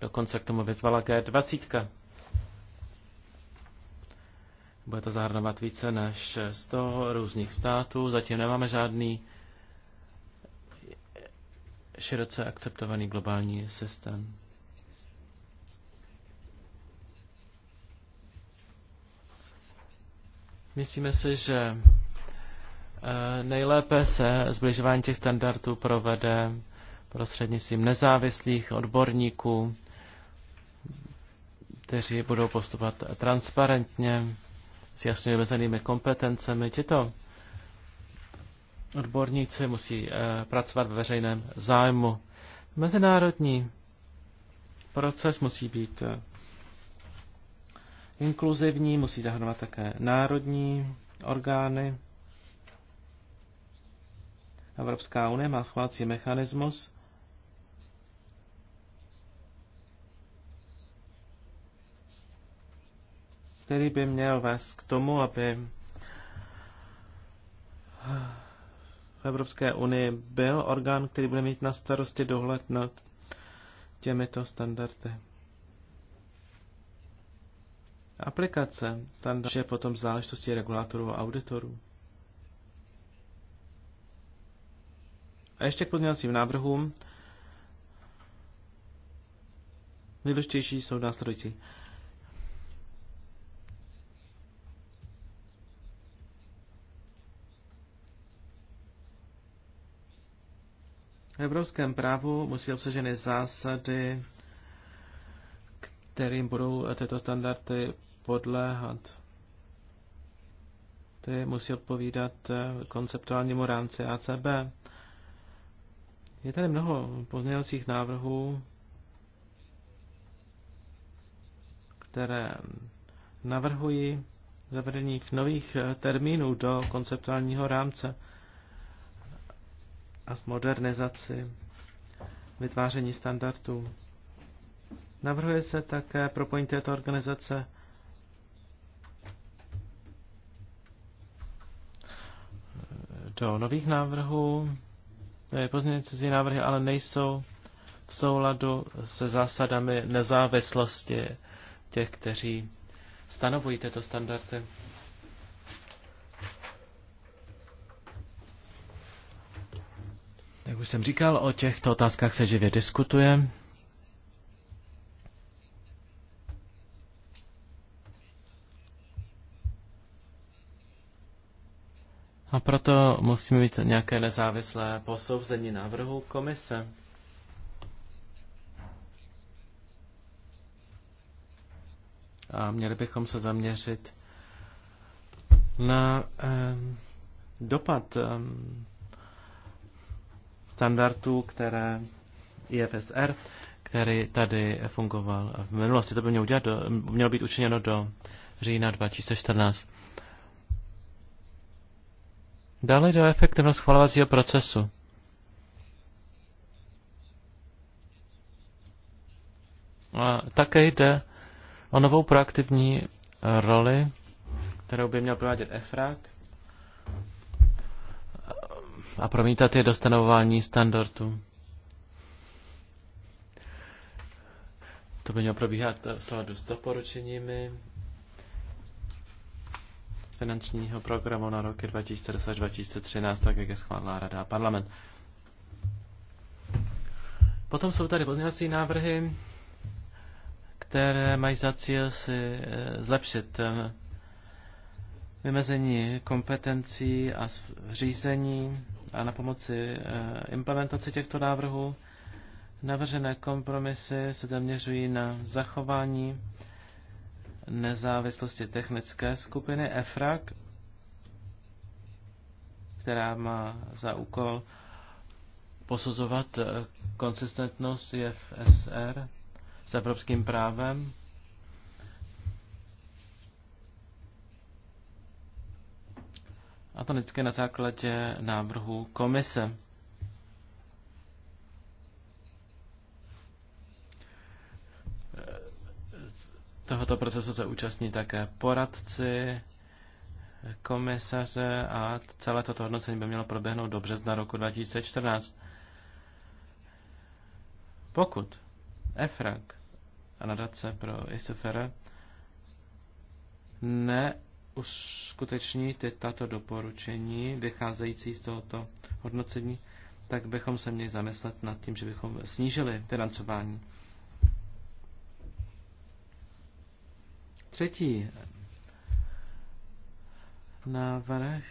Dokonce k tomu vyzvala G20. Bude to zahrnovat více než 100 různých států. Zatím nemáme žádný široce akceptovaný globální systém. Myslíme si, že eh, nejlépe se zbližování těch standardů provede prostřednictvím nezávislých odborníků, kteří budou postupovat transparentně, s jasně vymezenými kompetencemi. Tito Odborníci musí eh, pracovat ve veřejném zájmu. Mezinárodní proces musí být eh, inkluzivní, musí zahrnovat také národní orgány. Evropská unie má schválací mechanismus, který by měl vést k tomu, aby eh, Evropské unii byl orgán, který bude mít na starosti dohled nad těmito standardy. Aplikace standardů je potom záležitostí regulátorů a auditorů. A ještě k pozměňovacím návrhům. Nejdůležitější jsou následující. V evropském právu musí obsaženy zásady, kterým budou tyto standardy podléhat. Ty musí odpovídat konceptuálnímu rámci ACB. Je tady mnoho pozměňovacích návrhů, které navrhují zavedení nových termínů do konceptuálního rámce a s modernizaci vytváření standardů. Navrhuje se také propojení této organizace do nových návrhů. E, pozměňující návrhy ale nejsou v souladu se zásadami nezávislosti těch, kteří stanovují tyto standardy. Jak už jsem říkal, o těchto otázkách se živě diskutuje. A proto musíme mít nějaké nezávislé posouzení návrhu komise. A měli bychom se zaměřit na eh, dopad eh, standardů, které IFSR, který tady fungoval v minulosti. To by mělo, udělat do, mělo být učiněno do října 2014. Dále do efektivno schvalovacího procesu. A také jde o novou proaktivní roli, kterou by měl provádět EFRAG a promítat je do stanovování standardů. To by mělo probíhat v souladu s doporučeními finančního programu na roky 2010 až 2013, tak jak je schválila Rada a parlament. Potom jsou tady pozměňovací návrhy, které mají za cíl si eh, zlepšit eh, vymezení kompetencí a řízení a na pomoci eh, implementace těchto návrhů. Navržené kompromisy se zaměřují na zachování nezávislosti technické skupiny EFRAG, která má za úkol posuzovat eh, konsistentnost IFSR s evropským právem A to vždycky na základě návrhu komise. Tohoto procesu se účastní také poradci, komisaře a celé toto hodnocení by mělo proběhnout do března roku 2014. Pokud EFRAG a nadace pro ISFR ne uskuteční tato doporučení vycházející z tohoto hodnocení, tak bychom se měli zamyslet nad tím, že bychom snížili financování. Třetí návrh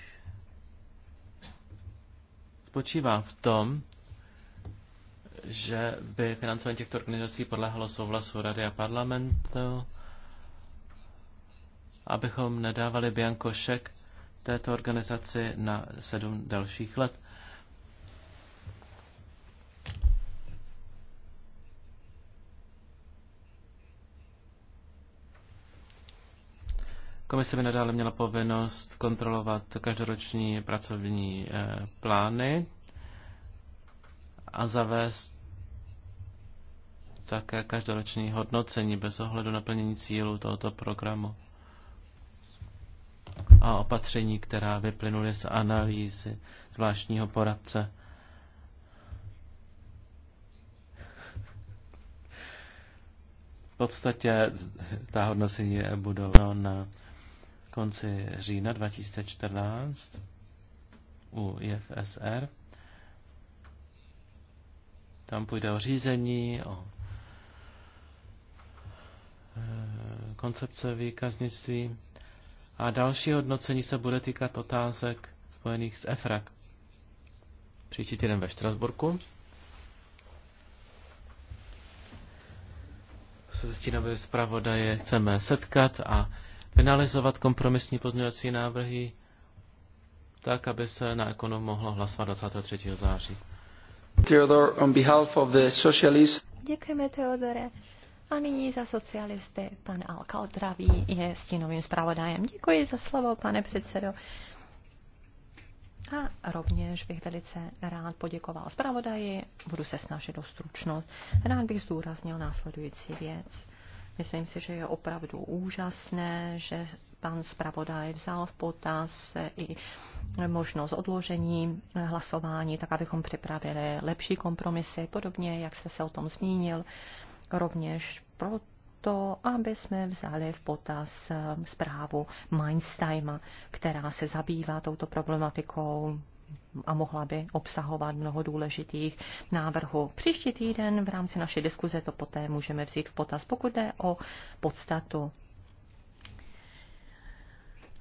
spočívá v tom, že by financování těchto organizací podléhalo souhlasu Rady a parlamentu abychom nedávali biankošek této organizaci na sedm dalších let. Komise by nadále měla povinnost kontrolovat každoroční pracovní eh, plány a zavést také každoroční hodnocení bez ohledu na plnění cílu tohoto programu a opatření, která vyplynuly z analýzy zvláštního poradce. V podstatě ta hodnocení budou na konci října 2014 u IFSR. Tam půjde o řízení, o eh, koncepce výkaznictví a další hodnocení se bude týkat otázek spojených s EFRAG. Příští týden ve Štrasburku. Se stínové zpravodaje chceme setkat a finalizovat kompromisní pozměňovací návrhy tak, aby se na ekonom mohlo hlasovat 23. září. Theodor, on behalf of the socialists. Děkujeme, Teodore. A nyní za socialisty pan Alka Draví je stínovým zpravodajem. Děkuji za slovo, pane předsedo. A rovněž bych velice rád poděkoval zpravodaji, budu se snažit o stručnost. Rád bych zdůraznil následující věc. Myslím si, že je opravdu úžasné, že pan zpravodaj vzal v potaz i možnost odložení hlasování, tak abychom připravili lepší kompromisy, podobně jak jste se o tom zmínil rovněž proto, aby jsme vzali v potaz eh, zprávu Mindstime, která se zabývá touto problematikou a mohla by obsahovat mnoho důležitých návrhů. Příští týden v rámci naší diskuze to poté můžeme vzít v potaz, pokud jde o podstatu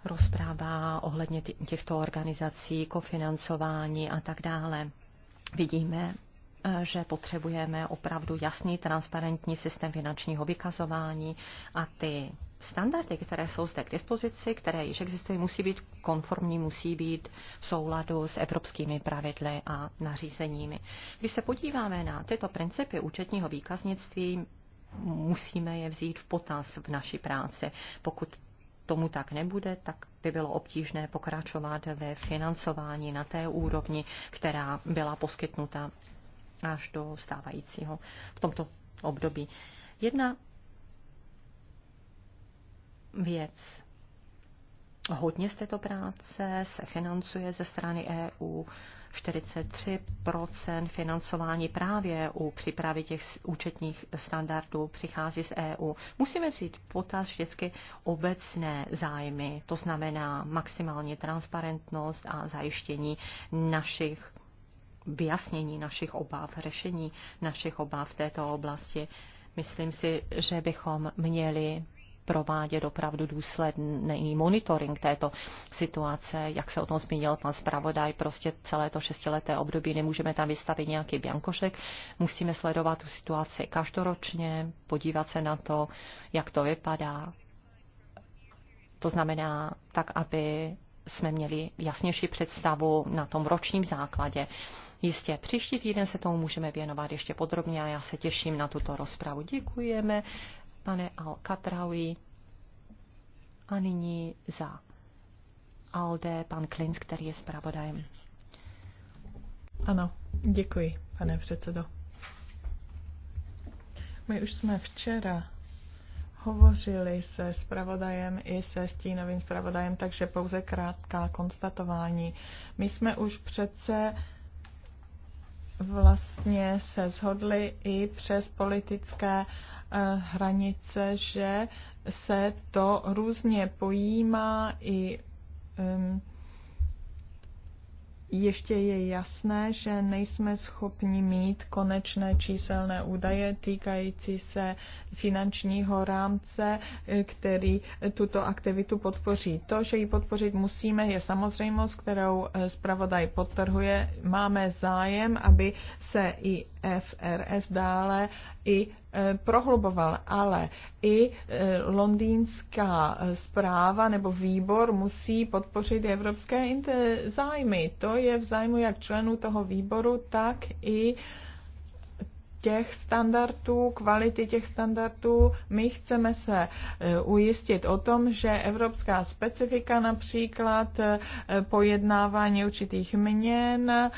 rozpráva ohledně těchto organizací, kofinancování a tak dále. Vidíme, že potřebujeme opravdu jasný, transparentní systém finančního vykazování a ty standardy, které jsou zde k dispozici, které již existují, musí být konformní, musí být v souladu s evropskými pravidly a nařízeními. Když se podíváme na tyto principy účetního výkaznictví, musíme je vzít v potaz v naší práci. Pokud tomu tak nebude, tak by bylo obtížné pokračovat ve financování na té úrovni, která byla poskytnuta až do stávajícího v tomto období. Jedna věc. Hodně z této práce se financuje ze strany EU. 43 financování právě u přípravy těch účetních standardů přichází z EU. Musíme vzít potaz vždycky obecné zájmy, to znamená maximální transparentnost a zajištění našich vyjasnění našich obav, řešení našich obav v této oblasti. Myslím si, že bychom měli provádět opravdu důsledný monitoring této situace, jak se o tom zmínil pan zpravodaj, prostě celé to šestileté období nemůžeme tam vystavit nějaký biankošek, musíme sledovat tu situaci každoročně, podívat se na to, jak to vypadá. To znamená tak, aby jsme měli jasnější představu na tom ročním základě jistě příští týden se tomu můžeme věnovat ještě podrobně a já se těším na tuto rozpravu. Děkujeme, pane al katraui A nyní za ALDE pan Klinc, který je zpravodajem. Ano, děkuji, pane předsedo. My už jsme včera hovořili se zpravodajem i se stínovým zpravodajem, takže pouze krátká konstatování. My jsme už přece vlastně se shodli i přes politické eh, hranice, že se to různě pojímá i um, ještě je jasné, že nejsme schopni mít konečné číselné údaje týkající se finančního rámce, eh, který eh, tuto aktivitu podpoří. To, že ji podpořit musíme, je samozřejmost, kterou eh, zpravodaj podtrhuje. Máme zájem, aby se i FRS dále i Eh, prohluboval, ale i eh, londýnská zpráva nebo výbor musí podpořit evropské zájmy. To je v zájmu jak členů toho výboru, tak i těch standardů, kvality těch standardů. My chceme se eh, ujistit o tom, že evropská specifika, například pojednávání určitých měn,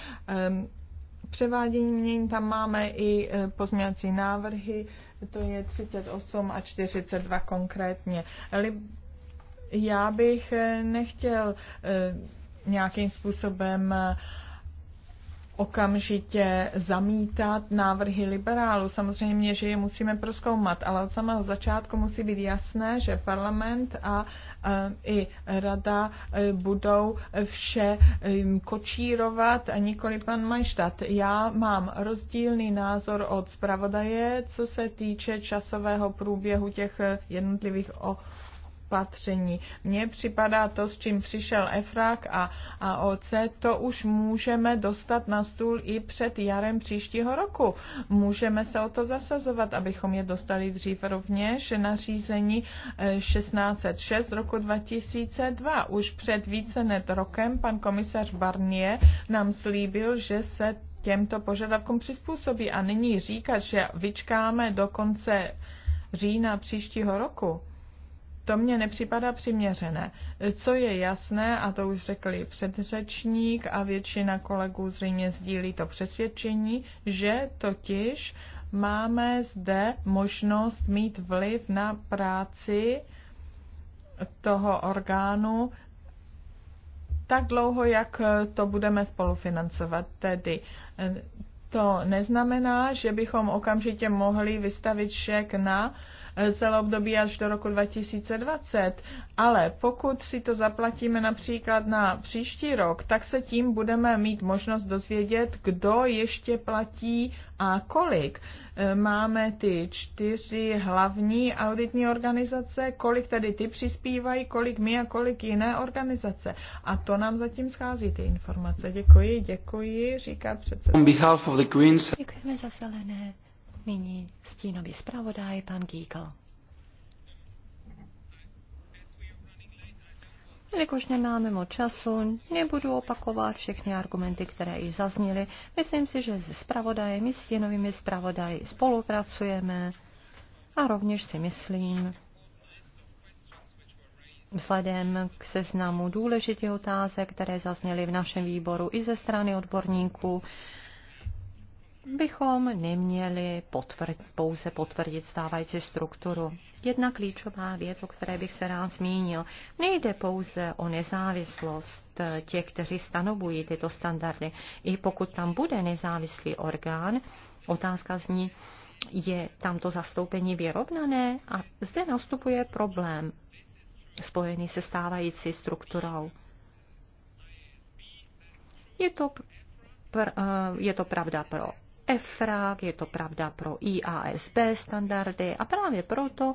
převádění, tam máme i e, pozměňovací návrhy, to je 38 a 42 konkrétně. Já bych e, nechtěl e, nějakým způsobem okamžitě zamítat návrhy liberálů. Samozřejmě, že je musíme proskoumat, ale od samého začátku musí být jasné, že parlament a e, i rada e, budou vše e, kočírovat a nikoli pan Majštat. Já mám rozdílný názor od zpravodaje, co se týče časového průběhu těch jednotlivých o opatření. Mně připadá to, s čím přišel EFRAK a a OC, to už můžeme dostat na stůl i před jarem příštího roku. Můžeme se o to zasazovat, abychom je dostali dřív rovněž řízení 1606 eh, roku 2002. Už před více než rokem pan komisař Barnier nám slíbil, že se těmto požadavkům přizpůsobí a nyní říkat, že vyčkáme do konce října příštího roku, to mně nepřipadá přiměřené. Co je jasné, a to už řekli předřečník a většina kolegů zřejmě sdílí to přesvědčení, že totiž máme zde možnost mít vliv na práci toho orgánu tak dlouho, jak to budeme spolufinancovat. Tedy eh, to neznamená, že bychom okamžitě mohli vystavit šek na uh, celé období až do roku 2020. Ale pokud si to zaplatíme například na příští rok, tak se tím budeme mít možnost dozvědět, kdo ještě platí a kolik. E, máme ty čtyři hlavní auditní organizace, kolik tedy ty přispívají, kolik my a kolik jiné organizace. A to nám zatím schází ty informace. Děkuji, děkuji, říká předseda. On behalf of the Greens. Děkujeme za zelené. Nyní stínový zpravodaj, pan Gíkl. Jelikož nemáme moc času, nebudu opakovat všechny argumenty, které již zazněly. Myslím si, že se zpravodajem i stěnovými zpravodaji spolupracujeme a rovněž si myslím, vzhledem k seznamu důležitých otázek, které zazněly v našem výboru i ze strany odborníků, bychom neměli potvrd, pouze potvrdit stávající strukturu. Jedna klíčová věc, o které bych se rád zmínil, nejde pouze o nezávislost těch, kteří stanovují tyto standardy. I pokud tam bude nezávislý orgán, otázka zní, je tamto zastoupení vyrovnané a zde nastupuje problém spojený se stávající strukturou. Je to, pr- eh, je to pravda pro EFRAG, je to pravda pro IASB standardy a právě proto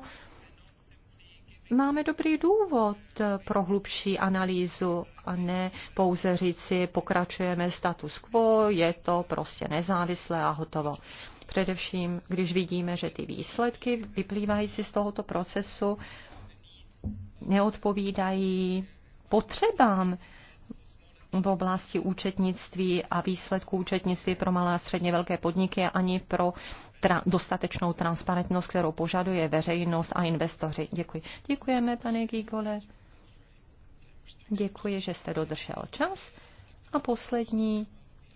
máme dobrý důvod pro hlubší analýzu a ne pouze říci, pokračujeme status quo, je to prostě nezávislé a hotovo. Především, když vidíme, že ty výsledky vyplývající z tohoto procesu neodpovídají potřebám v oblasti účetnictví a výsledků účetnictví pro malé a středně velké podniky ani pro tra- dostatečnou transparentnost, kterou požaduje veřejnost a investoři. Děkuji. Děkujeme, pane Gigole. Děkuji, že jste dodržel čas. A poslední,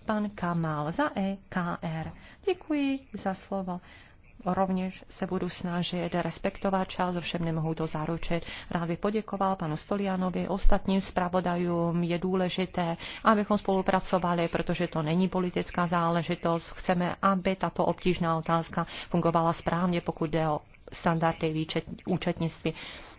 pan Kamal za EKR. Děkuji za slovo rovněž se budu snažit respektovat čas, ovšem nemohu to zaručit. Rád bych poděkoval panu Stolianovi, ostatním zpravodajům. Je důležité, abychom spolupracovali, protože to není politická záležitost. Chceme, aby tato obtížná otázka fungovala správně, pokud jde o standardy výčet, účetnictví.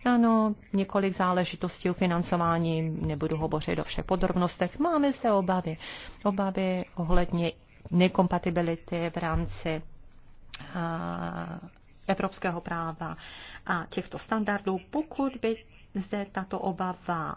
Ano, několik záležitostí o financování, nebudu hovořit o všech podrobnostech. Máme zde obavy. Obavy ohledně nekompatibility v rámci Eh, evropského práva a těchto standardů, pokud by zde tato obava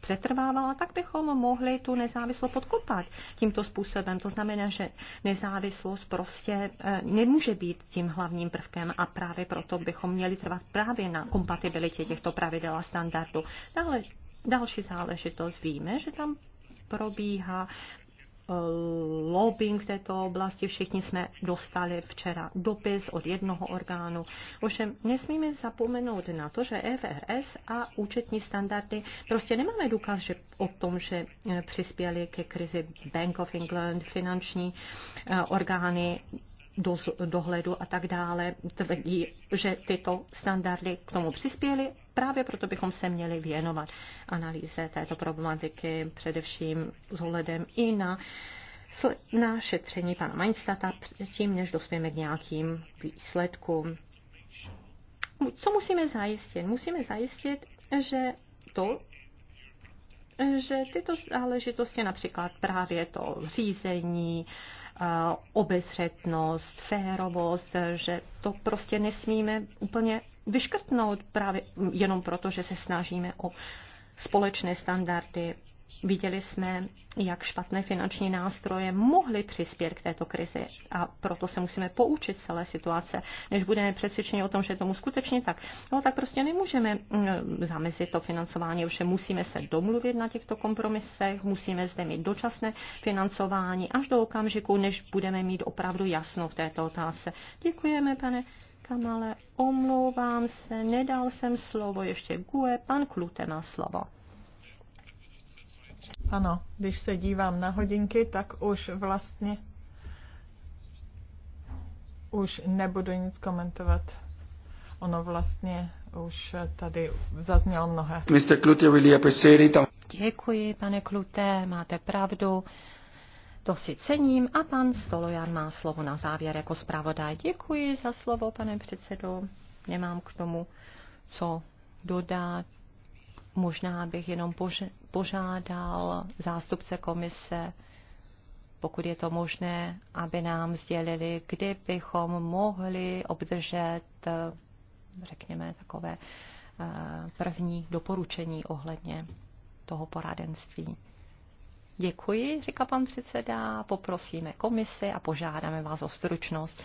přetrvávala, tak bychom mohli tu nezávislost podkopat tímto způsobem. To znamená, že nezávislost prostě eh, nemůže být tím hlavním prvkem a právě proto bychom měli trvat právě na kompatibilitě těchto pravidel a standardů. Dále další záležitost víme, že tam probíhá Eh, lobbying v této oblasti. Všichni jsme dostali včera dopis od jednoho orgánu. Ovšem nesmíme zapomenout na to, že FRS e a účetní standardy prostě nemáme důkaz že o tom, že eh, přispěli ke krizi Bank of England, finanční eh, orgány do, dohledu a tak dále, tvrdí, že tyto standardy k tomu přispěly Právě proto bychom se měli věnovat analýze této problematiky, především s ohledem i na na šetření pana Mainstata tím než dospějeme k nějakým výsledkům. Co musíme zajistit? Musíme zajistit, že to, že tyto záležitosti, například právě to řízení, obezřetnost, férovost, že to prostě nesmíme úplně vyškrtnout právě jenom proto, že se snažíme o společné standardy Viděli jsme, jak špatné finanční nástroje mohly přispět k této krizi a proto se musíme poučit celé situace. Než budeme přesvědčeni o tom, že tomu skutečně tak, no tak prostě nemůžeme mm, zamezit to financování, ovšem musíme se domluvit na těchto kompromisech, musíme zde mít dočasné financování až do okamžiku, než budeme mít opravdu jasno v této otázce. Děkujeme, pane Kamale, omlouvám se, nedal jsem slovo ještě Gue, pan Klute má slovo. Ano, když se dívám na hodinky, tak už vlastně už nebudu nic komentovat. Ono vlastně už tady zaznělo mnohé. Mr. Klute, Děkuji, pane Klute, máte pravdu. To si cením a pan Stolojan má slovo na závěr jako zpravodaj. Děkuji za slovo, pane předsedo. Nemám k tomu co dodat. Možná bych jenom pože- požádal zástupce komise, pokud je to možné, aby nám sdělili, kdy bychom mohli obdržet, řekněme, takové eh, první doporučení ohledně toho poradenství. Děkuji, říká pan předseda, poprosíme komisi a požádáme vás o stručnost.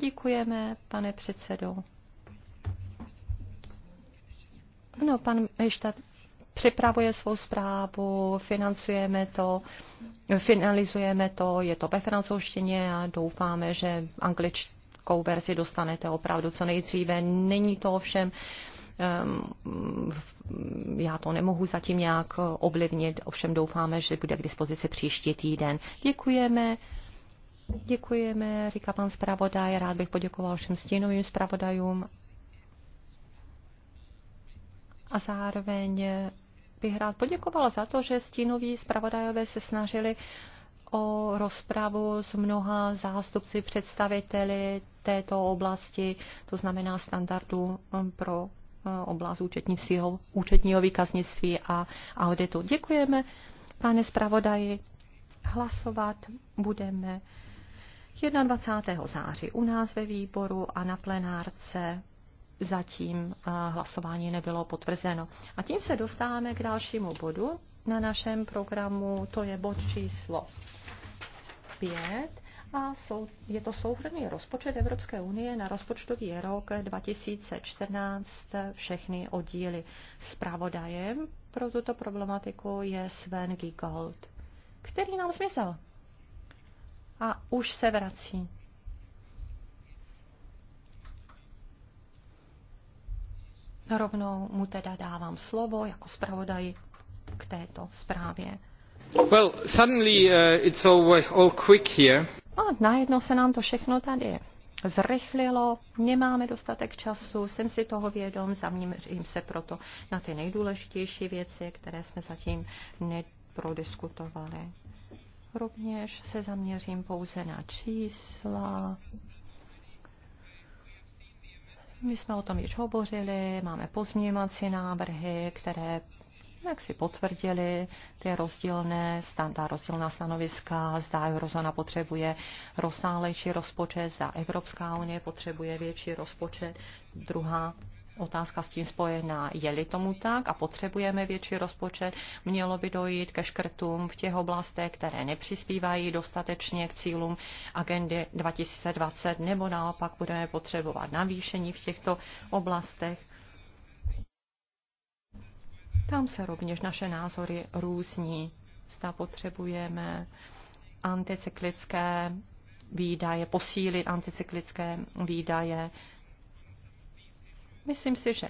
Děkujeme, pane předsedo. No, pan Mejštat připravuje svou zprávu, financujeme to, finalizujeme to, je to ve francouzštině a doufáme, že angličtinskou verzi dostanete opravdu co nejdříve. Není to ovšem ehm, já to nemohu zatím nějak ovlivnit, ovšem doufáme, že bude k dispozici příští týden. Děkujeme. Děkujeme, říká pan zpravodaj. Rád bych poděkoval všem stínovým zpravodajům a zároveň bych rád poděkovala za to, že stínoví zpravodajové se snažili o rozpravu s mnoha zástupci představiteli této oblasti, to znamená standardu mm, pro e, oblast účetnictvího, účetního výkaznictví a auditu. Děkujeme, pane zpravodaji. Hlasovat budeme 21. září u nás ve výboru a na plenárce zatím hlasování nebylo potvrzeno. A tím se dostáváme k dalšímu bodu na našem programu, to je bod číslo 5 a jsou, je to souhrný rozpočet Evropské unie na rozpočtový rok 2014 všechny oddíly. Zpravodajem pro tuto problematiku je Sven Giegold, který nám zmizel. A už se vrací. Rovnou mu teda dávám slovo jako zpravodaj k této zprávě. Well, suddenly uh, it's all, all quick here. A najednou se nám to všechno tady zrychlilo, nemáme dostatek času, jsem si toho vědom, zaměřím se proto na ty nejdůležitější věci, které jsme zatím neprodiskutovali. Rovněž se zaměřím pouze na čísla, my jsme o tom již hovořili, máme pozměňovací návrhy, které jak si potvrdili ty rozdílné, ta rozdílná stanoviska, zda eurozona potřebuje rozsálejší rozpočet, zda Evropská unie potřebuje větší rozpočet. Druhá otázka s tím spojená. Je-li tomu tak a potřebujeme větší rozpočet, mělo by dojít ke škrtům v těch oblastech, které nepřispívají dostatečně k cílům agendy 2020, nebo naopak budeme potřebovat navýšení v těchto oblastech. Tam se rovněž naše názory různí. Zda potřebujeme anticyklické výdaje, posílit anticyklické výdaje, Myslím si, že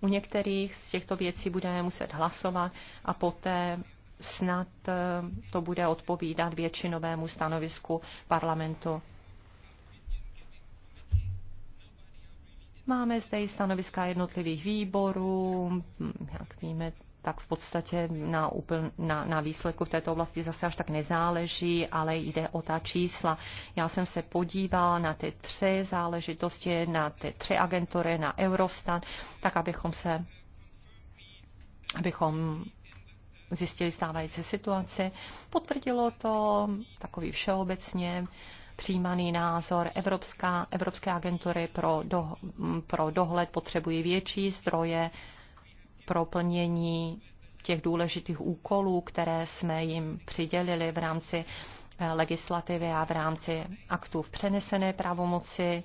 u některých z těchto věcí budeme muset hlasovat a poté snad eh, to bude odpovídat většinovému stanovisku parlamentu. Máme zde i stanoviska jednotlivých výborů, hm, jak víme, tak v podstatě na, úpln, na, na výsledku v této oblasti zase až tak nezáleží, ale jde o ta čísla. Já jsem se podívala na ty tři záležitosti, na ty tři agentury, na Eurostat, tak abychom se abychom zjistili stávající situaci. Potvrdilo to takový všeobecně přijímaný názor. Evropská, Evropské agentury pro, do, pro dohled potřebují větší zdroje, pro plnění těch důležitých úkolů, které jsme jim přidělili v rámci eh, legislativy a v rámci aktů v přenesené pravomoci.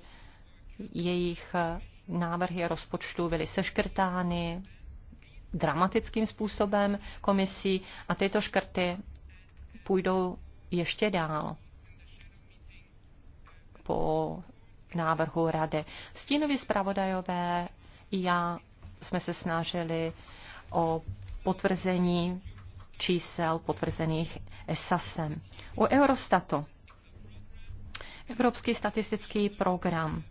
Jejich eh, návrhy rozpočtu byly seškrtány dramatickým způsobem komisí a tyto škrty půjdou ještě dál po návrhu rady. Stínovi zpravodajové já jsme se snažili o potvrzení čísel potvrzených ESASem. U Eurostatu Evropský statistický program.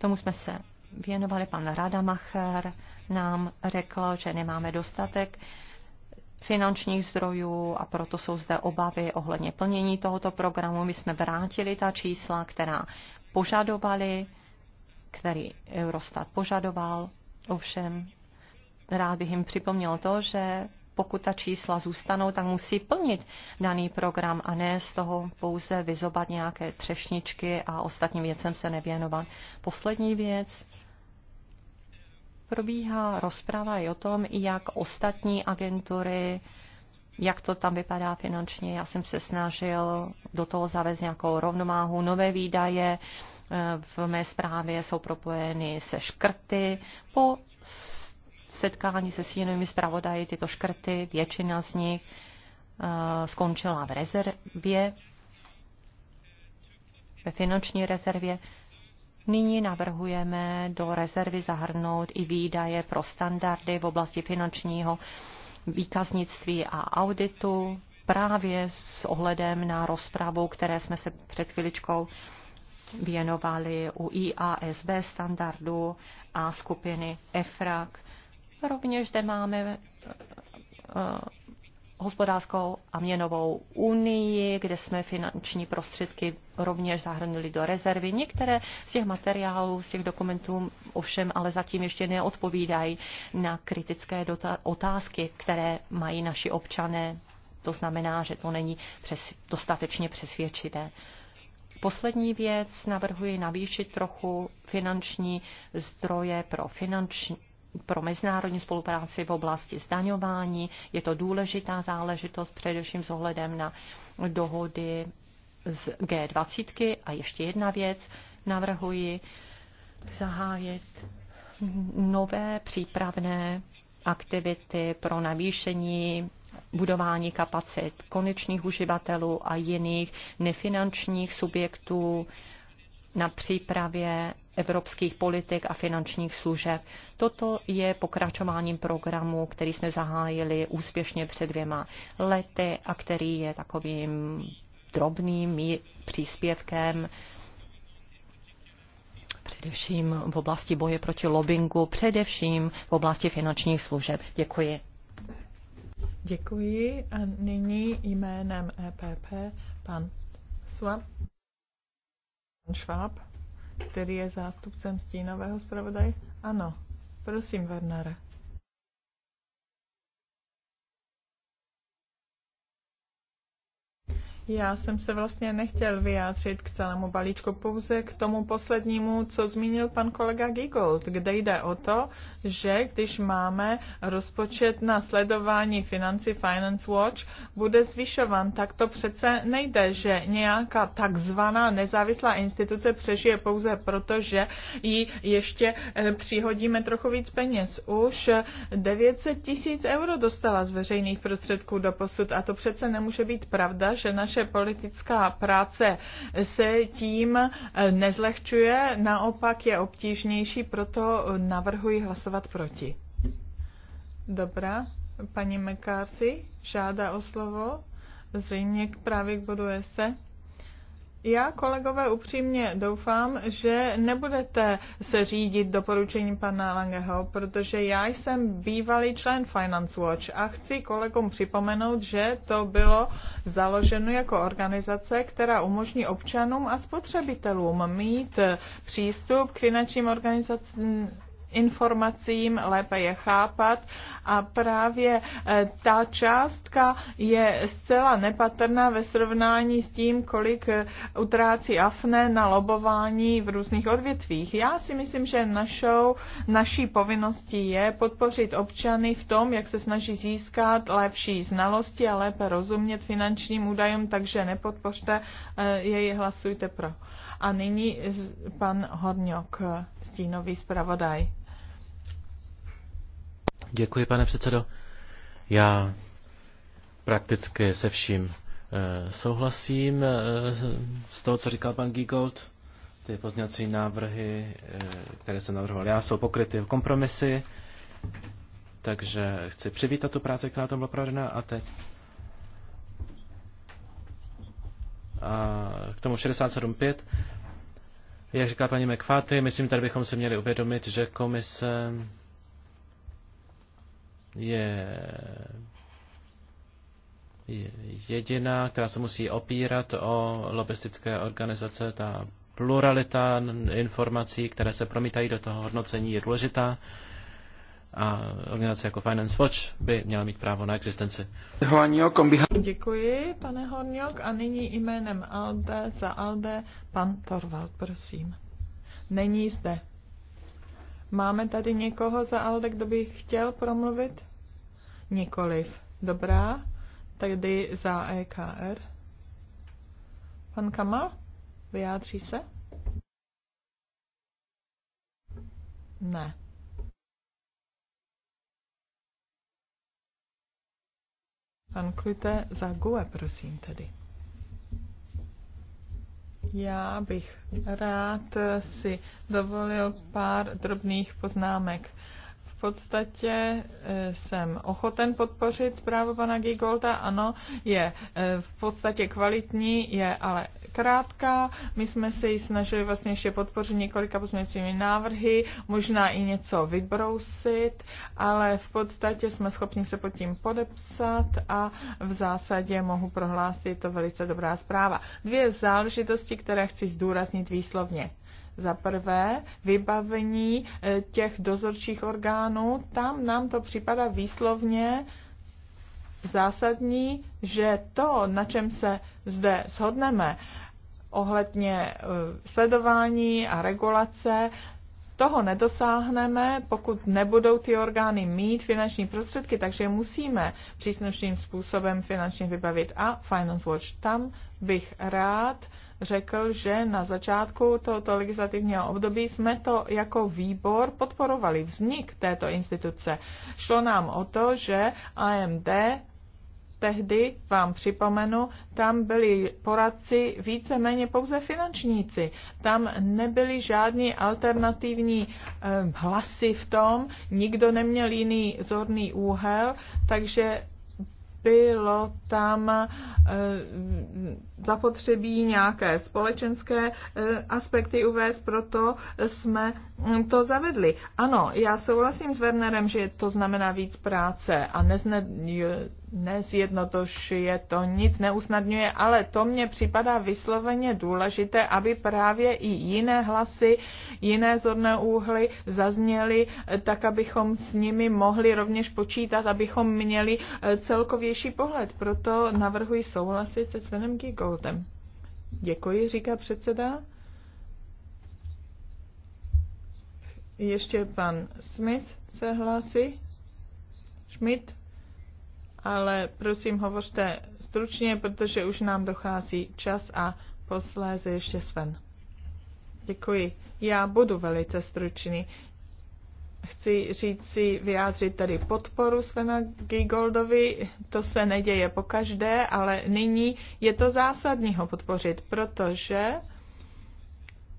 Tomu jsme se věnovali. Pan Radamacher nám řekl, že nemáme dostatek finančních zdrojů a proto jsou zde obavy ohledně plnění tohoto programu. My jsme vrátili ta čísla, která požadovali, který Eurostat požadoval Ovšem, rád bych jim připomněl to, že pokud ta čísla zůstanou, tak musí plnit daný program a ne z toho pouze vyzobat nějaké třešničky a ostatním věcem se nevěnovat. Poslední věc. Probíhá rozprava i o tom, jak ostatní agentury, jak to tam vypadá finančně. Já jsem se snažil do toho zavést nějakou rovnováhu, nové výdaje, v mé zprávě jsou propojeny se škrty. Po setkání se sínovými zpravodaji tyto škrty, většina z nich eh, skončila v rezervě, ve finanční rezervě. Nyní navrhujeme do rezervy zahrnout i výdaje pro standardy v oblasti finančního výkaznictví a auditu právě s ohledem na rozpravu, které jsme se před chviličkou věnovali u IASB standardu a skupiny EFRAG. Rovněž zde máme eh, eh, hospodářskou a měnovou unii, kde jsme finanční prostředky rovněž zahrnuli do rezervy. Některé z těch materiálů, z těch dokumentů ovšem ale zatím ještě neodpovídají na kritické otázky, které mají naši občané. To znamená, že to není přes- dostatečně přesvědčivé. Poslední věc, navrhuji navýšit trochu finanční zdroje pro finanční pro mezinárodní spolupráci v oblasti zdaňování. Je to důležitá záležitost především s ohledem na dohody z G20. -ky. A ještě jedna věc, navrhuji zahájit nové přípravné aktivity pro navýšení budování kapacit konečných uživatelů a jiných nefinančních subjektů na přípravě evropských politik a finančních služeb. Toto je pokračováním programu, který jsme zahájili úspěšně před dvěma lety a který je takovým drobným příspěvkem především v oblasti boje proti lobbingu, především v oblasti finančních služeb. Děkuji. Děkuji. A nyní jménem EPP pan Swab, pan Schwab, který je zástupcem stínového zpravodaje. Ano, prosím, Wernere. Já jsem se vlastně nechtěl vyjádřit k celému balíčku, pouze k tomu poslednímu, co zmínil pan kolega Gigold, kde jde o to, že když máme rozpočet na sledování financí Finance Watch, bude zvyšovan, tak to přece nejde, že nějaká takzvaná nezávislá instituce přežije pouze proto, že jí ještě eh, přihodíme trochu víc peněz. Už 900 eh, tisíc euro dostala z veřejných prostředků do posud a to přece nemůže být pravda, že naše naše politická práce se tím eh, nezlehčuje, naopak je obtížnější, proto navrhuji hlasovat proti. Dobrá, paní McCarthy žádá o slovo, zřejmě právě k bodu ESE. Já, kolegové, upřímně doufám, že nebudete se řídit doporučením pana Langeho, protože já jsem bývalý člen Finance Watch a chci kolegům připomenout, že to bylo založeno jako organizace, která umožní občanům a spotřebitelům mít přístup k finančním organizacím informacím, lépe je chápat a právě eh, ta částka je zcela nepatrná ve srovnání s tím, kolik eh, utrácí AFNE na lobování v různých odvětvích. Já si myslím, že našou, naší povinností je podpořit občany v tom, jak se snaží získat lepší znalosti a lépe rozumět finančním údajům, takže nepodpořte eh, jej, hlasujte pro. A nyní pan Horňok, stínový zpravodaj. Děkuji, pane předsedo. Já prakticky se vším eh, souhlasím eh, z toho, co říkal pan Giegold. Ty pozněcí návrhy, eh, které jsem navrhoval já, jsou pokryty v kompromisy, takže chci přivítat tu práci, která tam byla provedena a teď a k tomu 67.5. Jak říká paní McFarty, myslím, tady bychom si měli uvědomit, že komise je jediná, která se musí opírat o lobistické organizace. Ta pluralita informací, které se promítají do toho hodnocení, je důležitá a organizace jako Finance Watch by měla mít právo na existenci. Děkuji, pane Horňok. A nyní jménem ALDE za ALDE pan Torvald, prosím. Není zde. Máme tady někoho za Alde, kdo by chtěl promluvit? Nikoliv. Dobrá. Tady za EKR. Pan Kamal, vyjádří se? Ne. Pan Klute za GUE, prosím tedy. Já bych rád si dovolil pár drobných poznámek. V podstatě eh, jsem ochoten podpořit zprávu pana Gigolda, ano, je eh, v podstatě kvalitní, je ale krátká. My jsme se ji snažili vlastně ještě podpořit několika pozměňovacími návrhy, možná i něco vybrousit, ale v podstatě jsme schopni se pod tím podepsat a v zásadě mohu prohlásit, je to velice dobrá zpráva. Dvě záležitosti, které chci zdůraznit výslovně. Za prvé, vybavení eh, těch dozorčích orgánů, tam nám to připadá výslovně, zásadní, že to, na čem se zde shodneme ohledně e, sledování a regulace, toho nedosáhneme, pokud nebudou ty orgány mít finanční prostředky, takže musíme příslušným způsobem finančně vybavit. A Finance Watch, tam bych rád řekl, že na začátku tohoto legislativního období jsme to jako výbor podporovali vznik této instituce. Šlo nám o to, že AMD tehdy, vám připomenu, tam byli poradci víceméně pouze finančníci. Tam nebyli žádní alternativní eh, hlasy v tom, nikdo neměl jiný zorný úhel, takže bylo tam eh, zapotřebí nějaké společenské eh, aspekty uvést, proto jsme hm, to zavedli. Ano, já souhlasím s Wernerem, že to znamená víc práce a nezne, nezjednotošuje to, nic neusnadňuje, ale to mně připadá vysloveně důležité, aby právě i jiné hlasy, jiné zorné úhly zazněly, eh, tak abychom s nimi mohli rovněž počítat, abychom měli eh, celkovější pohled. Proto navrhuji souhlasit se Svenem Gigo. Scholtem. Děkuji, říká předseda. Ještě pan Smith se hlásí. Schmidt. Ale prosím, hovořte stručně, protože už nám dochází čas a posléze ještě Sven. Děkuji. Já budu velice stručný chci říct si, vyjádřit tady podporu Svena Gigoldovi. To se neděje po každé, ale nyní je to zásadní ho podpořit, protože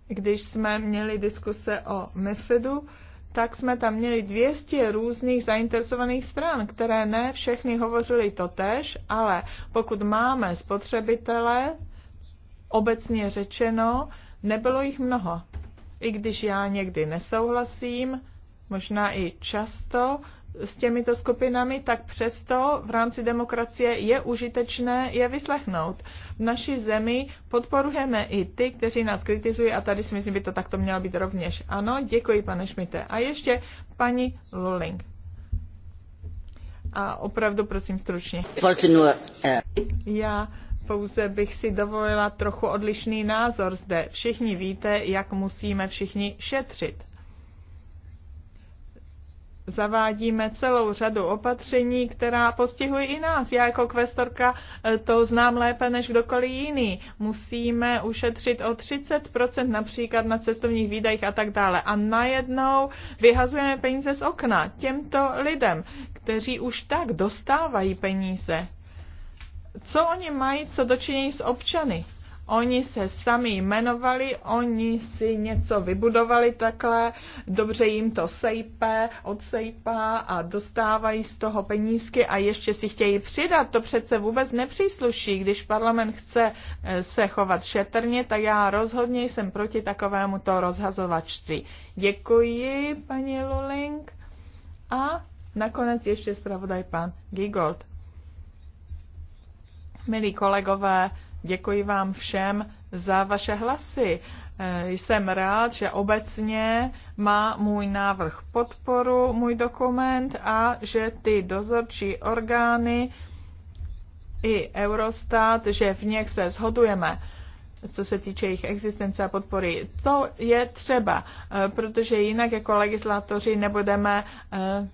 když jsme měli diskuse o MIFIDu, tak jsme tam měli 200 různých zainteresovaných stran, které ne všechny hovořily totež, ale pokud máme spotřebitele, obecně řečeno, nebylo jich mnoho. I když já někdy nesouhlasím, možná i často s těmito skupinami, tak přesto v rámci demokracie je užitečné je vyslechnout. V naší zemi podporujeme i ty, kteří nás kritizují a tady si myslím, by to takto mělo být rovněž. Ano, děkuji, pane Šmite. A ještě paní Luling. A opravdu prosím stručně. Já pouze bych si dovolila trochu odlišný názor zde. Všichni víte, jak musíme všichni šetřit zavádíme celou řadu opatření, která postihují i nás. Já jako kvestorka eh, to znám lépe než kdokoliv jiný. Musíme ušetřit o 30% například na cestovních výdajích a tak dále. A najednou vyhazujeme peníze z okna těmto lidem, kteří už tak dostávají peníze. Co oni mají co dočinění s občany? Oni se sami jmenovali, oni si něco vybudovali takhle, dobře jim to sejpe, odsejpá a dostávají z toho penízky a ještě si chtějí přidat. To přece vůbec nepřísluší. Když parlament chce eh, se chovat šetrně, tak já rozhodně jsem proti takovému to rozhazovačství. Děkuji, paní Luling. A nakonec ještě zpravodaj pan Gigold. Milí kolegové, Děkuji vám všem za vaše hlasy. E, jsem rád, že obecně má můj návrh podporu, můj dokument a že ty dozorčí orgány i Eurostat, že v něch se shodujeme co se týče jejich existence a podpory. To je třeba, e, protože jinak jako legislatoři nebudeme e,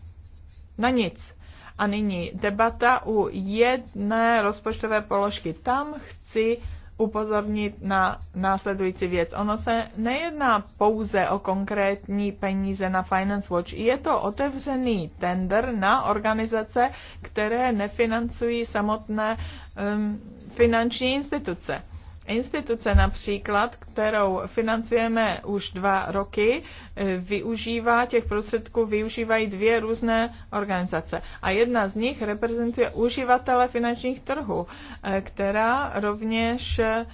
na nic. A nyní debata u jedné rozpočtové položky. Tam chci upozornit na následující věc. Ono se nejedná pouze o konkrétní peníze na Finance Watch. Je to otevřený tender na organizace, které nefinancují samotné um, finanční instituce. Instituce například, kterou financujeme už dva roky, eh, využívá těch prostředků, využívají dvě různé organizace. A jedna z nich reprezentuje uživatele finančních trhů, eh, která rovněž eh,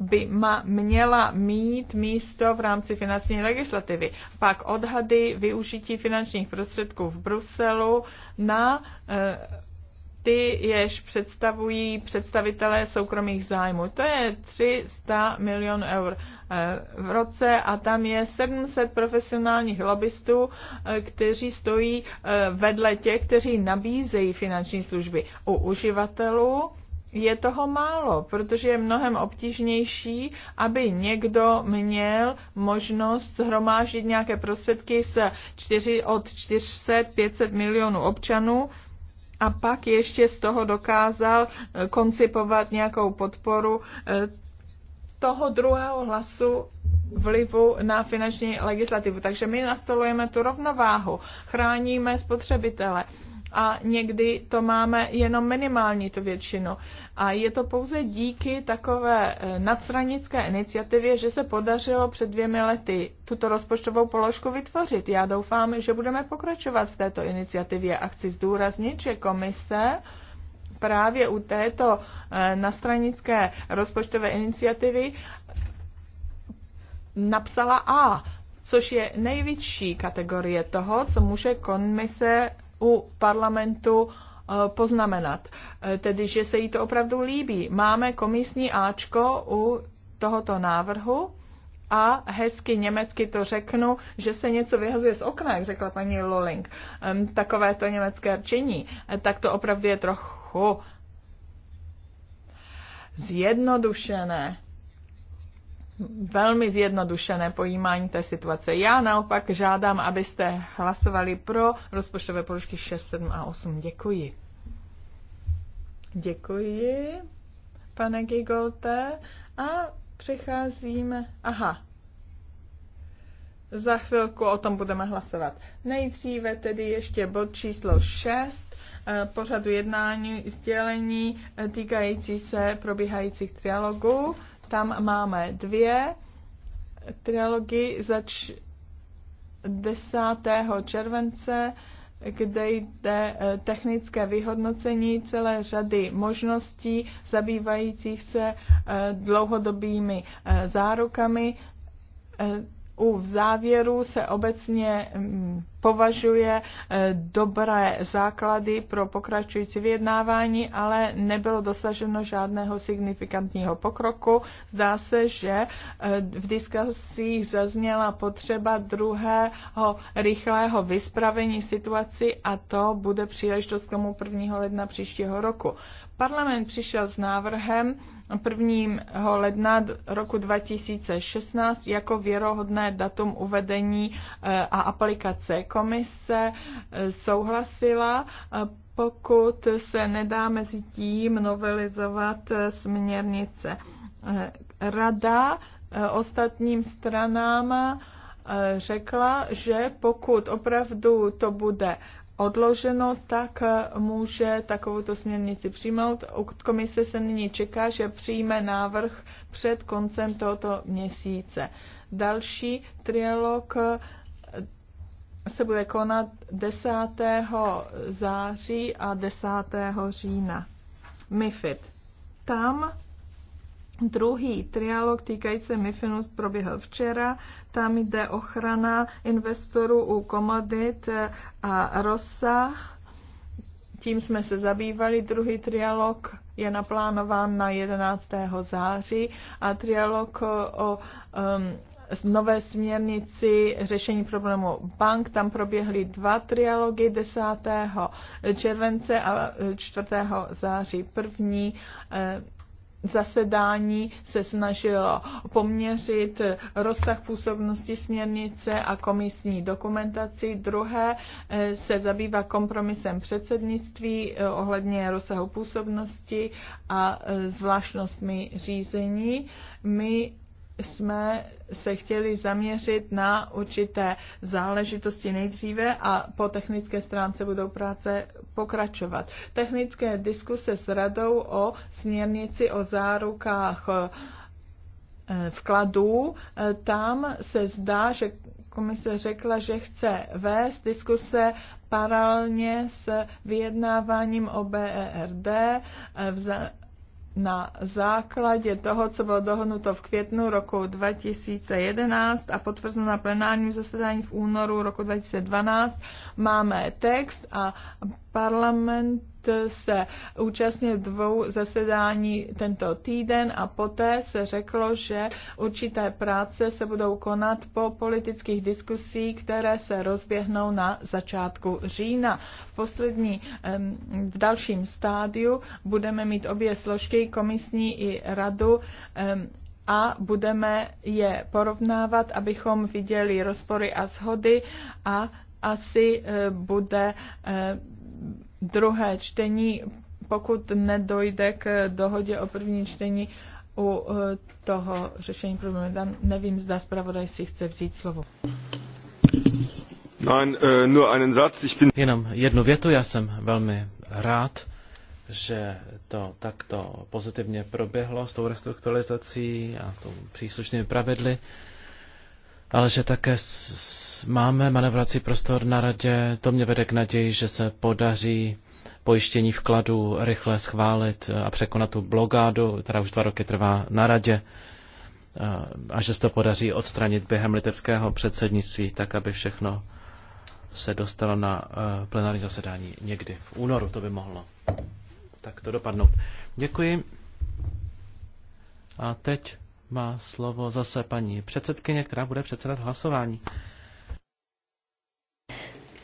by ma, měla mít místo v rámci finanční legislativy. Pak odhady využití finančních prostředků v Bruselu na e, ty, jež představují představitelé soukromých zájmů. To je 300 milion eur eh, v roce a tam je 700 profesionálních lobbystů, eh, kteří stojí eh, vedle těch, kteří nabízejí finanční služby. U uživatelů je toho málo, protože je mnohem obtížnější, aby někdo měl možnost zhromáždit nějaké prostředky se čtyři, od 400-500 milionů občanů, a pak ještě z toho dokázal eh, koncipovat nějakou podporu eh, toho druhého hlasu vlivu na finanční legislativu. Takže my nastolujeme tu rovnováhu, chráníme spotřebitele, a někdy to máme jenom minimální tu většinu. A je to pouze díky takové eh, nadstranické iniciativě, že se podařilo před dvěmi lety tuto rozpočtovou položku vytvořit. Já doufám, že budeme pokračovat v této iniciativě a chci zdůraznit, že komise právě u této eh, nastranické rozpočtové iniciativy napsala A, což je největší kategorie toho, co může komise u parlamentu eh, poznamenat. Eh, tedy, že se jí to opravdu líbí. Máme komisní Ačko u tohoto návrhu a hezky německy to řeknu, že se něco vyhazuje z okna, jak řekla paní Luling. Takové to německé rčení. Eh, tak to opravdu je trochu zjednodušené velmi zjednodušené pojímání té situace. Já naopak žádám, abyste hlasovali pro rozpočtové položky 6, 7 a 8. Děkuji. Děkuji, pane Gigolte. A přecházíme... Aha. Za chvilku o tom budeme hlasovat. Nejdříve tedy ještě bod číslo 6 eh, pořadu jednání, sdělení eh, týkající se probíhajících trialogů. Tam máme dvě trilogy zač 10. července, kde jde eh, technické vyhodnocení celé řady možností zabývajících se eh, dlouhodobými eh, zárukami. U závěru se obecně mm, považuje eh, dobré základy pro pokračující vyjednávání, ale nebylo dosaženo žádného signifikantního pokroku. Zdá se, že eh, v diskusích zazněla potřeba druhého rychlého vyspravení situaci a to bude příležitost k tomu 1. ledna příštího roku. Parlament přišel s návrhem 1. ledna roku 2016 jako věrohodné datum uvedení eh, a aplikace komise eh, souhlasila, pokud se nedá mezi tím novelizovat eh, směrnice. Eh, Rada ostatním stranám řekla, že pokud opravdu to bude odloženo, tak může takovouto směrnici přijmout. Komise se nyní čeká, že přijme návrh před koncem tohoto měsíce. Další trialog se bude konat 10. září a 10. října. MIFID. Tam Druhý trialog týkající se MIFINu proběhl včera. Tam jde ochrana investorů u komodit a rozsah. Tím jsme se zabývali. Druhý trialog je naplánován na 11. září a trialog o um, nové směrnici řešení problému bank. Tam proběhly dva trialogy 10. července a 4. září. První eh, zasedání se snažilo poměřit rozsah působnosti směrnice a komisní dokumentaci. Druhé eh, se zabývá kompromisem předsednictví eh, ohledně rozsahu působnosti a zvláštnostmi řízení. My jsme se chtěli zaměřit na určité záležitosti nejdříve a po technické stránce budou práce pokračovat. Technické diskuse s radou o směrnici o zárukách eh, vkladů, eh, tam se zdá, že komise řekla, že chce vést diskuse paralelně s vyjednáváním o BERD eh, na základě toho, co bylo dohodnuto v květnu roku 2011 a potvrzeno na plenárním zasedání v únoru roku 2012, máme text a parlament se účastnil dvou zasedání tento týden a poté se řeklo, že určité práce se budou konat po politických diskusí, které se rozběhnou na začátku října. V poslední, v dalším stádiu budeme mít obě složky, komisní i radu, a budeme je porovnávat, abychom viděli rozpory a shody a asi e, bude e, druhé čtení, pokud nedojde k dohodě o první čtení u eh, toho řešení problému. Tam nevím, zda zpravodaj si chce vzít slovo. Nein, eh, nur einen Satz. Ich bin... Jenom jednu větu, já jsem velmi rád, že to takto pozitivně proběhlo s tou restrukturalizací a s tou příslušnými pravidly. Uh, ale že také máme manevrací prostor na radě, to mě vede k naději, že se podaří pojištění vkladů rychle schválit a překonat tu blokádu, která už dva roky trvá na radě a že se to podaří odstranit během litevského předsednictví, tak aby všechno se dostalo na eh, plenární zasedání někdy v únoru, to by mohlo tak to dopadnout. Děkuji. A teď má slovo zase paní předsedkyně, která bude předsedat hlasování.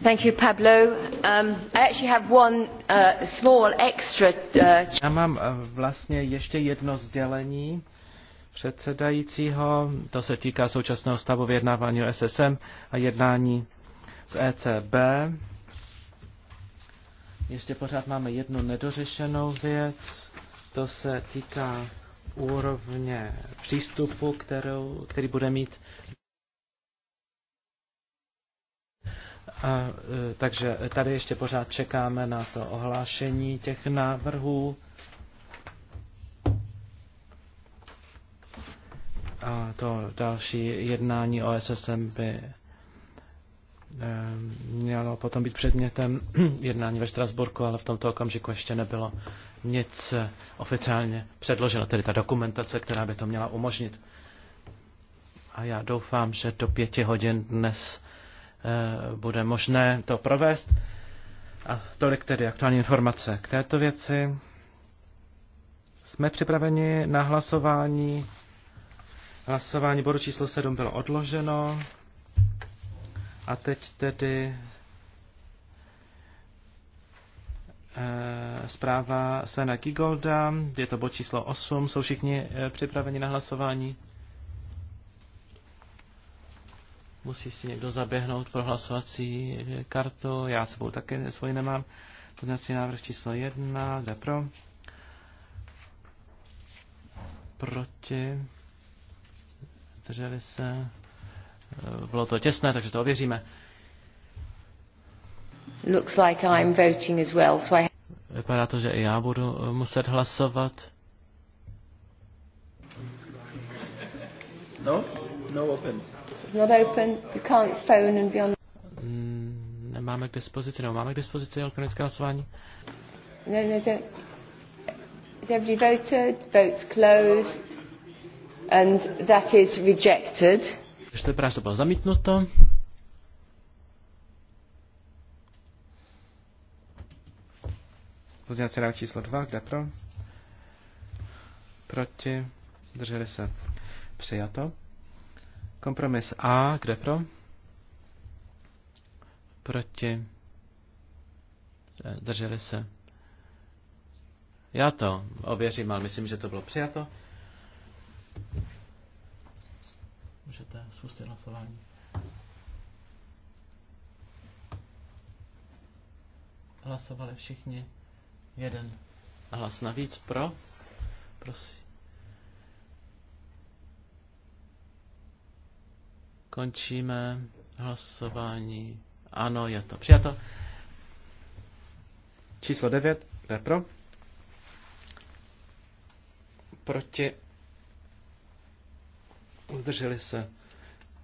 Thank you, Pablo. Um, I actually have one uh, small extra. Uh... Já mám uh, vlastně ještě jedno sdělení předsedajícího. To se týká současného stavu vyjednávání o SSM a jednání z ECB. Ještě pořád máme jednu nedořešenou věc. To se týká úrovně přístupu, kterou, který bude mít. A, e, takže tady ještě pořád čekáme na to ohlášení těch návrhů. A to další jednání o SSM by mělo potom být předmětem jednání ve Štrasburku, ale v tomto okamžiku ještě nebylo nic eh, oficiálně předloženo, tedy ta dokumentace, která by to měla umožnit. A já doufám, že do pěti hodin dnes eh, bude možné to provést. A tolik tedy aktuální informace k této věci. Jsme připraveni na hlasování. Hlasování bodu číslo 7 bylo odloženo. A teď tedy eh, zpráva Sena Gigolda, je to bod číslo 8, jsou všichni eh, připraveni na hlasování? Musí si někdo zaběhnout pro hlasovací eh, kartu, já svou také svoji nemám. Podnací návrh číslo 1, jde pro. Proti. Zdrželi se. Eh, bylo to těsné, takže to ověříme. Looks like I'm voting as well, so I... Vypadá to, že i já budu eh, muset hlasovat. No? No open. not open. You can't phone and be on... Mm, nemáme k dispozici, nebo máme k dispozici elektronické hlasování? No, no, don't. Has everybody voted? Votes closed. And that is rejected. 415 to bylo zamítnuto. Pozměňovací návrh číslo 2, kde pro? Proti, drželi se. Přijato. Kompromis A, kde pro? Proti, drželi se. Já to ověřím, ale myslím, že to bylo přijato. Můžete spustit hlasování. Hlasovali všichni. Jeden hlas navíc pro. Prosím. Končíme hlasování. Ano, je to přijato. Číslo 9, je pro. Proti Zdrželi se.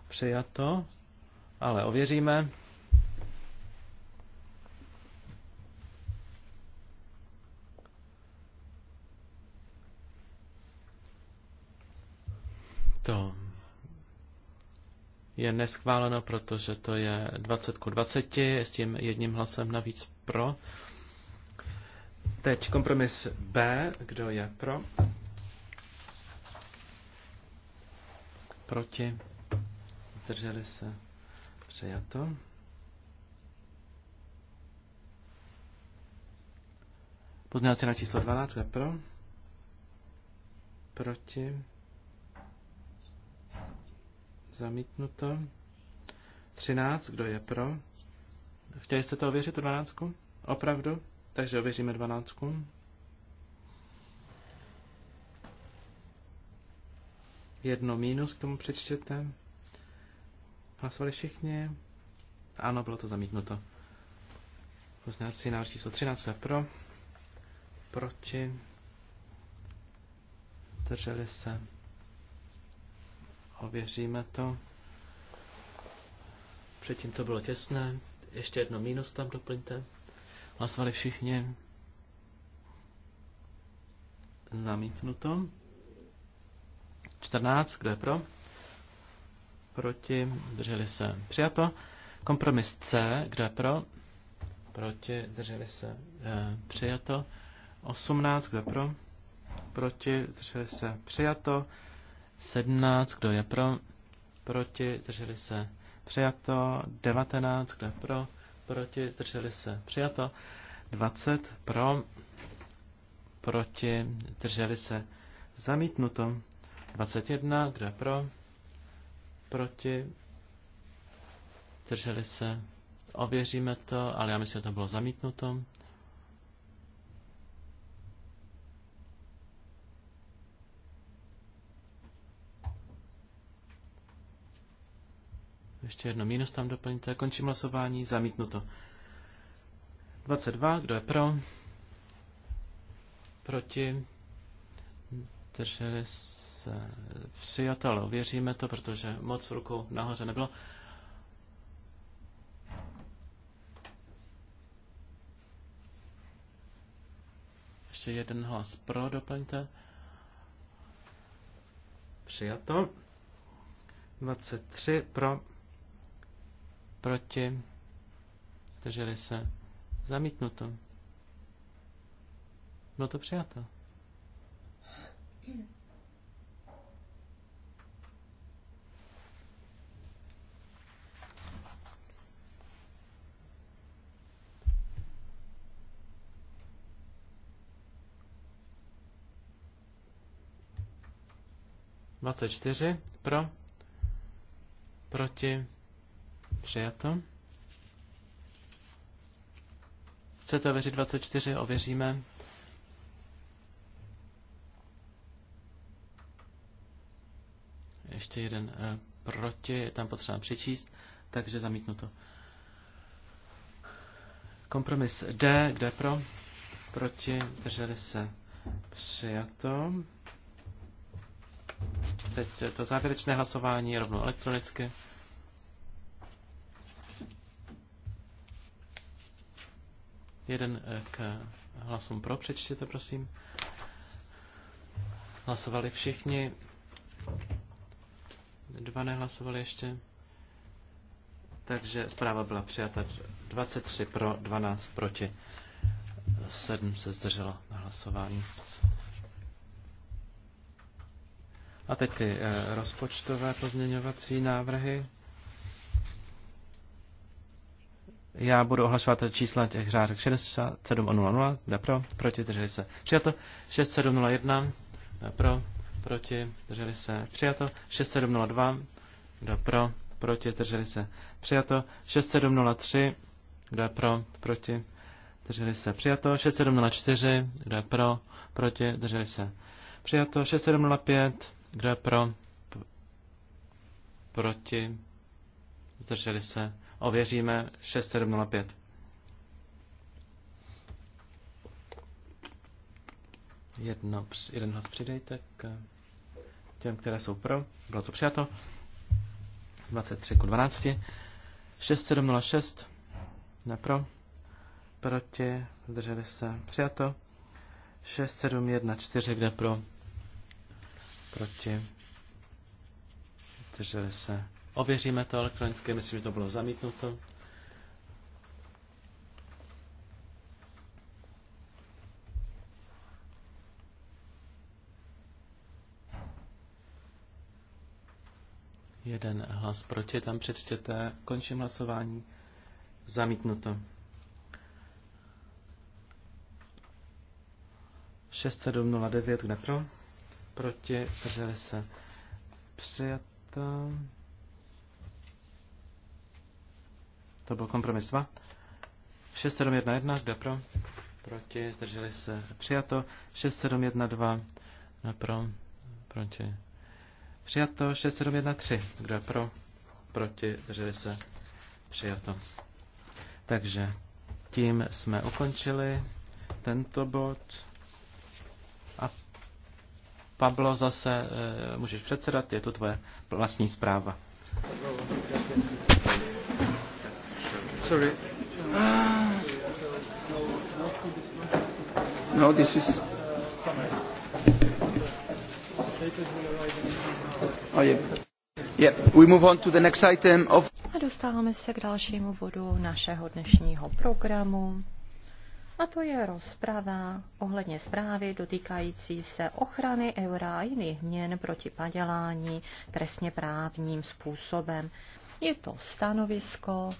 Přijato. Ale ověříme. To je neschváleno, protože to je 20 ku 20 s tím jedním hlasem navíc pro. Teď kompromis B, kdo je pro? proti, drželi se, přijato. Poznávací na číslo 12, kdo je pro, proti, zamítnuto. 13, kdo je pro? Chtěli jste to ověřit, tu 12? Opravdu? Takže ověříme 12. jedno mínus k tomu přečtěte. Hlasovali všichni? Ano, bylo to zamítnuto. Poznávací návrh číslo 13 je pro. Proti. Drželi se. Ověříme to. Předtím to bylo těsné. Ještě jedno mínus tam doplňte. Hlasovali všichni. Zamítnuto. 14, kdo je pro? Proti, drželi se, přijato. Kompromis C, kdo je pro? Proti, drželi se, e, přijato. 18, kdo je pro? Proti, drželi se, přijato. 17, kdo je pro? Proti, drželi se, přijato. 19, kdo je pro? Proti, drželi se, přijato. 20, pro? Proti, drželi se, zamítnuto. 21, kdo je pro? Proti? Drželi se? Ověříme to, ale já myslím, že to bylo zamítnuto. Ještě jedno mínus tam doplňte. Končím hlasování. Zamítnuto. 22. Kdo je pro? Proti? Drželi se se přijat, ale ověříme to, protože moc rukou nahoře nebylo. Ještě jeden hlas pro, doplňte. Přijato. 23 pro, proti, drželi se, zamítnuto. Bylo to přijato. 24 pro, proti, přijato. Chcete ověřit 24, ověříme. Ještě jeden e, proti, je tam potřeba přečíst, takže zamítnu to. Kompromis D, kde pro? Proti, drželi se přijato teď to závěrečné hlasování rovnou elektronicky. Jeden eh, k hlasům pro, přečtěte prosím. Hlasovali všichni. Dva nehlasovali ještě. Takže zpráva byla přijata 23 pro, 12 proti. 7 se zdrželo na hlasování. A teď ty eh, rozpočtové pozměňovací návrhy. Já budu ohlašovat čísla těch řádek 6700, kde pro, proti, drželi se, přijato, 6701, pro, proti, drželi se, přijato, 6702, kde pro, proti, Drželi se, přijato, 6703, kde pro, proti, drželi se, přijato, 6704, kde pro, proti, drželi se, přijato, 6705, kdo je pro? P- Proti? Zdrželi se? Ověříme 6705. Jedno, jeden hlas přidejte k těm, které jsou pro. Bylo to přijato. 23 k 12. 6706 Ne pro. Proti zdrželi se přijato. 6714 kde pro proti, drželi se. Ověříme to elektronicky. myslím, že to bylo zamítnuto. Jeden hlas proti, tam přečtěte, končím hlasování, zamítnuto. 6709, kde pro? proti, zdrželi se přijato. To byl kompromis 2. 6711, kdo pro? Proti, zdrželi se přijato. 6712, kdo pro? Proti. Přijato 6713, kdo je pro? Proti, zdrželi se přijato. Takže tím jsme ukončili tento bod. Pablo, zase eh, můžeš předsedat, je to tvoje vlastní zpráva. Sorry. No, this is... Oh, yeah. Yeah, we move on to the next item of... A dostáváme se k dalšímu bodu našeho dnešního programu. A to je rozprava ohledně zprávy dotýkající se ochrany eura a jiných měn proti padělání trestně právním způsobem. Je to stanovisko.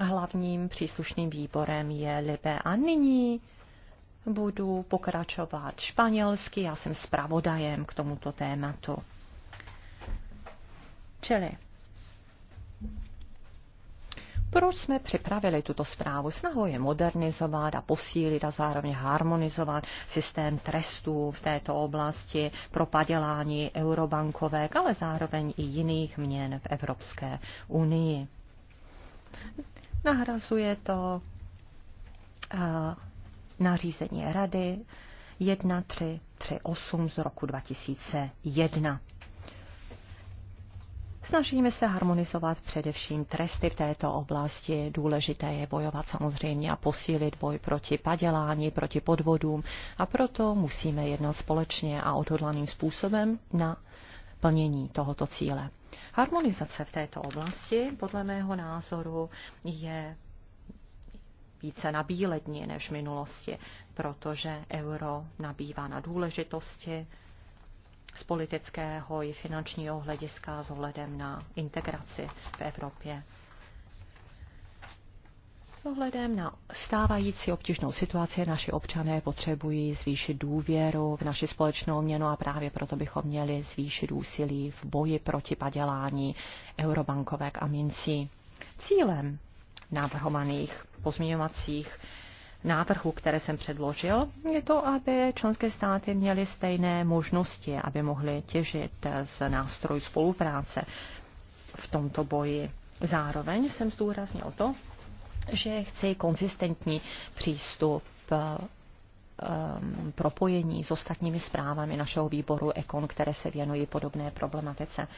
Hlavním příslušným výborem je Libe. A nyní budu pokračovat španělsky. Já jsem zpravodajem k tomuto tématu. Čili proč jsme připravili tuto zprávu? Snahou je modernizovat a posílit a zároveň harmonizovat systém trestů v této oblasti pro padělání eurobankovek, ale zároveň i jiných měn v Evropské unii. Nahrazuje to eh, nařízení Rady 1338 z roku 2001. Snažíme se harmonizovat především tresty v této oblasti. Důležité je bojovat samozřejmě a posílit boj proti padělání, proti podvodům a proto musíme jednat společně a odhodlaným způsobem na plnění tohoto cíle. Harmonizace v této oblasti, podle mého názoru, je více na než v minulosti, protože euro nabývá na důležitosti, z politického i finančního hlediska s ohledem na integraci v Evropě. S ohledem na stávající obtížnou situaci naši občané potřebují zvýšit důvěru v naši společnou měnu a právě proto bychom měli zvýšit úsilí v boji proti padělání eurobankovek a mincí. Cílem navrhovaných pozměňovacích návrhů, které jsem předložil, je to, aby členské státy měly stejné možnosti, aby mohly těžit z nástrojů spolupráce v tomto boji. Zároveň jsem zdůraznil to, že chci konzistentní přístup eh, eh, propojení s ostatními zprávami našeho výboru EKON, které se věnují podobné problematice.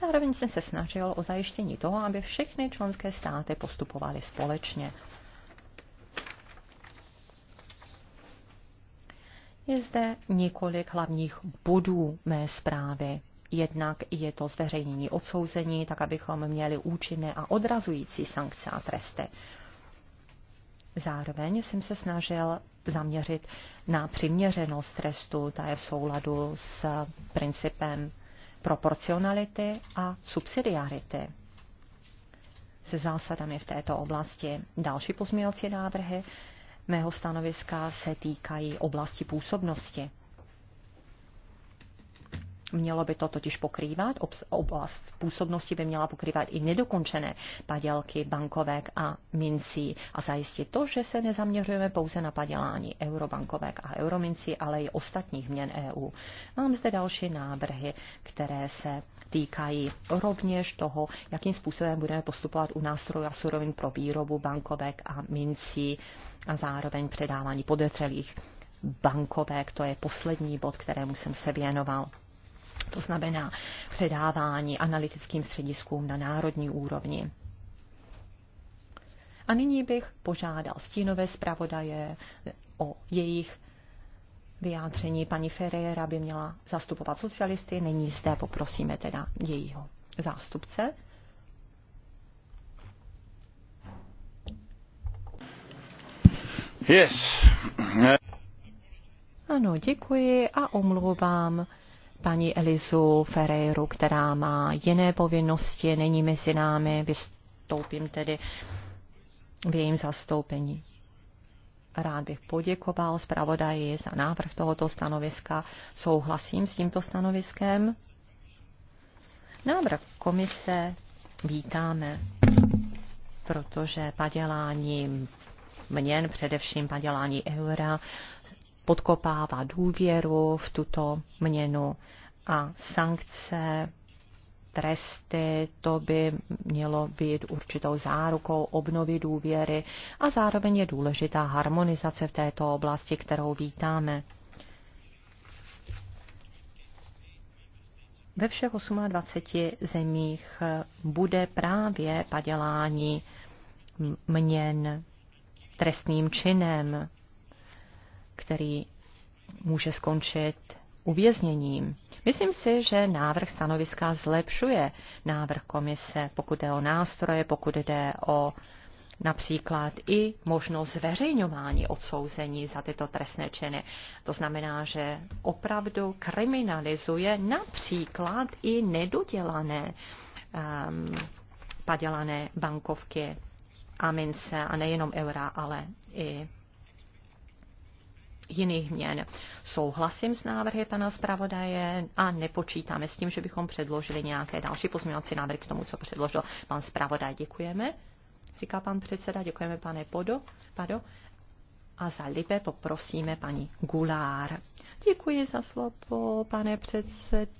Zároveň jsem se snažil o zajištění toho, aby všechny členské státy postupovaly společně. Je zde několik hlavních bodů mé zprávy. Jednak je to zveřejnění odsouzení, tak abychom měli účinné a odrazující sankce a tresty. Zároveň jsem se snažil zaměřit na přiměřenost trestu, ta je v souladu s principem proporcionality a subsidiarity. Se zásadami v této oblasti další pozměňovací návrhy mého stanoviska se týkají oblasti působnosti. Mělo by to totiž pokrývat, oblast působnosti by měla pokrývat i nedokončené padělky bankovek a mincí a zajistit to, že se nezaměřujeme pouze na padělání eurobankovek a euromincí, ale i ostatních měn EU. Mám zde další návrhy, které se týkají rovněž toho, jakým způsobem budeme postupovat u nástrojů a surovin pro výrobu bankovek a mincí a zároveň předávání podezřelých bankovek. To je poslední bod, kterému jsem se věnoval. To znamená předávání analytickým střediskům na národní úrovni. A nyní bych požádal stínové zpravodaje o jejich vyjádření paní Ferreira by měla zastupovat socialisty, není zde, poprosíme teda jejího zástupce. Yes. Ano, děkuji a omlouvám paní Elizu Ferreiru, která má jiné povinnosti, není mezi námi, vystoupím tedy v jejím zastoupení. Rád bych poděkoval zpravodaji za návrh tohoto stanoviska. Souhlasím s tímto stanoviskem. Návrh komise vítáme, protože padělání měn, především padělání eura, podkopává důvěru v tuto měnu a sankce tresty, to by mělo být určitou zárukou obnovy důvěry a zároveň je důležitá harmonizace v této oblasti, kterou vítáme. Ve všech 28 zemích bude právě padělání měn trestným činem, který může skončit uvězněním. Myslím si, že návrh stanoviska zlepšuje návrh komise, pokud jde o nástroje, pokud jde o například i možnost zveřejňování odsouzení za tyto trestné činy. To znamená, že opravdu kriminalizuje například i nedodělané um, padělané bankovky a mince a nejenom eura, ale i jiných měn. Souhlasím s návrhy pana zpravodaje a nepočítáme s tím, že bychom předložili nějaké další pozměňovací návrhy k tomu, co předložil pan zpravodaj. Děkujeme, říká pan předseda, děkujeme pane Podo, Pado. A za Libe poprosíme paní Gulár. Děkuji za slovo, pane předsedo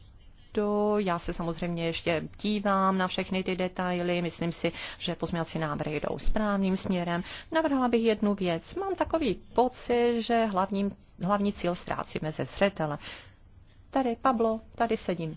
to. Já se samozřejmě ještě dívám na všechny ty detaily. Myslím si, že pozměňovací návrhy jdou správným směrem. Navrhla bych jednu věc. Mám takový pocit, že hlavním, hlavní cíl ztrácíme ze zřetele. Tady, Pablo, tady sedím.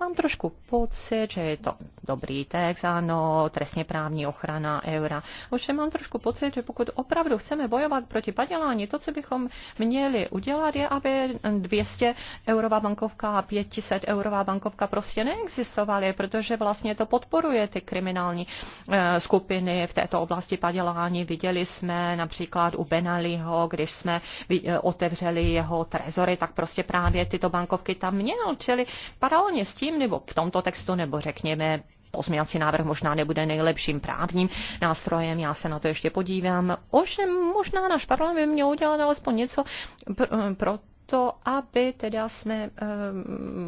Mám trošku pocit, že je to dobrý text, ano, trestně právní ochrana eura. Ovšem mám trošku pocit, že pokud opravdu chceme bojovat proti padělání, to, co bychom měli udělat, je, aby 200 eurová bankovka a 500 eurová bankovka prostě neexistovaly, protože vlastně to podporuje ty kriminální eh, skupiny v této oblasti padělání. Viděli jsme například u Benaliho, když jsme eh, otevřeli jeho trezory, tak prostě právě tyto bankovky tam měl. Čili paralelně s tím, tím, nebo v tomto textu, nebo řekněme, pozměňovací návrh možná nebude nejlepším právním nástrojem, já se na to ještě podívám. Ovšem, možná náš parlament by měl udělat alespoň něco pr- pro to, aby teda jsme eh,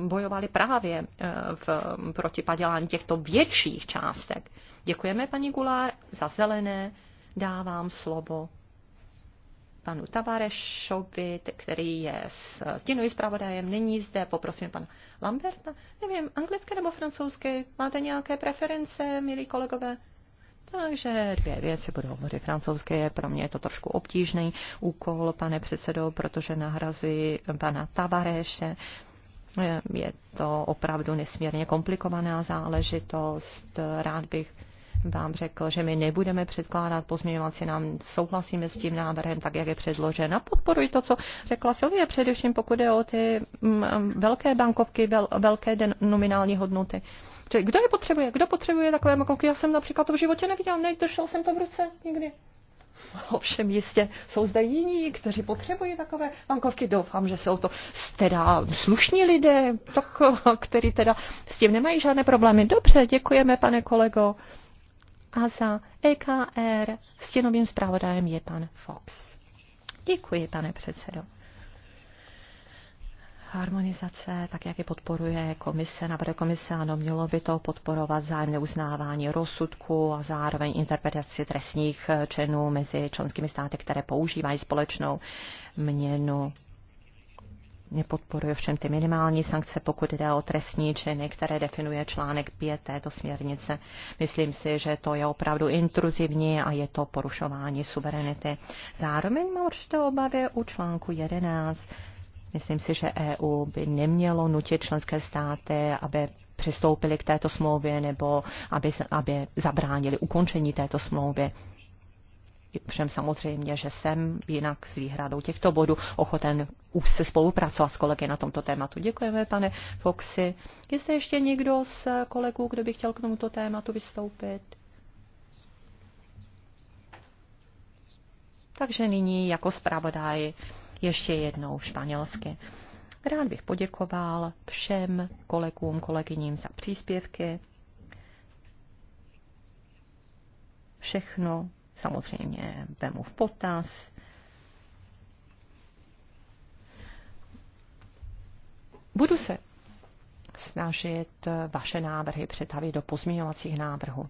bojovali právě eh, v, protipadělání těchto větších částek. Děkujeme, paní Gulár, za zelené. Dávám slovo panu Tavarešovi, který je s stínovým zpravodajem, není zde, poprosím pana Lamberta. Nevím, anglické nebo francouzské máte nějaké preference, milí kolegové? Takže dvě věci budu hovořit Francouzské Je pro mě je to trošku obtížný úkol, pane předsedo, protože nahrazuji pana Tavareše. Je to opravdu nesmírně komplikovaná záležitost. Rád bych vám řekl, že my nebudeme předkládat pozměňovací nám, souhlasíme s tím návrhem, tak jak je předložen. A podporuji to, co řekla Silvie, především pokud je o ty mm, mm, velké bankovky, vel, velké nominální hodnoty. Čili kdo je potřebuje? Kdo potřebuje takové bankovky? Já jsem například to v životě neviděl, nejdržel jsem to v ruce nikdy. Ovšem jistě jsou zde jiní, kteří potřebují takové bankovky. Doufám, že jsou to teda slušní lidé, tak, který teda s tím nemají žádné problémy. Dobře, děkujeme, pane kolego a za EKR stěnovým zpravodajem je pan Fox. Děkuji, pane předsedo. Harmonizace, tak jak je podporuje komise, navrhuje komise, ano, mělo by to podporovat zájemné uznávání rozsudku a zároveň interpretaci trestních činů mezi členskými státy, které používají společnou měnu nepodporuje všem ty minimální sankce, pokud jde o trestní činy, které definuje článek 5 této směrnice. Myslím si, že to je opravdu intruzivní a je to porušování suverenity. Zároveň mám určité obavy u článku 11. Myslím si, že EU by nemělo nutit členské státy, aby přistoupili k této smlouvě nebo aby, aby zabránili ukončení této smlouvy. Všem samozřejmě, že jsem jinak s výhradou těchto bodů ochoten už se spolupracovat s kolegy na tomto tématu. Děkujeme, pane Foxy. Je zde ještě někdo z kolegů, kdo by chtěl k tomuto tématu vystoupit? Takže nyní jako zpravodaj ještě jednou španělsky. Rád bych poděkoval všem kolegům, kolegyním za příspěvky. Všechno samozřejmě vemu v potaz. Budu se snažit vaše návrhy přetavit do pozměňovacích návrhů.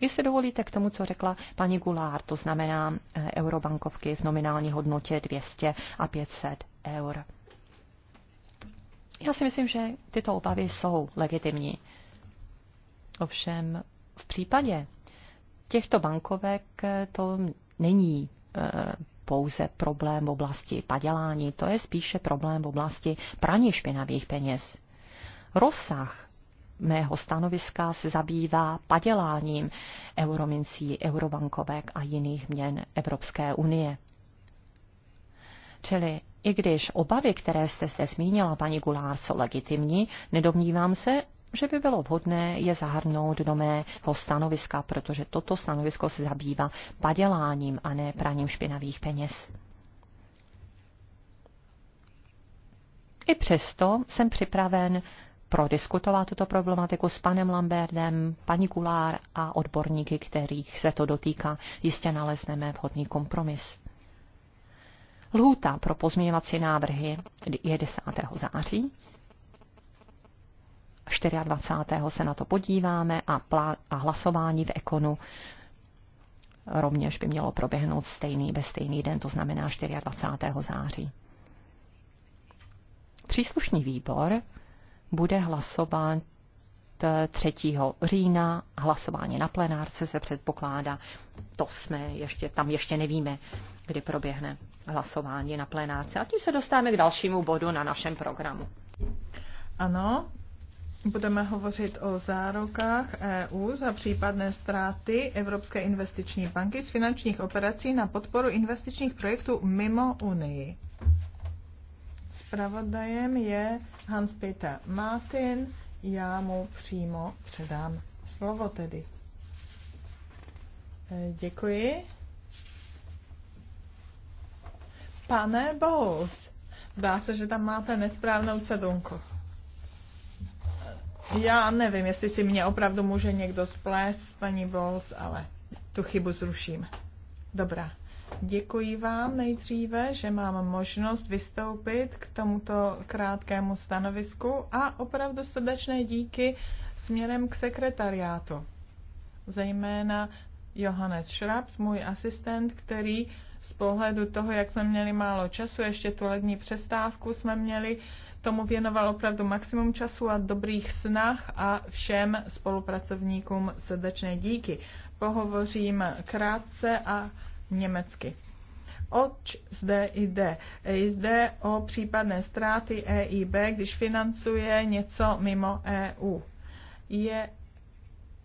Jestli dovolíte k tomu, co řekla paní Gulár, to znamená eh, eurobankovky v nominální hodnotě 200 a 500 eur. Já si myslím, že tyto obavy jsou legitimní. Ovšem v případě těchto bankovek eh, to není eh, pouze problém v oblasti padělání, to je spíše problém v oblasti praní špinavých peněz. Rozsah mého stanoviska se zabývá paděláním euromincí, eurobankovek a jiných měn Evropské unie. Čili i když obavy, které jste zde zmínila, paní Gulár, jsou legitimní, nedomnívám se, že by bylo vhodné je zahrnout do mého stanoviska, protože toto stanovisko se zabývá paděláním a ne praním špinavých peněz. I přesto jsem připraven prodiskutovat tuto problematiku s panem Lambertem, paní Kulár a odborníky, kterých se to dotýká. Jistě nalezneme vhodný kompromis. Lhůta pro pozměňovací návrhy je 10. září 24. se na to podíváme a, plá- a hlasování v Ekonu rovněž by mělo proběhnout stejný ve stejný den, to znamená 24. září. Příslušný výbor bude hlasovat 3. října. Hlasování na plenárce se předpokládá. To jsme ještě, tam ještě nevíme, kdy proběhne hlasování na plenárce. A tím se dostáváme k dalšímu bodu na našem programu. Ano, Budeme hovořit o zárokách EU za případné ztráty Evropské investiční banky z finančních operací na podporu investičních projektů mimo Unii. Spravodajem je Hans-Peter Martin. Já mu přímo předám slovo tedy. E, děkuji. Pane Bowles, zdá se, že tam máte nesprávnou cedunku. Já nevím, jestli si mě opravdu může někdo splést, paní Bowles, ale tu chybu zruším. Dobrá. Děkuji vám nejdříve, že mám možnost vystoupit k tomuto krátkému stanovisku a opravdu srdečné díky směrem k sekretariátu. Zejména Johannes Schraps, můj asistent, který z pohledu toho, jak jsme měli málo času, ještě tu lední přestávku jsme měli, tomu věnoval opravdu maximum času a dobrých snah a všem spolupracovníkům srdečné díky. Pohovořím krátce a německy. Oč zde jde? Jde o případné ztráty EIB, když financuje něco mimo EU. Je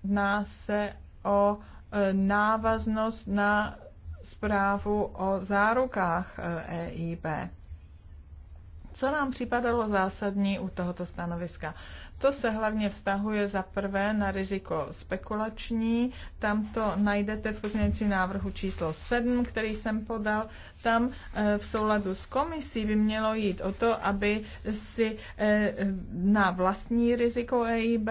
na se o e, návaznost na zprávu o zárukách EIB. E co nám připadalo zásadní u tohoto stanoviska? To se hlavně vztahuje za prvé na riziko spekulační. Tam to najdete v pozměňující návrhu číslo 7, který jsem podal. Tam eh, v souladu s komisí by mělo jít o to, aby si eh, na vlastní riziko EIB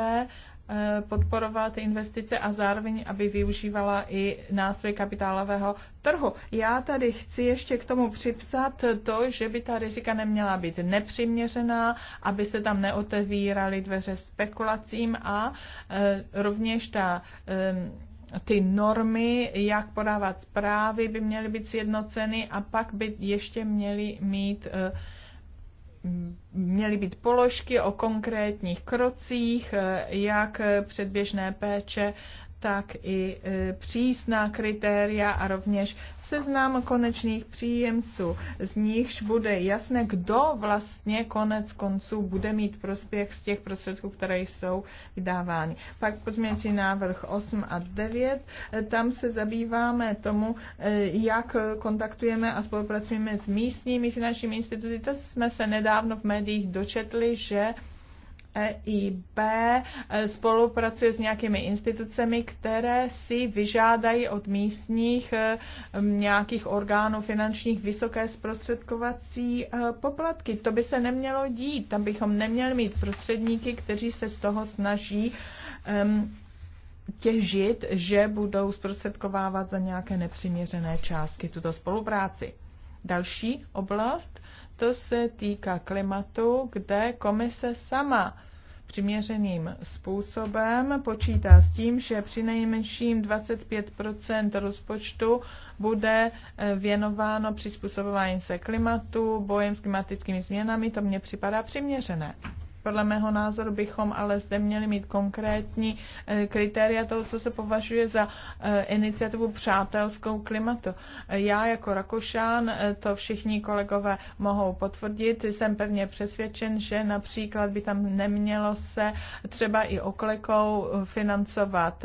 Eh, podporovat investice a zároveň, aby využívala i nástroj kapitálového trhu. Já tady chci ještě k tomu připsat to, že by ta rizika neměla být nepřiměřená, aby se tam neotevíraly dveře spekulacím a eh, rovněž ta eh, ty normy, jak podávat zprávy, by měly být sjednoceny a pak by ještě měly mít uh, měly být položky o konkrétních krocích, eh, jak předběžné péče tak i e, přísná kritéria a rovněž seznam konečných příjemců. Z nichž bude jasné, kdo vlastně konec konců bude mít prospěch z těch prostředků, které jsou vydávány. Pak pozměnící návrh 8 a 9. E, tam se zabýváme tomu, e, jak kontaktujeme a spolupracujeme s místními finančními instituty. To jsme se nedávno v médiích dočetli, že EIB e, spolupracuje s nějakými institucemi, které si vyžádají od místních e, nějakých orgánů finančních vysoké zprostředkovací e, poplatky. To by se nemělo dít, tam bychom neměli mít prostředníky, kteří se z toho snaží těžit, že budou zprostředkovávat za nějaké nepřiměřené částky tuto spolupráci. Další oblast, to se týká klimatu, kde komise sama přiměřeným způsobem počítá s tím, že při nejmenším 25 rozpočtu bude eh, věnováno přizpůsobování se klimatu, bojem s klimatickými změnami, to mně připadá přiměřené. Podle mého názoru bychom ale zde měli mít konkrétní eh, kritéria toho, co se považuje za eh, iniciativu přátelskou klimatu. Já jako Rakušán, eh, to všichni kolegové mohou potvrdit, jsem pevně přesvědčen, že například by tam nemělo se třeba i oklekou financovat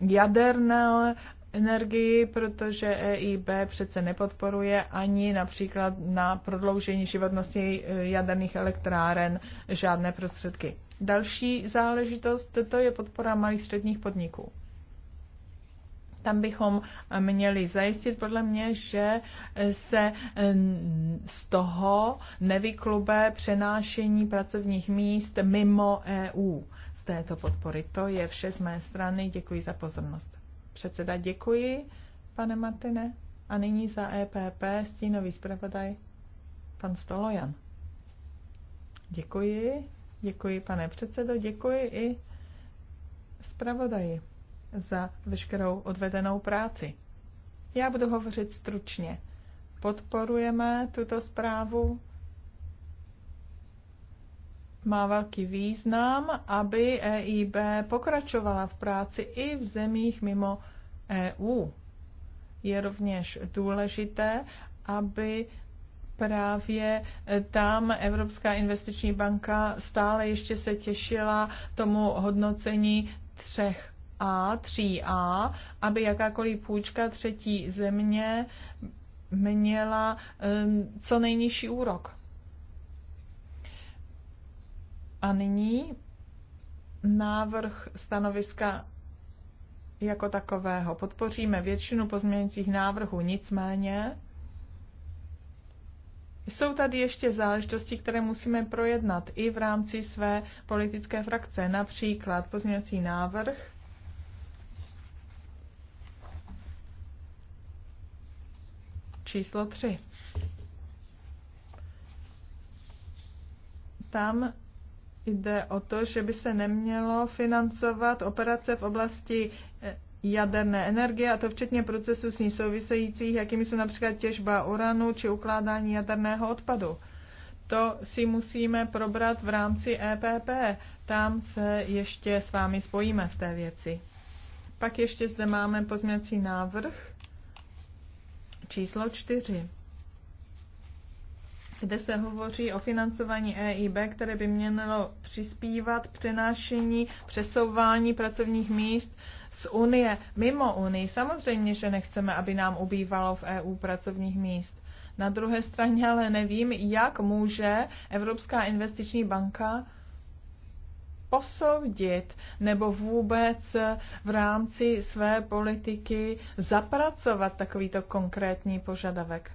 jaderné energii, protože EIB přece nepodporuje ani například na prodloužení životnosti eh, jaderných elektráren žádné prostředky. Další záležitost to je podpora malých středních podniků. Tam bychom měli zajistit podle mě, že se eh, z toho nevyklube přenášení pracovních míst mimo EU z této podpory. To je vše z mé strany. Děkuji za pozornost. Předseda, děkuji, pane Martine. A nyní za EPP stínový zpravodaj pan Stolojan. Děkuji, děkuji pane předsedo, děkuji i zpravodaji za veškerou odvedenou práci. Já budu hovořit stručně. Podporujeme tuto zprávu, má velký význam, aby EIB pokračovala v práci i v zemích mimo EU. Je rovněž důležité, aby právě tam Evropská investiční banka stále ještě se těšila tomu hodnocení třech a 3A, aby jakákoliv půjčka třetí země měla um, co nejnižší úrok. A nyní návrh stanoviska jako takového. Podpoříme většinu pozměňujících návrhů, nicméně jsou tady ještě záležitosti, které musíme projednat i v rámci své politické frakce. Například pozměňovací návrh číslo 3. Tam jde o to, že by se nemělo financovat operace v oblasti eh, jaderné energie, a to včetně procesů s ní souvisejících, jakými jsou například těžba uranu či ukládání jaderného odpadu. To si musíme probrat v rámci EPP. Tam se ještě s vámi spojíme v té věci. Pak ještě zde máme pozměcí návrh číslo čtyři kde se hovoří o financování EIB, které by mělo přispívat přenášení, přesouvání pracovních míst z Unie mimo Unii. Samozřejmě, že nechceme, aby nám ubývalo v EU pracovních míst. Na druhé straně ale nevím, jak může Evropská investiční banka posoudit nebo vůbec v rámci své politiky zapracovat takovýto konkrétní požadavek.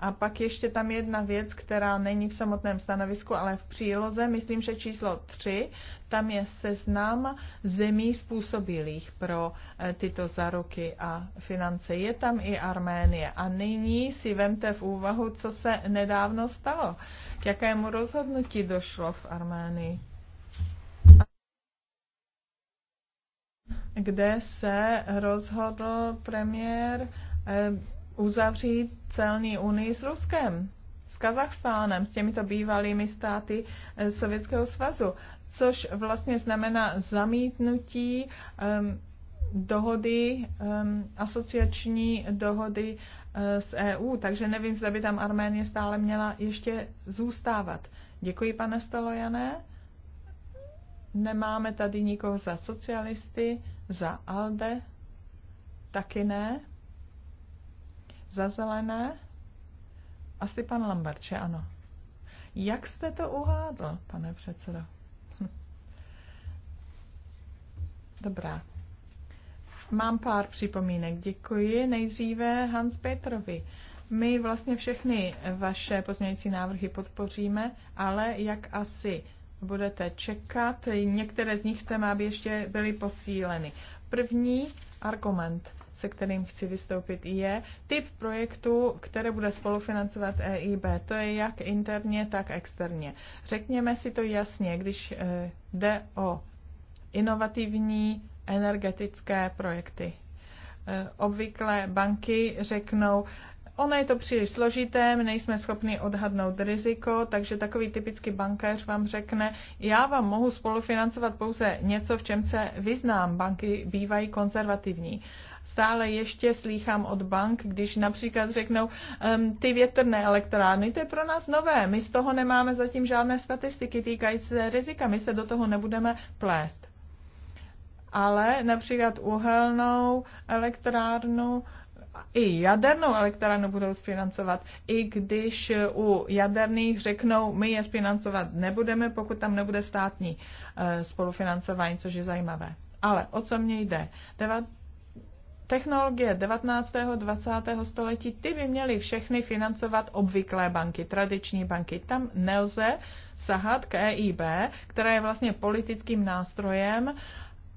A pak ještě tam jedna věc, která není v samotném stanovisku, ale v příloze, myslím, že číslo 3, tam je seznam zemí způsobilých pro eh, tyto záruky a finance. Je tam i Arménie. A nyní si vemte v úvahu, co se nedávno stalo. K jakému rozhodnutí došlo v Arménii? Kde se rozhodl premiér eh, uzavřít celní unii s Ruskem, s Kazachstánem, s těmito bývalými státy eh, Sovětského svazu, což vlastně znamená zamítnutí um, dohody, um, asociační dohody uh, s EU. Takže nevím, zda by tam Arménie stále měla ještě zůstávat. Děkuji, pane Stolojané. Nemáme tady nikoho za socialisty, za ALDE, taky ne. Za zelené? Asi pan Lambert, že ano. Jak jste to uhádl, pane předsedo? Dobrá. Mám pár připomínek. Děkuji nejdříve Hans Petrovi. My vlastně všechny vaše pozměňující návrhy podpoříme, ale jak asi budete čekat, některé z nich chceme, aby ještě byly posíleny. První argument se kterým chci vystoupit, je typ projektu, které bude spolufinancovat EIB. To je jak interně, tak externě. Řekněme si to jasně, když eh, jde o inovativní energetické projekty. Eh, obvykle banky řeknou, ono je to příliš složité, my nejsme schopni odhadnout riziko, takže takový typický bankéř vám řekne, já vám mohu spolufinancovat pouze něco, v čem se vyznám. Banky bývají konzervativní. Stále ještě slýchám od bank, když například řeknou, um, ty větrné elektrárny, to je pro nás nové, my z toho nemáme zatím žádné statistiky týkající se rizika, my se do toho nebudeme plést. Ale například uhelnou elektrárnu i jadernou elektrárnu budou sfinancovat, i když u jaderných řeknou, my je sfinancovat nebudeme, pokud tam nebude státní eh, spolufinancování, což je zajímavé. Ale o co mě jde? Technologie 19. 20. století, ty by měly všechny financovat obvyklé banky, tradiční banky. Tam nelze sahat k EIB, která je vlastně politickým nástrojem,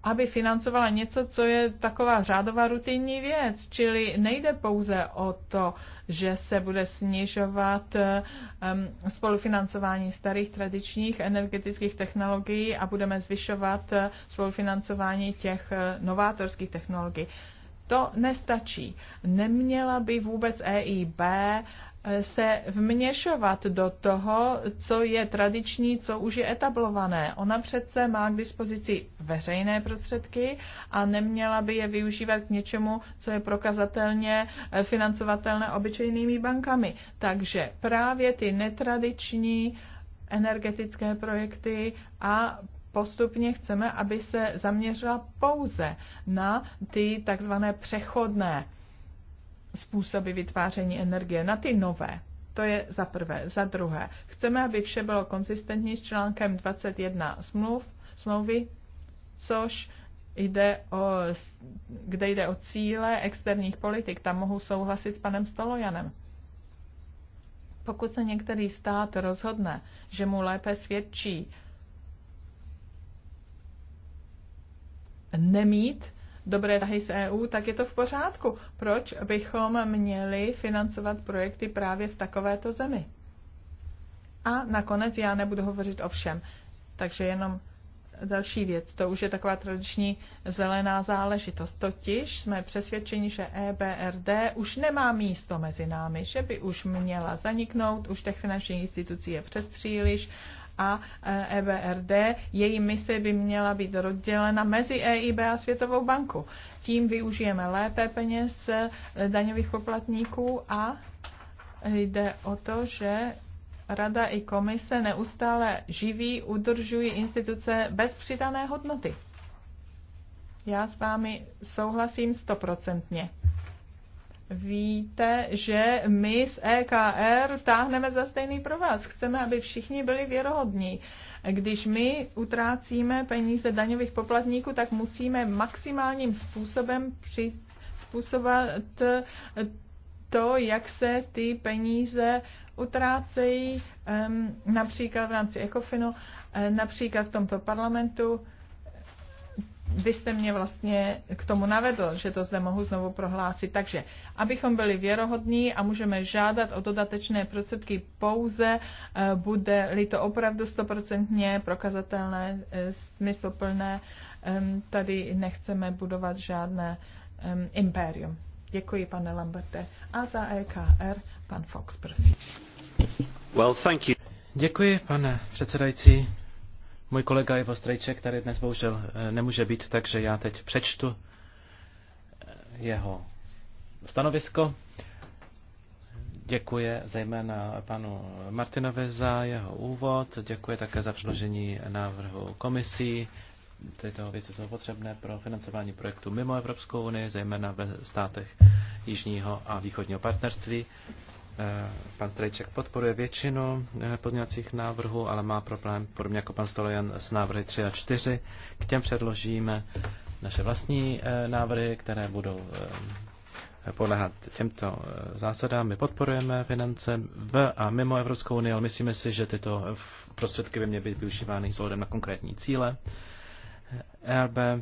aby financovala něco, co je taková řádová rutinní věc. Čili nejde pouze o to, že se bude snižovat um, spolufinancování starých tradičních energetických technologií a budeme zvyšovat eh, spolufinancování těch eh, novátorských technologií to nestačí. Neměla by vůbec EIB eh, se vměšovat do toho, co je tradiční, co už je etablované. Ona přece má k dispozici veřejné prostředky a neměla by je využívat k něčemu, co je prokazatelně eh, financovatelné obyčejnými bankami. Takže právě ty netradiční energetické projekty a postupně chceme, aby se zaměřila pouze na ty takzvané přechodné způsoby vytváření energie, na ty nové. To je za prvé. Za druhé, chceme, aby vše bylo konzistentní s článkem 21 smluv, smlouvy, což jde o, kde jde o cíle externích politik. Tam mohu souhlasit s panem Stolojanem. Pokud se některý stát rozhodne, že mu lépe svědčí nemít dobré tahy s EU, tak je to v pořádku. Proč bychom měli financovat projekty právě v takovéto zemi? A nakonec já nebudu hovořit o všem. Takže jenom další věc, to už je taková tradiční zelená záležitost. Totiž jsme přesvědčeni, že EBRD už nemá místo mezi námi, že by už měla zaniknout, už těch finančních institucí je přes příliš a EBRD. E Její mise by měla být rozdělena mezi EIB a Světovou banku. Tím využijeme lépe peněz e, daňových poplatníků a jde o to, že Rada i komise neustále živí, udržují instituce bez přidané hodnoty. Já s vámi souhlasím stoprocentně víte, že my z EKR táhneme za stejný pro vás. Chceme, aby všichni byli věrohodní. Když my utrácíme peníze daňových poplatníků, tak musíme maximálním způsobem přizpůsobovat eh, to, jak se ty peníze utrácejí, ehm, například v rámci ECOFINu, eh, například v tomto parlamentu vy jste mě vlastně k tomu navedl, že to zde mohu znovu prohlásit. Takže, abychom byli věrohodní a můžeme žádat o dodatečné prostředky pouze, eh, bude-li to opravdu stoprocentně prokazatelné, eh, smysluplné, ehm, tady nechceme budovat žádné ehm, impérium. Děkuji, pane Lamberte. A za EKR, pan Fox, prosím. Well, thank you. Děkuji, pane předsedající. Můj kolega Ivo Strejček tady dnes bohužel eh, nemůže být, takže já teď přečtu eh, jeho stanovisko. Děkuje zejména panu Martinovi za jeho úvod, děkuje také za předložení návrhu komisí. Tyto věci jsou potřebné pro financování projektů mimo Evropskou unii, zejména ve státech Jižního a Východního partnerství. Eh, pan Strejček podporuje většinu eh, podňacích návrhů, ale má problém, podobně jako pan Stolojan, s návrhy 3 a 4. K těm předložíme naše vlastní eh, návrhy, které budou podléhat těmto zásadám. My podporujeme finance v a mimo Evropskou unii, ale myslíme si, že tyto prostředky by měly být využívány s na konkrétní cíle. ERB e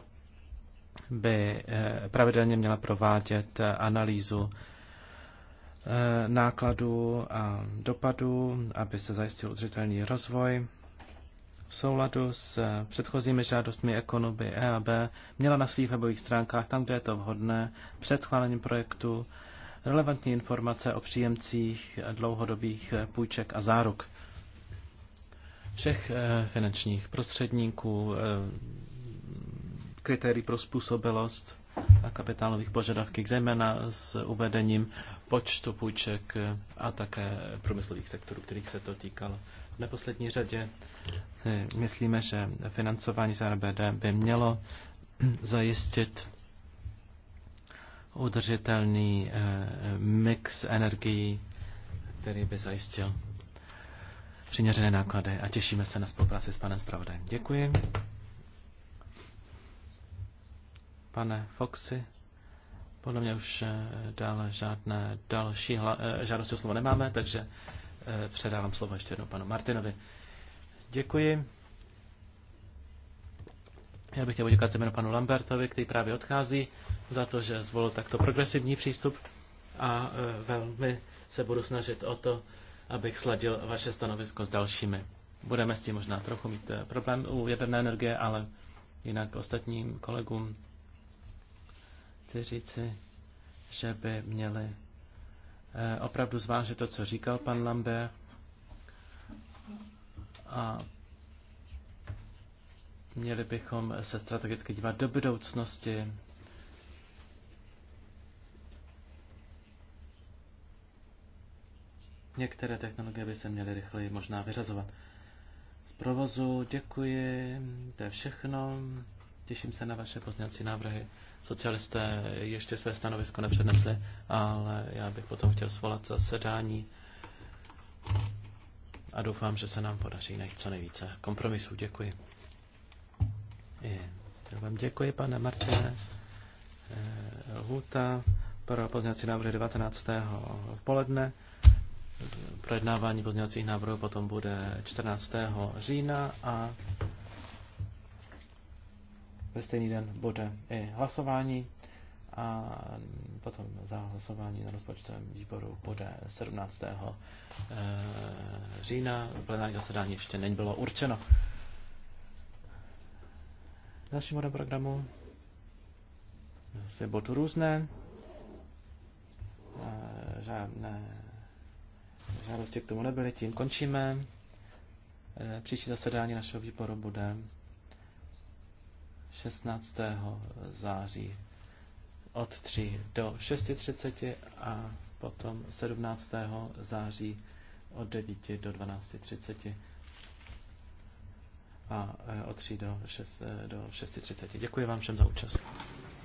by pravidelně měla provádět analýzu Eh, nákladů a dopadů, aby se zajistil udržitelný rozvoj. V souladu s eh, předchozími žádostmi ekonuby EAB měla na svých webových stránkách, tam, kde je to vhodné, před schválením projektu relevantní informace o příjemcích dlouhodobých eh, půjček a záruk všech finančních prostředníků, kritérií pro způsobilost a kapitálových požadavkých, zejména s uvedením počtu půjček a také průmyslových sektorů, kterých se to týkalo. V neposlední řadě si myslíme, že financování z RBD by mělo zajistit udržitelný eh, mix energií, který by zajistil přiměřené náklady a těšíme se na spolupráci s panem zpravodajem. Děkuji pane Foxy. Podle mě už eh, dále žádné další eh, žádosti o slovo nemáme, takže eh, předávám slovo ještě jednou panu Martinovi. Děkuji. Já bych chtěl poděkovat zejména panu Lambertovi, který právě odchází, za to, že zvolil takto progresivní přístup a velmi se budu snažit o to, abych sladil vaše stanovisko s dalšími. Budeme s tím možná trochu mít problém u jaderné energie, ale jinak ostatním kolegům chci říci, že by měli eh, opravdu zvážit to, co říkal pan Lambert a měli bychom se strategicky dívat do budoucnosti, Některé technologie by se měly rychleji možná vyřazovat. Z provozu děkuji, to je všechno. Těším se na vaše pozměňovací návrhy. Socialisté ještě své stanovisko nepřednesli, ale já bych potom chtěl svolat zasedání a doufám, že se nám podaří najít co nejvíce kompromisů. Děkuji. Já vám děkuji, pane Martine. Eh, Lhuta pro pozněcí návrhy 19. v poledne. Projednávání pozněcích návrhů potom bude 14. října a ve stejný den bude i hlasování a potom za hlasování na rozpočtovém výboru bude 17. Eh, října. Plenární zasedání ještě nebylo určeno. Další modem programu zase bod různé. Eh, žádné žádosti k tomu nebyly, tím končíme. Eh, příští zasedání našeho výboru bude 16. září od 3 do 6.30 a potom 17. září od 9 do 12.30 a eh, od 3 do 6.30. Eh, do 6 Děkuji vám všem za účast.